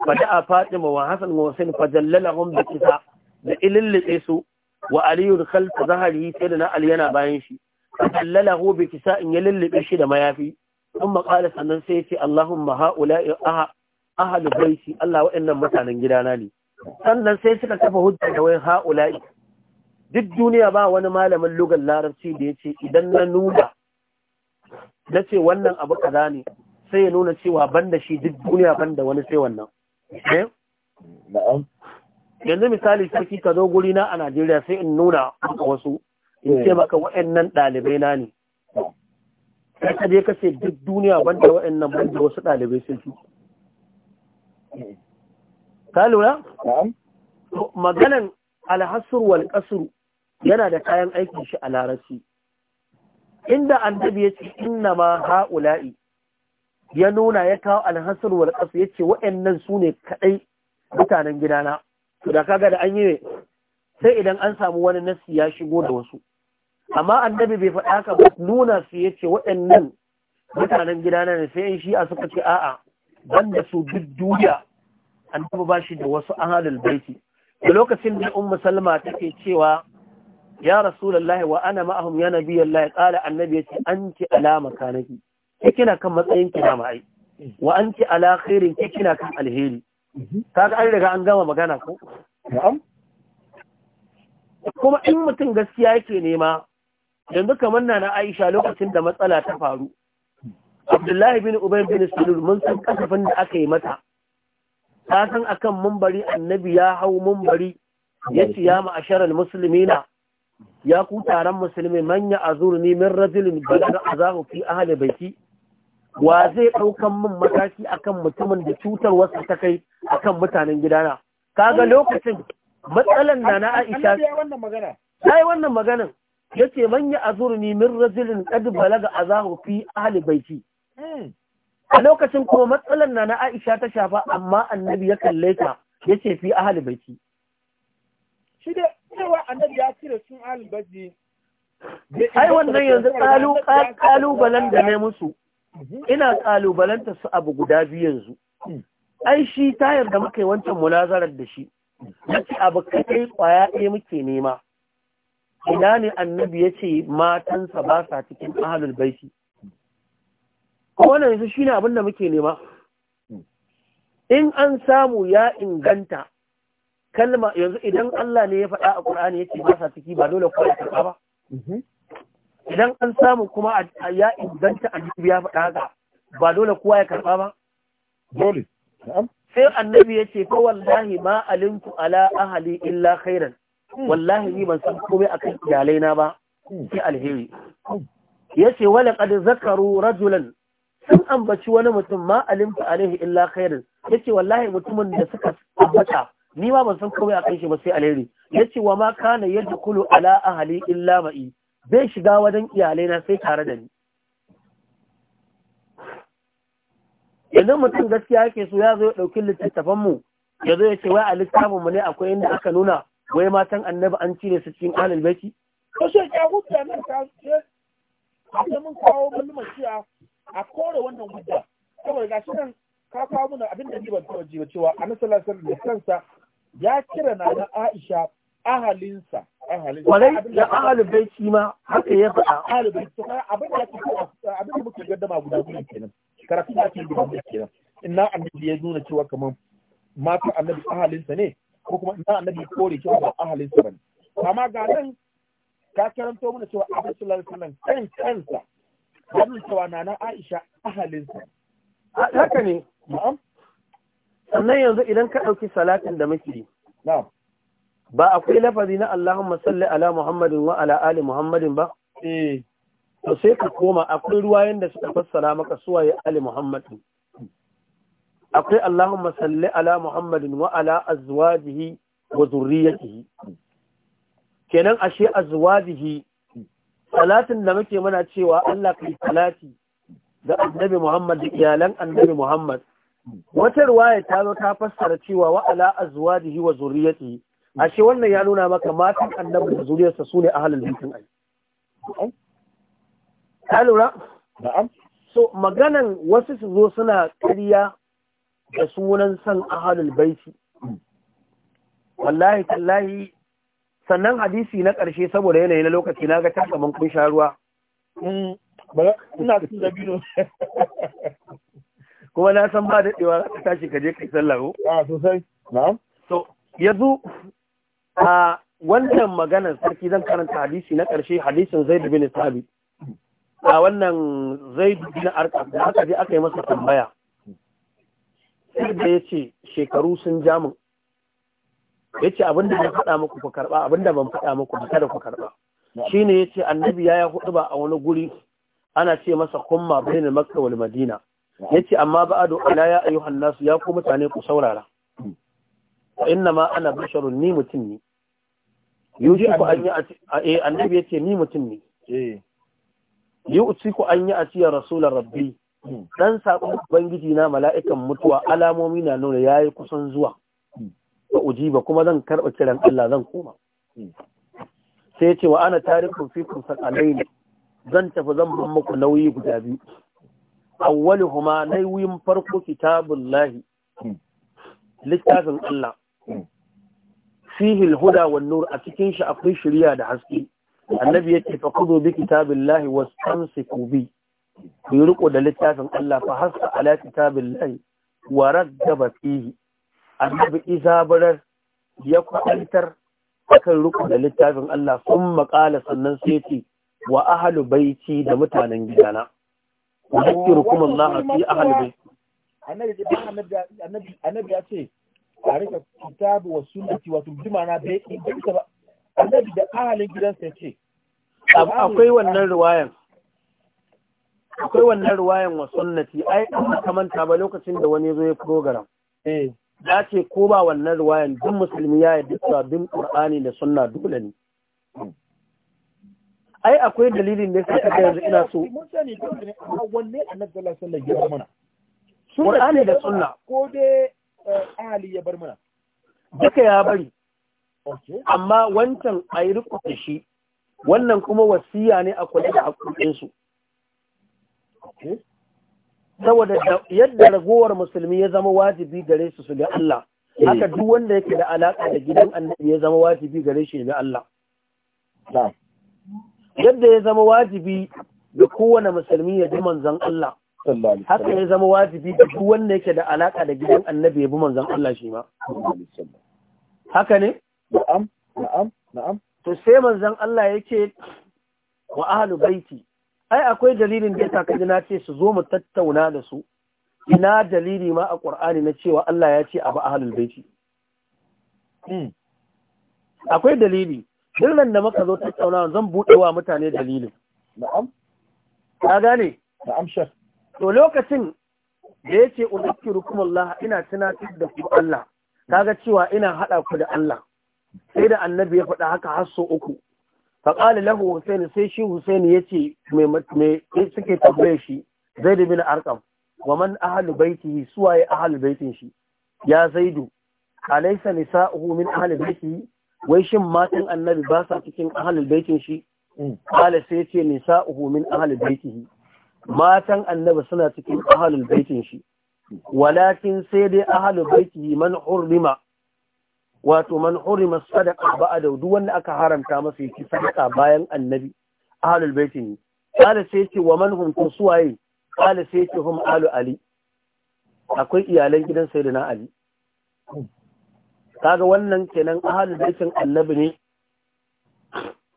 fada'a wa Hasan wa Husain fajallalahum bi kisa da ililliqe su wa Ali khalfa zahrihi sayyidina Ali yana bayan shi fajallalahu bi in ya lillibe shi da mayafi ثم قال sannan sai yace Allahumma ha'ula'i aha ahalu baiti Allah wa'annan mutanen gidana ne sannan sai suka kafa hujja da wayan ha'ula'i duk duniya ba wani malamin lugar larabci da ya ce idan na nuna nace wannan abu kaza ne sai ya nuna cewa banda shi duk duniya banda wani sai wannan eh? yanzu misali sarki ka zo guri na a Najeriya sai in nuna maka wasu in ce maka wa'annan dalibai na ne sai ka je ka ce duk duniya banda waɗannan banda wasu ɗalibai sun fi ka lura maganan alhassur wal kasuru yana da kayan aikin shi a larasi inda annabi ya ce inna ma ha'ula'i ya nuna ya kawo alhassur wal kasuru ya ce nan su ne kaɗai mutanen gidana su da kaga da an yi sai idan an samu wani nasi ya shigo da wasu amma annabi bai faɗa ka ba nuna su ya ce waɗannan mutanen gidana ne sai in a suka ce a'a banda su duk duniya annabi ba shi da wasu ahalul baiti da lokacin da ummu salma take cewa ya rasulullahi wa ana ma'ahum ya nabiyullahi qala annabi yace anti ala makanaki kina kan matsayin ki na mai wa anti ala khairin kina kan alheri kaga an riga an gama magana ko na'am kuma in mutum gaskiya yake nema yanzu kamar na na Aisha lokacin da matsala ta faru abdullahi bin ubay bin salul mun san kasafin da aka yi mata ta san akan mumbari annabi ya hau mumbari ya ce ya musulmi na ya ku taron musulmi manya a zurni min a balar azahu fi ahali baiki wa zai ɗaukan min mataki akan mutumin da cutar wasu ta kai akan mutanen gidana kaga lokacin matsalan na na Aisha ta yi wannan maganan ya ce manya zurni min razilin qad balaga azahu fi ahali baiki Hmm. a lokacin kuma matsalar na na Aisha ta shafa amma annabi ya kalle ta ya ce fi ahalin baiti shi da cewa annabi ya cire sun ahalin baiti ai wannan yanzu kalubalen da ne musu mhm. ina ƙalubalanta su abu guda biyu yanzu hmm. ai shi ta yarda muka yi wancan munazarar da shi ce abu kai kwaya ɗaya muke nema ina ne annabi ya ce matansa ba sa cikin ahalin baiti wannan yanzu shi abin da muke nema in an samu ya inganta kalma yanzu idan Allah ne ya faɗa a Qur'ani ya ba sa ciki ba dole kuwa ya karɓa ba mhm. idan an samu kuma ya inganta annabi ya faɗa haka ba dole kuwa ya karɓa ba dole sai annabi ya ce ko wallahi ma alinku ala ahali illa khairan hmm. wallahi ni ban san komai akan iyalai na ba hmm. sai alheri hmm. Ya ce wala qad zakaru rajulan sun ambaci wani mutum ma alimta alaihi illa khairin yace wallahi mutumin da suka ambata ni ma ban san kawai a kan shi ba sai alheri yace wa ma kana Kulu ala ahli illa ma'i bai shiga wajen iyalai na sai tare da ni idan mutum gaskiya yake so ya zo ya dauki littattafan mu ya zo ya ce wai a littafin mu ne akwai inda aka nuna wai matan annabi an cire su cikin alal baiti ko sai ya huta nan ta ce kawo mun a kore wannan hujja saboda ga shi nan ka kawo mana abin da ban taba ji cewa annabi sallallahu alaihi da kansa ya kira na na Aisha ahalinsa ahalinsa walai ya ahalul baiti ma haka ya faɗa ahalul baiti kuma abin da yake abin da muke gaddama guda biyu kenan karatu da yake guda kenan inna annabi ya nuna cewa kamar mata annabi ahalinsa ne ko kuma inna annabi kore cewa ba ahalinsa bane amma ga nan ka karanto mana cewa abin sallallahu alaihi wasallam kan kansa Wannan cewa na Aisha ahalinsa. Haka ne. Sannan yanzu idan ka ɗauki salatin da muke Na'am. Ba akwai lafazi na Allahumma salli ala Muhammadin wa ala ali Muhammadin ba? Eh. To sai ka koma akwai ruwayen da suka fassara maka suwaye ali Muhammadin. akwai Allahumma salli ala Muhammadin wa ala azwajihi wa zurriyatihi kenan ashe azwajihi salatin da muke muna cewa Allah kai salati ga annabi Muhammad da iyalan annabi Muhammad wata ruwaya ta zo ta fassara cewa wa ala azwajihi wa zurriyati ashe wannan ya nuna maka matan annabi da zuriyarsa sune ahlul baitin ai ka lura na'am so maganan wasu su zo suna ƙarya da sunan san ahlul baiti wallahi tallahi sannan hadisi na ƙarshe saboda yanayi na lokaci na ga ta saman kun sha ruwa mm, ina cin dabino kuma na san ba daɗewa ka tashi ka je kai sallah a ah, sosai na'am so yanzu a wannan maganar sarki zan karanta hadisi na ƙarshe hadisin zaid bin Sabi. a wannan zaid bin arqam da aka je aka yi masa tambaya sai da ya ce shekaru sun ja min. yace abinda ban faɗa muku ku karba abinda ban faɗa muku ku kada ku karba shine yace annabi ya hudu ba a wani guri ana ce masa kumma bai makka wal madina yace amma ba'adu ala ya ayyuhan nas ya ku mutane ku saurara inna ma ana basharun ni mutum ne yusiku an yi a eh, annabi ce ni mutum ne eh an yi asiya rasulur rabbi hmm. dan saƙon ubangiji na mala'ikan mutuwa alamomi na nuna yi kusan zuwa wa ujiba kuma zan karɓa kiran Allah zan koma sai ya ce wa ana tarikun fikum sakalaini zan tafi zan ban muku nauyi guda biyu awwaluhuma nauyin farko lahi. littafin Allah fihi huda wan nur a cikin shi akwai shirya da haske annabi yake fa kudu bi kitabillahi wastamsiku bi ku riko da littafin Allah fa hasa ala kitabillahi wa raggaba fihi annabi isa barar ya kwantar akan ruku da littafin Allah sun maƙala sannan sai ce wa ahalu baiti da mutanen gidana wa hakirukum Allah fi ahalu baiti annabi annabi annabi ya ce a rika kitabu wa sunnati wa tujma na bai ba annabi da ahalin gidansa ya ce akwai wannan riwayan akwai wannan ruwayan wa sunnati ai an kamanta ba lokacin da wani zo ya program eh da ce ko ba wannan ruwayan duk musulmi ya yi duk bin ƙur'ani da sunna dole ne ai akwai dalilin da sai ka yanzu ina so Ƙur'ani wanne mana da sunna ko dai eh, ahali ya bar mana duka ya bari amma wancan yi riko da shi wannan kuma wasiya ne a kula da haƙoƙinsu saboda yadda ragowar musulmi ya zama wajibi gare su su ga Allah eh. haka duk wanda yake da alaka da gidan annabi ya zama wajibi gare shi ga Allah yadda ya zama wajibi da kowane musulmi ya ji manzon Allah haka ya zama wajibi da duk wanda yake da alaka da gidan annabi ya bi manzon Allah shi ma haka ne na'am na'am na'am to sai manzon Allah yake wa ahlul baiti ai akwai dalilin da ya saka ji ce su zo mu tattauna da su ina dalili ma a ƙur'ani na cewa Allah ya ce abu ahalul baiti hmm. akwai dalili nan da muka zo tattauna zan buɗe wa mutane dalilin na'am ka gane na'am shek to lokacin da ya ce Allah ina tunatar da ku Allah kaga cewa ina haɗa ku da Allah sai da annabi ya faɗa haka har so uku faƙali lahu Hussein sai shi Hussein ya ce mai suke tambaye shi zai da bin arkam wa man ahalu baiti suwaye ahalu baitin shi ya zaidu alaisa nisa'uhu min ahalu baiti wai shin matan annabi ba sa cikin ahalu baitin shi kala sai ce nisa'uhu min ahalu baitihi matan annabi suna cikin ahalu baitin shi walakin sai dai ahalu baitihi man hurrima wato man hurima sadaqa ba'da duk wanda aka haramta masa yake sadaqa bayan annabi ahlul baiti ne kala sai ce wa man hum kun kala sai ce hum alu ali akwai iyalan gidan sayyidina ali kaga wannan kenan ahlul baitin annabi ne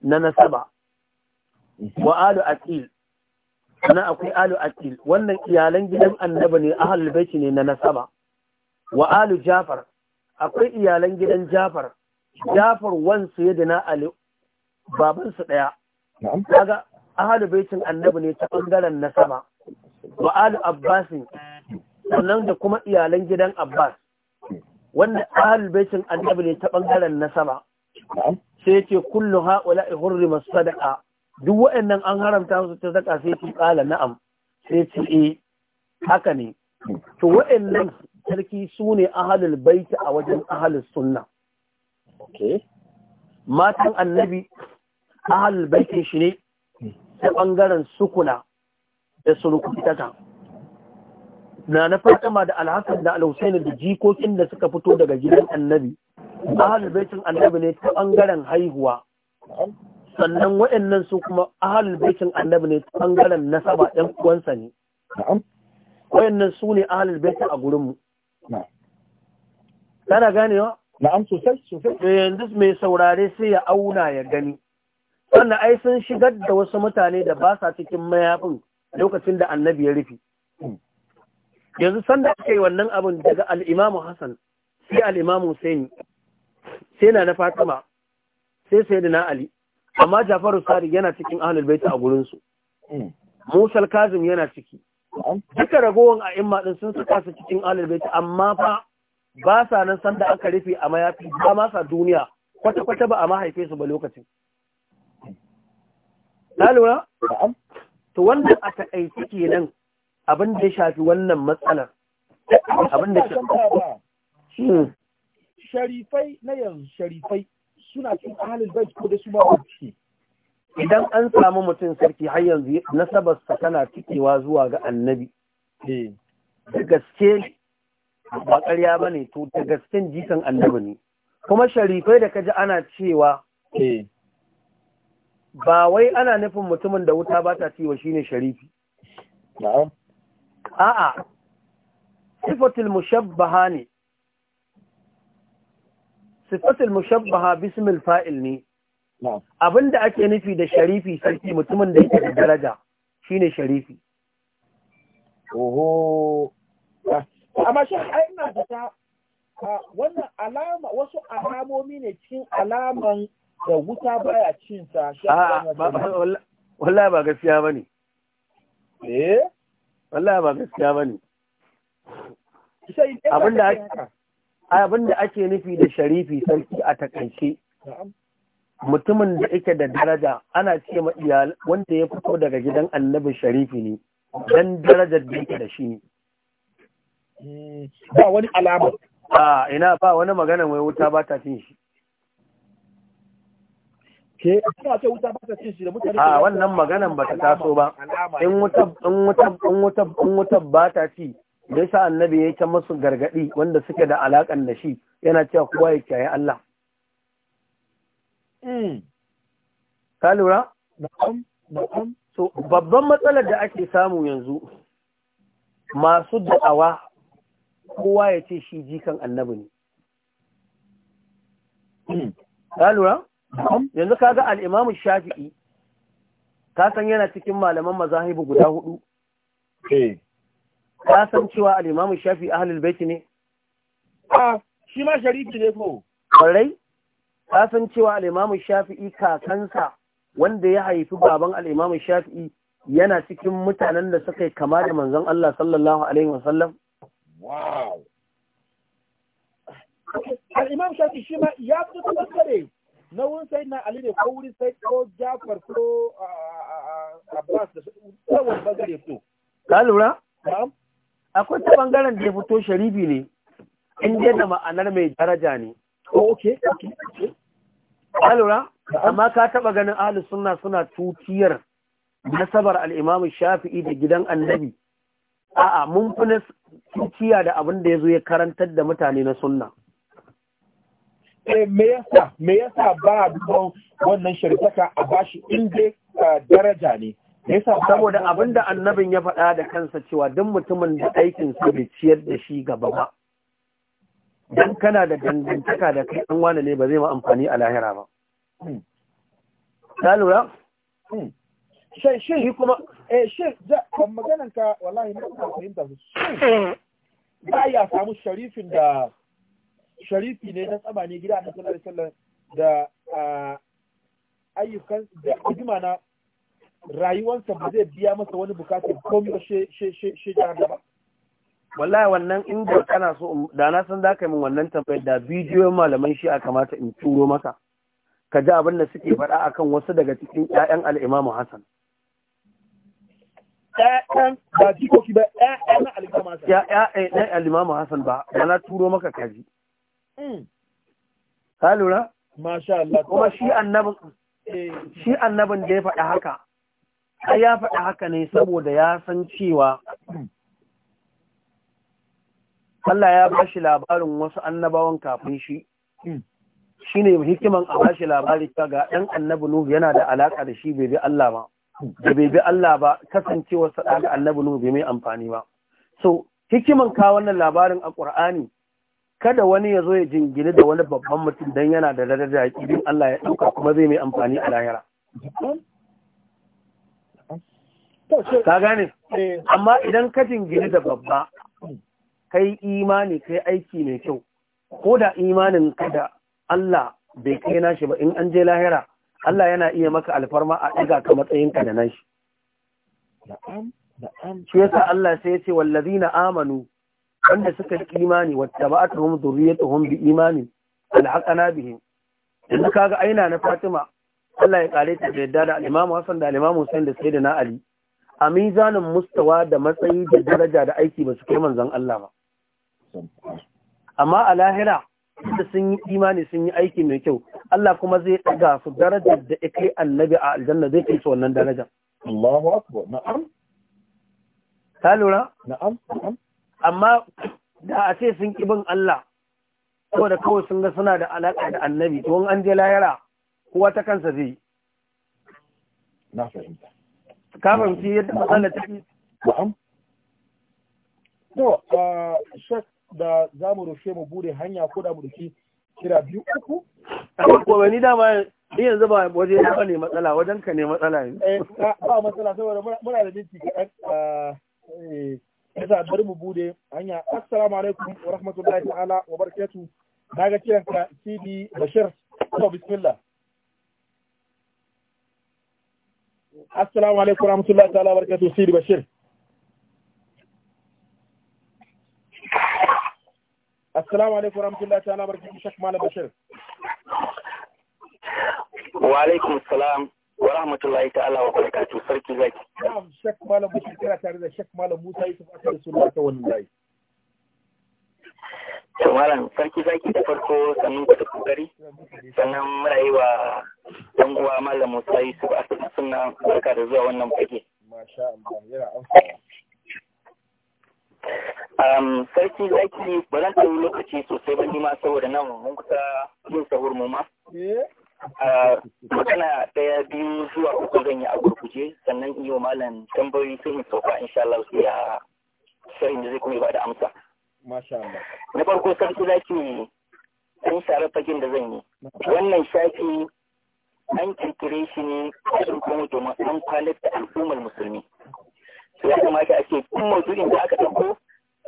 na nasaba wa alu aqil ana akwai alu aqil wannan iyalan gidan annabi ne ahlul baiti ne na nasaba wa alu jafar akwai iyalan gidan Jafar Jafar wan sayyidina Ali babansu ɗaya. Kaga ahalu baitin annabi ne ta ɓangaren nasaba wa alu abbasin sannan da kuma iyalan gidan abbas wanda ahalu baitin annabi ne ta ɓangaren nasaba sai ce kullu haula ihurri masu sadaka duk waɗannan an haramta su ta zaka sai ce ƙala na'am sai ce eh haka ne hmm. to waɗannan sarki su ne ahalul baiti a wajen ahalul sunna matan annabi ahalul baitin shi ne ta ɓangaren sukuna da surukuntaka. na na fatima da alhassan da alhussaini da jikokin da suka fito daga gidan annabi ahalul baitin annabi ne ta ɓangaren haihuwa sannan waɗannan su kuma ahalul baitin annabi ne ta ɓangaren nasaba ɗan uwansa ne waɗannan su ne ahalul baitin a gurinmu Tana gane wa? Na'am sosai sosai. Eh, yanzu mai saurare sai ya auna ya gani. Wannan ai sun shigar da wasu mutane da ba sa cikin mayafin lokacin da annabi ya rufe. Hmm. Yanzu sanda ake yi wannan abin daga al'imamu Hassan sai al'imamu Hussein sai na na Fatima sai sai da na Ali. Amma Jafaru Sari yana cikin ahlul baita a gurinsu. Hmm. Musal Kazim yana ciki. duka ragowar a imma din sun saka su cikin alal amma fa ba sa nan sanda aka rufe a mayafi ba ma sa duniya kwata-kwata ba a mahaife su ba lokacin na lura to wanda a taƙaice kenan abin da ya shafi wannan matsalar abin da ke hmm. sharifai na yanzu sharifai suna cin ahalin bai ko da su ba ba ciki idan an samu mutum sarki har yanzu nasabarsa tana cikewa zuwa ga annabi eh. da gaske ba ƙarya ba ne to da gaske jikan annabi ne kuma sharifai da kaji ana cewa eh. ba wai ana nufin mutumin da wuta ba ta cewa shine sharifi a'a sifatul mushabbaha ne sifatul mushabbaha bismil fa'il ne abin da ake nufi da sharifi sarki mutumin da yake da daraja shine sharifi oho ah, amma shi aina da ta wannan alama wasu alamomi ne cikin alaman da wuta baya cin sa shi wallahi ba gaskiya bane eh wallahi ba gaskiya bane abin da ake nufi da sharifi sarki a takaice mutumin da yake da daraja ana ce ma iyal wanda ya fito daga gidan annabi sharifi ne dan darajar da yake da shi ne ba wani alama a ina ba wani magana mai wuta ba ta cin shi ke ina ce wuta ba ta cin shi da mutane a wannan maganan ba ta taso ba in wuta in wuta in wuta in wuta ba ta ci da yasa annabi ya ta musu gargadi wanda suke da alakan da shi yana cewa kowa ya kiyaye Allah Hmm. ka lura so babban matsalar da ake samu yanzu masu da'awa kowa ya ce shi jikan annabi ne hmm. ka lura yanzu kaga al-imamu shafi'i ka san yana cikin malaman mazahibu guda hudu eh. ka san cewa al’imamu shafi shafi'i ahalil bait ne ah shi ma sharifi ne ko kwarai ka san cewa al’imamun shafi'i kakansa wanda ya haifi baban al’imamun shafi'i yana cikin mutanen da suka yi kama da manzon Allah sallallahu alaihi wasallam wow al'imam shafi shi ma ya fi ta kare na wun sai na ali ne ko wuri sai ko jafar ko abbas da tsawon bangare fito ka lura akwai ta ɓangaren da ya fito sharibi ne in da ma'anar mai daraja ne oke alura amma ka taɓa ganin ahli sunna suna tutiyar nasabar al-imam shafi'i da gidan annabi a'a mun fi na tutiya da abin da yazo ya karantar da mutane na sunna eh, me yasa me yasa ba duban wannan shirkaka a bashi inda daraja ne saboda abin da annabin ya faɗa da kansa cewa duk mutumin da aikin su bai ciyar da shi gaba ba dan kana da dangantaka da kai An wani ne ba zai ma amfani a lahira ba ta lura shin shi kuma eh shin kan maganan ka wallahi na ka fahimta su ba ya samu sharifin da sharifi ne na tsama ne gida a sallallahu alaihi da ayyukan da hidima na rayuwarsa ba zai biya masa wani bukatun komai ba shi she da ba wallahi wannan inda kana so da na san zaka min wannan tambayar da bidiyon malaman shi a kamata in turo maka ka ji abin da suke faɗa akan wasu daga cikin ƴaƴan al-Imam Hassan ƴaƴan ba jikoki ba ƴaƴan al-Imam Hassan ƴaƴan eh, al-Imam Hassan ba da na turo maka kaji hmm. ka lura masha Allah kuma shi annabin shi annabin da ya faɗa haka ai ya faɗa haka ne saboda ya san cewa Allah ya ba shi labarin wasu annabawan kafin shi hmm. shi ne hikiman a ba shi labari ta ga ɗan annabi Nuhu yana da alaƙa da shi bai bi Allah ba hmm. da bai bi Allah ba kasancewar sa ga annabi Nuhu bai mai amfani ba so hikiman ka wannan labarin a ƙurani kada wani ya zo ya jingine da wani babban mutum don yana da daraja ya Allah ya ɗauka kuma zai mai amfani a lahira. Ka gane? Eh. Amma idan ka jingine da babba, kai imani kai aiki mai kyau ko da imanin kada Allah bai kai nashi ba in an je lahira Allah yana iya maka alfarma a ɗiga ka matsayinka da nashi shi yasa Allah sai ya ce wallazi na amanu wanda suka yi imani wattaba'atuhum dhurriyyatuhum bi imani alhaqana bihi yanzu kaga aina na Fatima Allah ya kare ta da yadda da Alimamu Hassan da al-Imam Hussein da Sayyidina Ali a mizanin mustawa da matsayi da daraja da aiki ba su kai manzon Allah ba amma a lahira da sun yi imani sun yi aiki mai kyau Allah kuma zai ɗaga su darajar da ya kai annabi a aljanna zai kai su wannan darajar Allahu akbar na'am ta lura na'am na'am amma da a ce sun kibin Allah saboda kawai sun ga suna da alaƙa da annabi to an je lahira kowa ta kansa zai na fahimta ka fahimci yadda matsalar ta na'am to uh, shek da za mu rufe mu bude hanya ko da mu rufe kira biyu uku. Ko ni dama ni yanzu ba waje ba ne matsala wajen ka ne matsala ne. Eh, ba matsala saboda muna da minti kaɗan. Ah, eh, yasa bari mu bude hanya. Assalamu alaikum wa rahmatullahi ta'ala wa barakatu. Na ga kiranka Sidi Bashir. Ko bismillah. Assalamu alaikum wa rahmatullahi ta'ala wa barakatu Sidi Bashir. assalamu alaikum warahmatullahi ta'ala barkatu shek malam bashir wa alaikum salam wa rahmatullahi ta'ala wa barakatuh sarki zaki na'am shek malam bashir kira tare da shak malam musa yusuf asali sunna ta wannan zai to malam sarki zaki da farko sannan ku da kokari sannan muna yi wa dan uwa malam musa yusuf asali sunna barka da zuwa wannan fage masha Allah yana amsawa Um, sarki zaki ba zan ɗauki lokaci sosai ba ni ma saboda nan mun kusa yin sahur mu ma. Eh? Magana ɗaya biyu zuwa uku zan yi a gurguje sannan in yi wa malam tambayoyi sai mu sauka insha Allah sai ya shirin da zai kuma ba da amsa. Na farko sarki zaki an share fagen da zan yi. Wannan shafi an kirkire shi ne a domin an kwanar al'ummar musulmi. ya kamata a ce kun maudu'in da aka ɗauko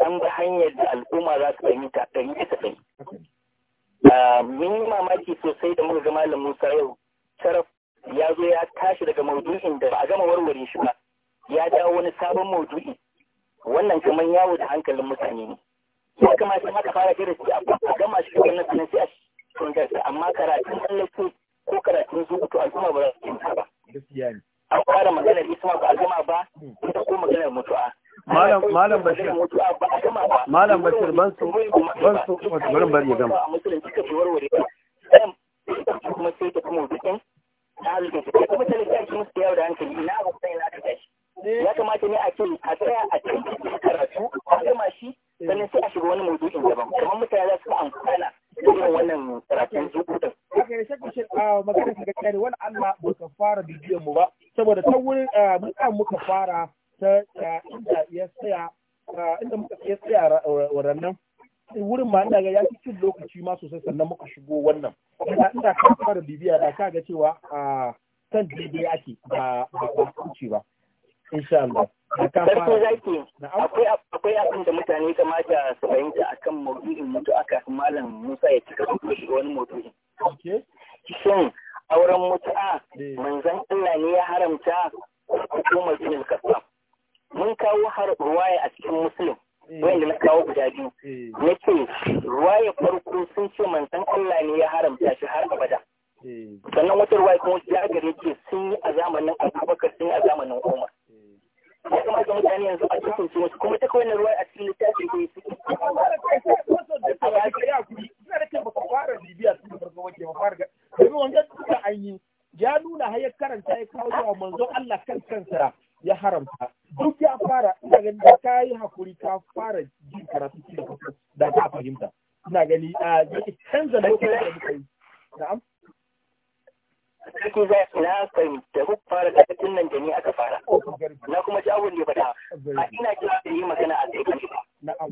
an bi hanyar da al'umma za su fahimta ɗari bisa ɗari. Ah, mun yi mamaki sosai da muka ga Malam Musa yau, Sharaf ya zo ya tashi daga maudu'in da ba a gama warware shi ba, ya dawo wani sabon maudu'i. Wannan kamar yawo da hankalin mutane ne. Ya kamata aka fara darasi a gama shi kamar nan sai a amma karatun tsallake ko karatun zuwa al'umma ba za su ba. an fara maganar isma ba a gama ba ita ko maganar mutu'a malam malam bashir malam bashir ban su ban su bari bari ya gama kuma sai ta kuma bikin na halittar su kuma ta lissafi musu yau da hankali ina abu kuma ina ta tashi ya kamata ne a ce a tsaya a cikin karatu a gama shi sannan sai a shiga wani maudu'in daban kamar mutane za su amfana da irin wannan karatun zukutan. Haka ne shakka shi a ah, maganar da kare wani Allah ba ka fara bidiyon mu ba. saboda ta wurin mutan muka fara ta inda ya tsaya inda muka ya tsaya warannan wurin ma inda ya cikin lokaci ma sosai sannan muka shigo wannan inda inda ka fara bibiya da ka ga cewa a san daidai ake ba ba kuci ba insha Allah Sarki zaki akwai abin da mutane kamata su fahimta akan maudu'in mutu aka malam Musa ya cika su shiga wani maudu'in. Shin auren mutu'a eh. manzon Allah ne ya haramta hukumar jinin kasuwa. Mun kawo har ruwaya a cikin Muslim, eh. wanda na kawo guda biyu. Eh. Na ce, ruwaya farko sun ce manzan Allah ne ya haramta shi har abada. Sannan wata ruwaya kuma ya gare ce sun yi a zamanin Abubakar sun yi a zamanin Umar. ya kamata mutane yanzu a cikin su wasu kuma ta kawai ruwa a cikin littafi ko yi suke. ya nuna har ya karanta ya kawo cewa manzo Allah kan kansa ya haramta duk ya fara ina ganin da ka yi hakuri ta fara jin karatu da ka fahimta ina gani a canza na kira da muka yi na'am sarki za na fahimta ku fara da cikin nan da ni aka fara na kuma ji abun da fada a ina kira da yi magana a kai kan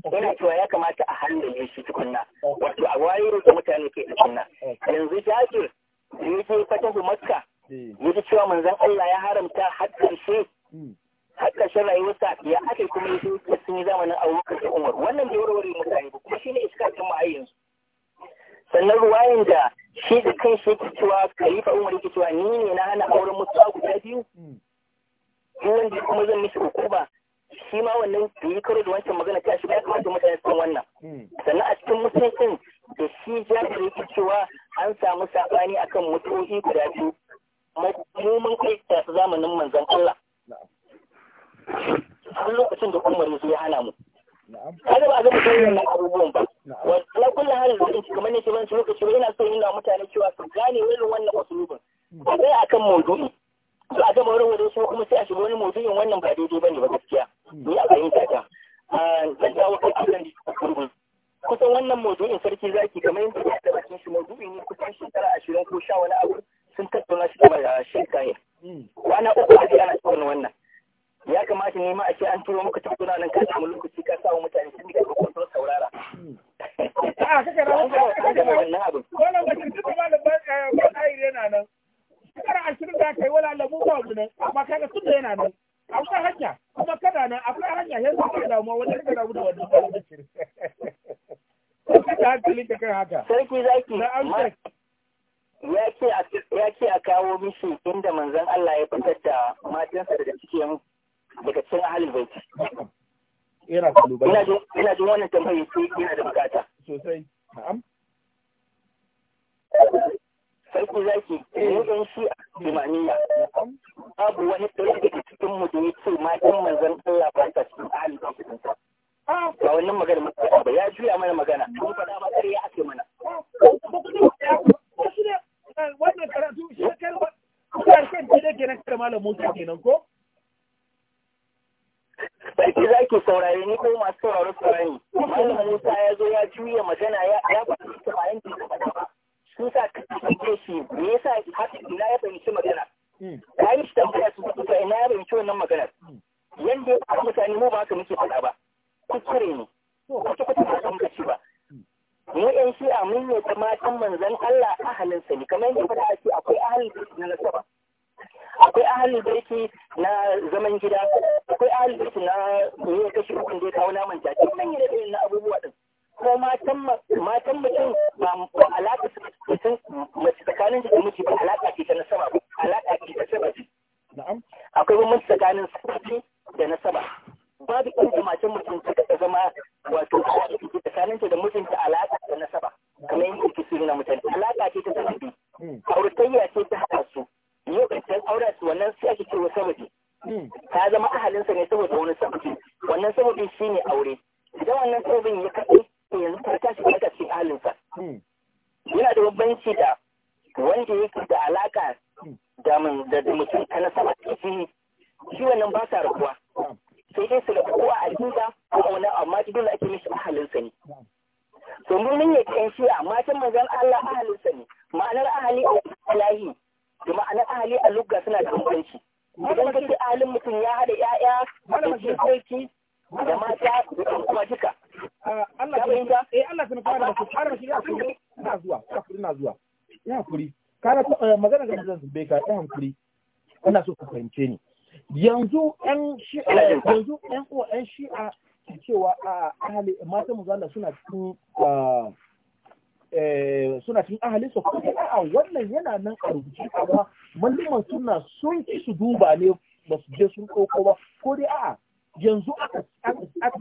ba ina cewa ya kamata a handle shi tukunna wato a wayo da mutane ke tukunna yanzu jajir da yake fatahu makka eh. ji cewa manzon Allah ya haramta har shi hmm. har shi rayuwarsa ya aka kuma yi sun yi zamanin abubakar da umar wannan bai warware mutane ba kuma ne iska kan mu a yanzu sannan ruwayin da shi da kan shi ke cewa khalifa umar yake cewa ni ne na hana auren mutuwa guda biyu duk wanda kuma zan mishi ba, shi ma wannan da yi karo da wancan magana ta shi ya kamata mutane su wannan sannan a cikin musulmin da shi jabir yake cewa an samu sabani akan mutuwoyi guda biyu mu mun kai ta zamanin manzon Allah har lokacin da umar ya hana mu kada ba a zama kai wannan abubuwan ba wala kullum halin da kuma kamar ne ke ban lokaci ba ina so yin da mutane cewa su gane irin wannan usulubin ba sai akan maudu'i to a gama wurin wurin su kuma sai a shiga wani maudu'in wannan ba daidai ba ne ba gaskiya ni a fahimta ta zan dawo kai abin da kusan wannan maudu'in sarki zaki kamar yadda ya taɓa cikin shi maudu'i ne kusan shekara ashirin ko sha wani abu sun tattauna shi kamar shekara hmm. kwana uku a ana cikin wannan ya kamata ne ma a ce an turo maka tukuna nan ka samu lokaci ka sa mutane sun ga ko sun saurara a ka na wannan abu wannan mutum duka malamin ba eh, ai yana nan kana ashirin da kai wala labu ba abu nan amma kaga da yana nan akwai hanya kuma kada nan akwai hanya yanzu da damuwa wanda kada mu da wannan malamin Sarki zaki. Ya ce a kawo mishi inda manzon Allah ya fitar da matansa daga cikin daga cikin ahalin bauti. ina jin wannan tambayi sai yana da bukata sosai na'am sarki zaki mutum shi a jimaniya babu wani ɗaya da cikin mu da ya ce matan manzan Allah ba ta cikin ahalin bautinsa. Ah. ba wannan magana mutu ba ya juya mana magana kun faɗa ba kare ya ake mana ah. eh, wannan karatu shi kai wannan karatu shi kai malam Musa kenan ko Sarki za ki saurare ni ko masu sauraro saurare ni. Malam Musa ya zo ya juya magana ya ya ba su samarin da faɗa ba. Sun sa ka tambaye shi me yasa haka ina ya fahimci magana. Ka hmm. yi shi tambaya su kuka ina ya fahimci wannan maganar. Hmm. Yanda ya faɗa mutane mu ba haka muke faɗa ba. Kuskure ne. Wata hmm. kwata ba haka ci ba. Mu ƴan shi'a mun ne ta matan manzon Allah ahalinsa ne kamar yadda faɗa shi akwai ahalin na nasaba. akwai ahalin baiti na zaman gida akwai ahalin baiti na ne kashi uku da ya kawo naman jaki manyan da na abubuwa din ko matan mutum ba alaƙa mutum mace tsakanin da miji ba alaƙa ce ta nasaba ba alaƙa ce ta saba akwai bambanci tsakanin sabbi da nasaba babu inda macen mutum ta zama wato alaƙa tsakanin ta da mijinta alaƙa ta nasaba kamar yin kike sirri na mutane alaƙa ce ta biyu. Hmm. auratayya ce ta haɗa su lokacin aure wannan sai ake cewa sababi hmm. ta zama ahalinsa ne saboda wani sababi wannan shi shine aure idan wannan sabbin ya kaɗai yanzu ta tashi daga cikin ahalinsa hmm. yana da bambanci da wanda yake da alaka hmm. da mutum kana nasaba jini shi wannan ba sa rabuwa sai dai su da kowa a jinta ko a wani amma dole ake mishi ahalinsa ne to mun ne kan shi amma tun manzon Allah ahalinsa ne ma'anar ahali a lahi da ma'ana ahali a lugga suna da bambanci idan ka ce ahalin mutum ya haɗa ƴaƴa da jikoki da mata da kuma duka ah, Allah ya eh Allah sun fara da su fara shi ya kuri ina zuwa ya kuri ina zuwa Ina kuri kana eh, magana ga zan zube Ina ya ina so ka fahimce ni yanzu ƴan shi'a yanzu ƴan uwa ƴan shi'a cewa a ah, ahali matan mu suna cikin ah, Eh, suna cin ahalin su kuma a wannan yana nan a rubuce amma malluman suna sun ki su duba ne ba su je sun ɗauko ba ko dai a'a yanzu aka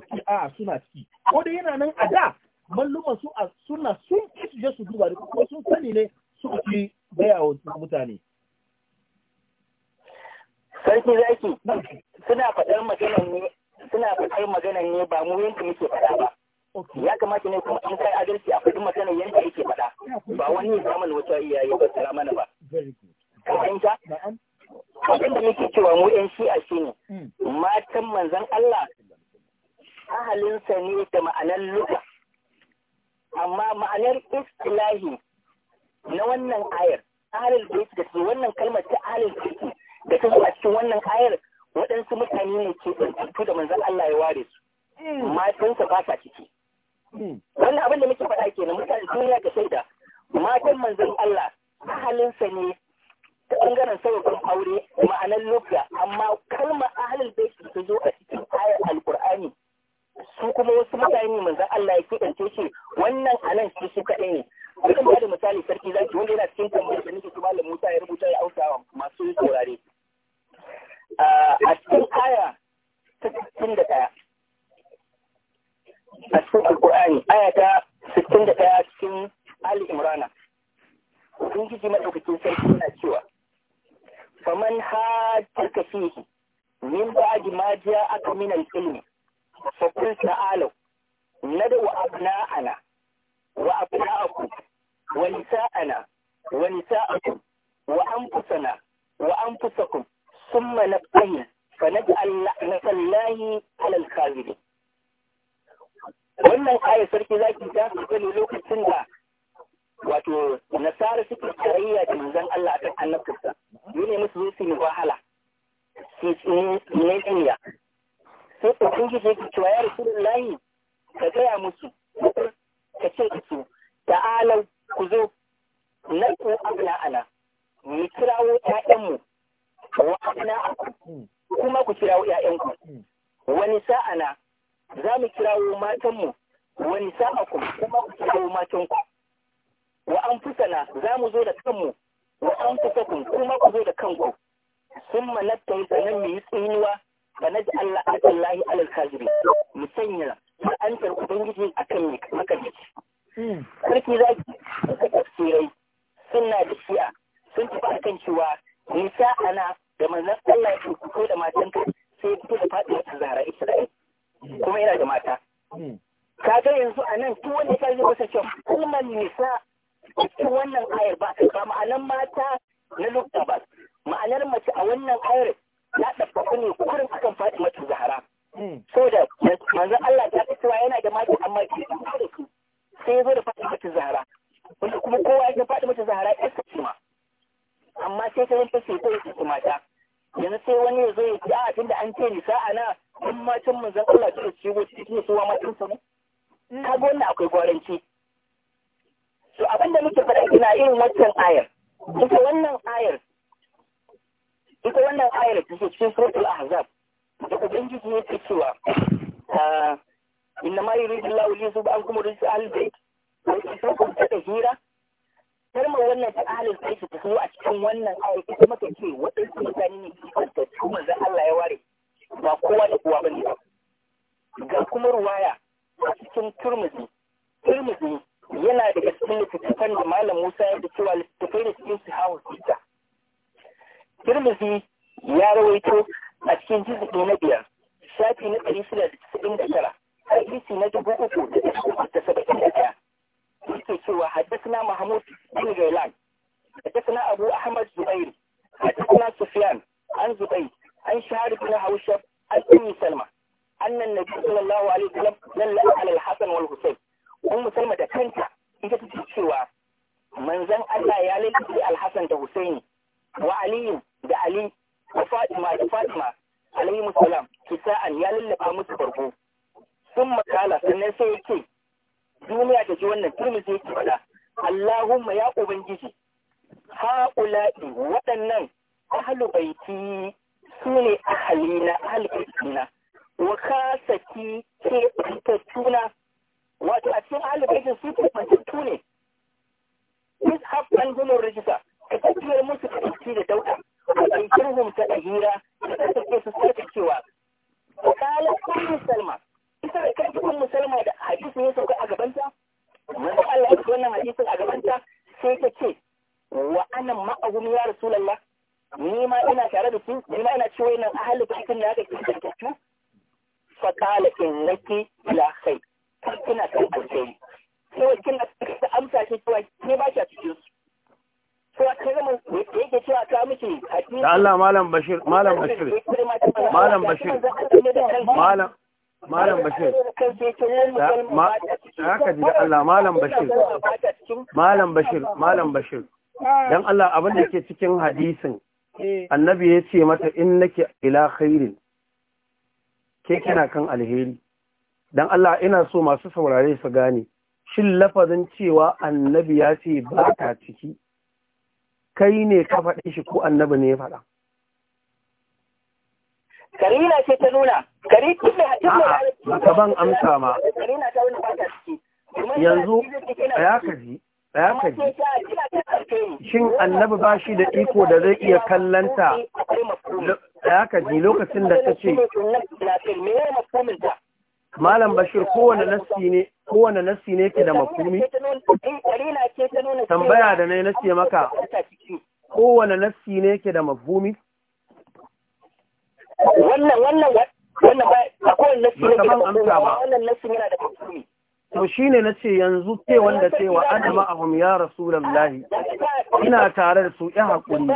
ci a'a suna ciki ko dai yana nan a da malluman su suna sun ki su je su duba ne ko sun sani ne suka ci gaya wa mutane. Sarki zaki suna faɗar maganan ne suna faɗar maganan ne ba mu yanka muke faɗa ba. ya kamata ne kuma in kai adalci a faɗin magana yanda yake faɗa ba wani ya samun wata iyaye ba tsara mana ba ka fahimta abin da muke cewa mu yan shi'a ne. Hmm. matan manzan Allah ahalinsa ne da ma'anar luka amma ma'anar istilahi na wannan ayar ahalil bait da su wannan kalmar ta ahalil bait da ta zuwa cikin wannan ayar waɗansu mutane ne ke ɗantattu da manzan Allah ya ware su hmm. matansa ba sa ciki wannan abin da muke faɗa kenan mutane duniya ga shaida matan manzon Allah sa ne ta bangaren sababin aure ma'anar lubga amma kalmar ahalin yake ta zo a cikin ayar alkur'ani su kuma wasu mutane manzon Allah ya kudance shi wannan anan shi su kaɗai ne Bukan ba da misali sarki zaki wanda yana cikin tambayar da nake tuba da Musa ya rubuta ya ausawa masu saurare. A cikin aya ta ɗaya. a cikin alkur'ani aya ta 61 cikin ali imrana ubangiji madaukakin sarki yana cewa faman hajjaka fihi min ba'di ma ja'aka a al-ilmi fa qul ta'alu ندعو أبناءنا وأبناءكم ونساءنا ونساءكم وأنفسنا وأنفسكم fa نبتهل فنجعل لعنة الله على الكاذبين wannan ayar sarki zaki ta fita lokacin da wato nasara suke tarayya da manzon Allah akan annabtarsa ne musu zo su yi wahala su ne duniya sai ubangiji yake cewa ya rasulullahi ka gaya musu ka ce su ta'alau ku zo na ku abna ana mu kirawo ƴaƴanmu wa abna kuma ku kirawo ƴaƴanku hmm. wani sa'ana za mu kirawo matanmu wa nisa'akum kuma ku kirawo matanku wa anfusana za mu zo da kanmu wa anfusakum kuma ku zo da kanku summa nattai sanan mu yi tsinuwa na ji Allah lahi alal kajiri mu sanya sa'antar ubangiji akan mai makarici hmm. sarki za ki suka tafsirai na da shi'a sun tafi akan cewa na da mazan Allah ya fito da matanka sai ya fito da fadin zahra Isra'il kuma yana da mata hmm. ka ga yanzu a nan duk wanda ka zai wasa cewa hukumar nisa cikin wannan ayar ba ba ma'anar mata na lukta ba ma'anar mace a wannan ayar ya ɗabbaku ne kurin akan faɗi ta zahara hmm. saboda manzon Allah ta ce cewa yana da mata amma ke da su sai zo da faɗi ta zahara wanda kuma kowa ya faɗi fatima ta zahara ya ce ma amma sai ta yanke sai ta yi mata yanzu sai wani ya zo ya ce a ah, tunda an ce nisa ana kun matan zan Allah ta ciwo shi, cikin suwa matan sa ne ka ga wannan akwai gwaranci to abin da muke faɗa ina irin wancan ayar ita wannan ayar ita wannan ayar ta ce cikin suratul ahzab da ubangiji ya ce cewa ah, inna ma yuridu Allahu li yuzhiba ankum rijsa al-bayt wa yusikum hira. kalmar wannan ta ahalin sai su a cikin wannan ayi ita mata ce waɗansu mutane ne da su manzon Allah ya ware ba kowa da kowa bane ga kuma ruwaya a cikin turmuzi turmuzi yana daga cikin littattafan da malam Musa ya cewa littattafai da cikin su hawa sita turmuzi ya rawaito a cikin jizgi na biyar shafi na ɗari shida da casa'in da tara hadisi na dubu uku da ɗari uku da saba'in da ɗaya yake cewa haddathna Mahmud bin Gailan haddathna Abu Ahmad Zubair haddathna Sufyan an Zubair an Shahar bin Hawshab an Ummu Salma anna Nabi sallallahu alaihi wasallam dalla ala al-Hasan wal Husayn Ummu Salma da kanta ita take cewa manzon Allah ya lalace al-Hasan da Husaini wa Ali da Ali da Fatima da Fatima alaihi salam kisa'an ya lallaba musu farko sun makala sannan sai yake duniya ta ji wannan turmisi yake faɗa Allahumma ya ubangiji haƙula'i waɗannan ahlu baiti su ne ahalina ahalina wa kasaki ke ɓantattuna wato a cikin ahlu su ke ɓantattu ne ishaf an gumon rijista ka tafiyar musu ka ɗauki da dauɗa a ɗaukirhum ta ɗahira da ta tafiye su sai ta cewa قال أم salma. ita da kai tukun musulma da hadisi ya sauka a gabanta wanda Allah ya wannan hadisin a gabanta sai ta ce wa anan ma'ahum ya rasulallah. ni ma ina tare da su ni ma ina cewa nan ahli baitin da aka kirkatu fa qala innaki la khair kan kina kan alheri sai kina ta amsa shi cewa ke ba ki a cikin su da Allah malam bashir malam bashir malam bashir malam malam bashir haka ji da Allah malam bashir malam bashir malam bashir dan Allah abin da ke cikin hadisin annabi ya ce mata in nake ila khairin ke kina kan alheri dan Allah ina so masu saurare su gane shin lafazin cewa annabi ya ce ba ta ciki kai ne ka faɗi shi ko annabi ne ya faɗa karina ce ta nuna kari tun ban amsa ma karina ta wani ciki yanzu ya kaji ya kaji shin annabi ba shi da iko da zai iya kallanta ya kaji lokacin da ta ce malam bashir kowane nassi ne kowane nassi ne ke da makumi eh, tambaya da na yi nassi maka kowane nassi ne ke da mafhumi wannan wannan wannan ba nasi na ce, wannan nasi yana da hukumi to shine nace yanzu ce wanda cewa ana ma'ahum ya rasulullahi ina tare da su ya hakuri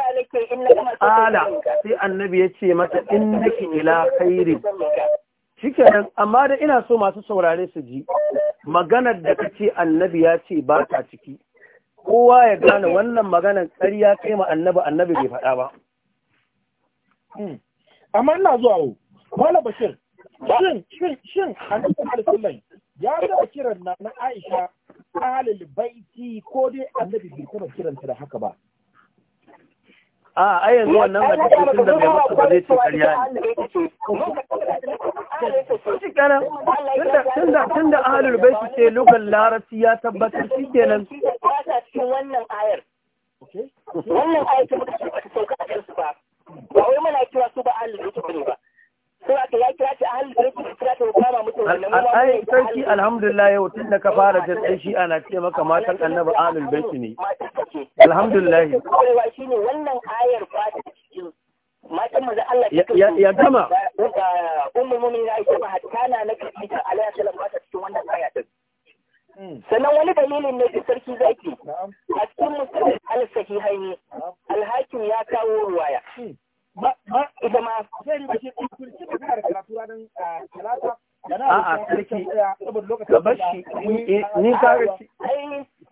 ala sai annabi ya ce mata innaki ila khairi shikenan amma da ina so masu saurare su ji maganar da kace annabi ya ce ba ta ciki kowa ya gane wannan maganar ya kai ma annabi annabi bai faɗa ba hmm. amma ina zuwa wo wala bashir shin shin shin annabi sallallahu ya taba kiran na na Aisha ahlul baiti ko dai annabi bai taba kiranta da haka ba a a yanzu wannan ba ta cikin da bai mutu ba zai ce karya ne shi da tunda tunda ahlul baiti ce lugar larasi ya tabbatar shi kenan cikin wannan ayar wannan ayar ta muka ba ta sauka a kansu ba ba wai muna kira su ba ahlul bayt ne ba sarki alhamdulillah yau tun da ka fara jirgin shi ana ce maka matan annaba alul baiti ne alhamdulillah ya gama mu'minin hatta na salam ba ta cikin wannan aya Mm. sannan wani dalilin ne da sarki zaki a cikin musulun alsahi hanyi alhakim ya kawo ruwaya mm. ita ma ah, a'a sarki ka bar shi eh, ni ka shi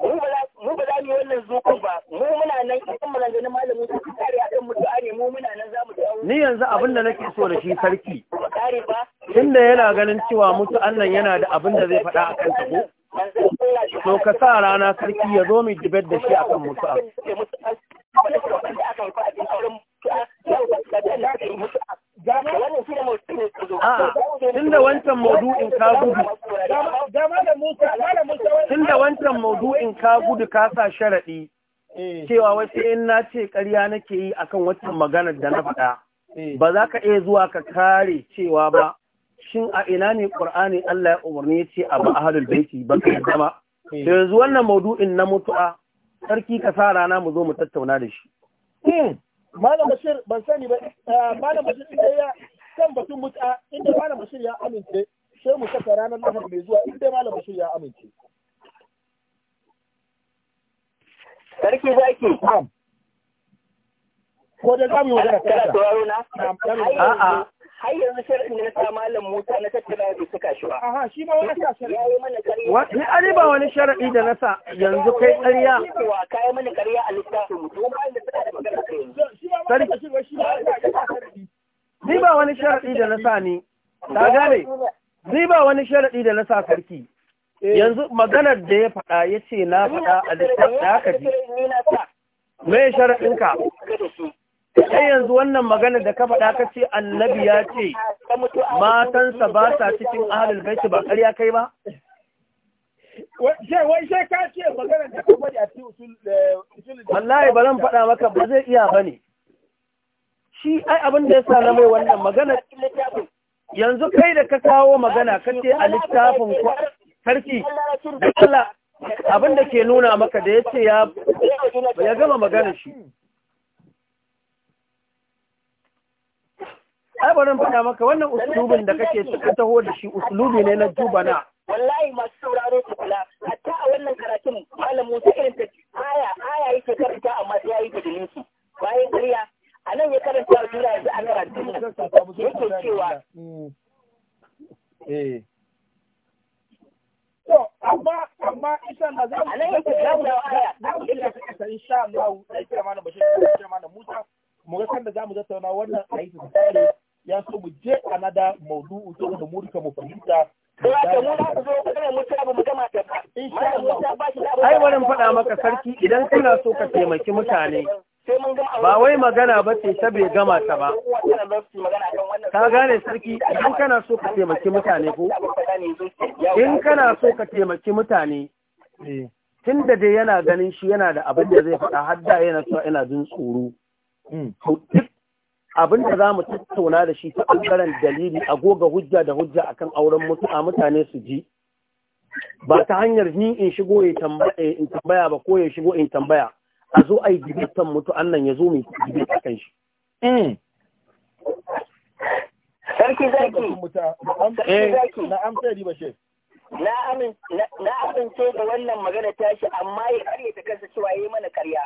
mu ba za mu wannan zukun ba mu muna nan idan mu ganin malamin su kare akan mutu'a ne mu muna nan za mu dawo ni yanzu abin da nake so da shi sarki tunda yana ganin cewa mutu'an nan yana da abin da zai faɗa akan ta ko to ka sa rana sarki ya zo mu dibar da shi akan mutu'a A'a, tun da wancan maudu'in ka gudu, tun da wancan maudu'in ka gudu ka sa sharaɗi, cewa wasu in na ce ƙarya nake yi akan wancan maganar da na faɗa, ba za ka iya zuwa ka kare cewa ba, shin a ina ne Qur'ani Allah ya umarni ya ce abu ahlul baiti ba ka dama eh. yanzu wannan maudu'in na mutu'a sarki ka sa rana mu zo mu tattauna da shi hmm. malam bashir ban sani ba eh, malam bashir inda ya kan batun mutu'a inda malam bashir ya amince sai mu saka ranar lahar mai zuwa inda malam bashir ya amince sarki zaki ko da zamu yi magana ta a'a har yanzu shirin da na sa malam Musa na tattara da suka shi ba. Aha, shi ma wani sa Ni Wani ani ba wani sharaɗi da na sa yanzu kai ƙarya. Wa yi mana ƙarya a littafin mu. Don bayan da suka da magana kai. Ni ba wani sharaɗi da na sa ni. Ta gane. Ni ba wani sharaɗi da na sarki. Eh. Yanzu maganar da ya faɗa ya ce na faɗa a littafin da aka ji. Me sharaɗinka? sai yanzu wannan magana da ka faɗa ka ce annabi ya ce matansa ba sa cikin ahalul baiti ba ƙarya kai ba wai sai ka ce magana da ka faɗi a eh, da usul wallahi ba zan faɗa maka ba zai iya bane shi ai abin da ya sa na mai wannan magana yanzu kai da ka kawo magana ka ce a littafin karki sarki da Allah abin da ke nuna maka da ya ce ya gama magana shi ai bari faɗa maka wannan uslubin da kake ta taho da shi uslubi ne na jubana wallahi masu sauraro su kula hatta a wannan karatun malamu Musa irin ta aya aya yake karanta amma sai yayi da dalili bayan ƙarya a nan ya karanta a juna yanzu a karatun nan yake cewa eh to amma amma isa na zai a nan yake karanta wa aya yake karanta insha Allah sai mana bashir sai mana Musa mu ga kan da mu tattauna wannan aiki tsare ya so mu je maudu maudu'u saboda mu rika mu fahimta Ai wani faɗa maka sarki idan kana so ka taimaki mutane ba wai magana ba ce ta bai gama ta ba. Ka gane sarki idan kana so ka taimaki mutane ko? In kana so ka taimaki mutane tun da dai yana ganin shi yana da abin da zai faɗa har da yana so yana jin tsoro. Hmm. Duk abin da za mu tattauna da shi ta ɓangaren dalili a goga hujja da hujja a kan auren mutu'a mutane su ji ba ta hanyar ni in shigo eh, in tambaya ba ko ya shigo in tambaya a zo a yi dibitan mutu nan ya zo mai dibit a kan shi. Mm. Sarki zaki. Na amsa na amince da wannan magana tashi amma ya karye ta kansa cewa yi mana karya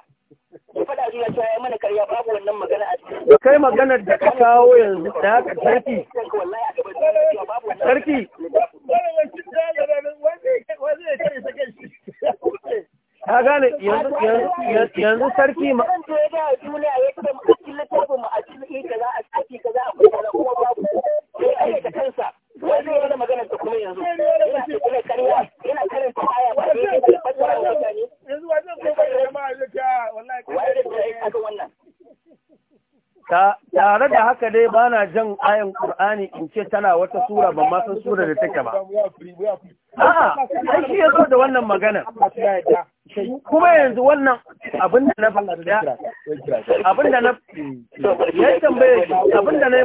ya faɗa zuwa ya ya mana karya babu wannan magana a cikin kai maganar da ka kawo yanzu da haka sarki sarki ka gane yanzu sarki ma a cikin littafin wai zai magana ta kuma yanzu yana cikin yana karin ta aya ba sai da fassara yanzu wajen kuma ya ma zai wannan tare da haka dai ba na jan ayan ƙur'ani in ce tana wata sura ban ma san sura da take ba a'a ai shi yazo da wannan magana kuma yanzu wannan abin da na faɗa abin da na ya tambaye abin da na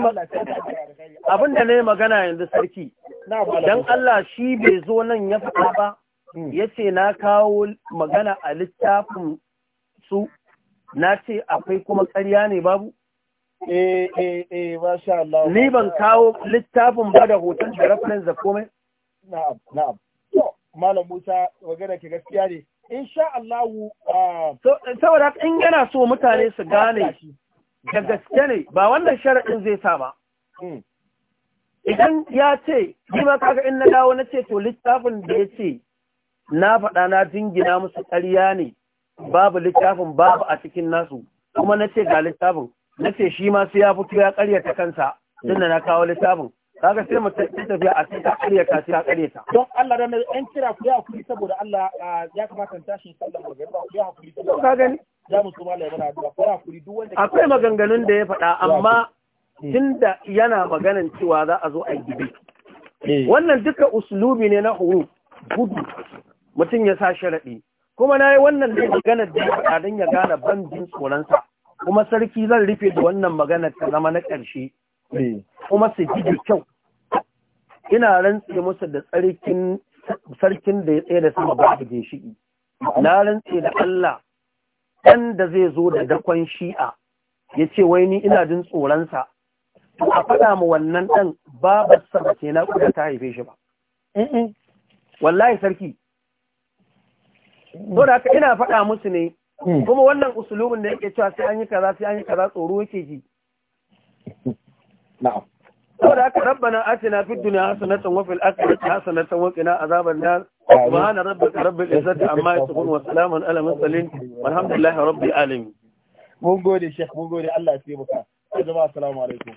abin da na magana yanzu sarki dan Allah shi bai zo nan ya faɗa ba yace na kawo magana a littafin su na ce akwai kuma ƙarya ne babu eh eh eh masha Allah ni ban kawo littafin ba da hoton da reference da komai na'am na'am to malam Musa magana ke gaskiya ne insha Allah ah, so saboda in yana so mutane su gane da gaske ne ba wannan sharaɗin zai sa ba hmm. idan ya ce ni ma kaga in na dawo na ce to littafin da ya ce na faɗa na jingina musu ƙarya ne babu littafin babu a cikin nasu kuma na ce ga littafin na ce shi ma sai ya fito ya karyata kansa tun da na kawo littafin kaga sai mu tafiya a cikin karyata sai ya karyata don Allah dan an kira ku ya kuri saboda Allah ya kamata tashi sallan magana ku ya hakuri saboda ka gani za mu so malai mana addu'a ku ya hakuri duk wanda akwai maganganun da ya faɗa amma hmm. tunda yana maganan cewa za a zo a yi hmm. wannan duka uslubi ne na huru gudu mutum ya sa sharaɗi kuma na yi wannan ne maganar da ya faɗa don ya gane ban jin tsoronsa kuma sarki zan rufe da wannan magana ta zama na ƙarshe eh. kuma su ji kyau ina rantse musu da sarkin da ya tsaye da sama ba da shi na rantse da Allah ɗan da zai zo da dakon shi'a ya ce wai ni ina jin tsoronsa to a faɗa mu wannan ɗan babarsa ba ke naƙuda ta haife shi ba eh, eh. wallahi sarki ina faɗa musu ne Hmm. kuma wannan usulubin da yake cewa sai an yi kaza sai an yi kaza tsoro yake ji na'am saboda haka rabbana atina fid dunya hasanatan wa fil akhirati hasanatan wa qina azaban nar subhana rabbika rabbil izzati amma yasifun wa salamun ala mursalin walhamdulillahi rabbil alamin mun gode shek mun gode Allah ya taimaka jama'a assalamu alaikum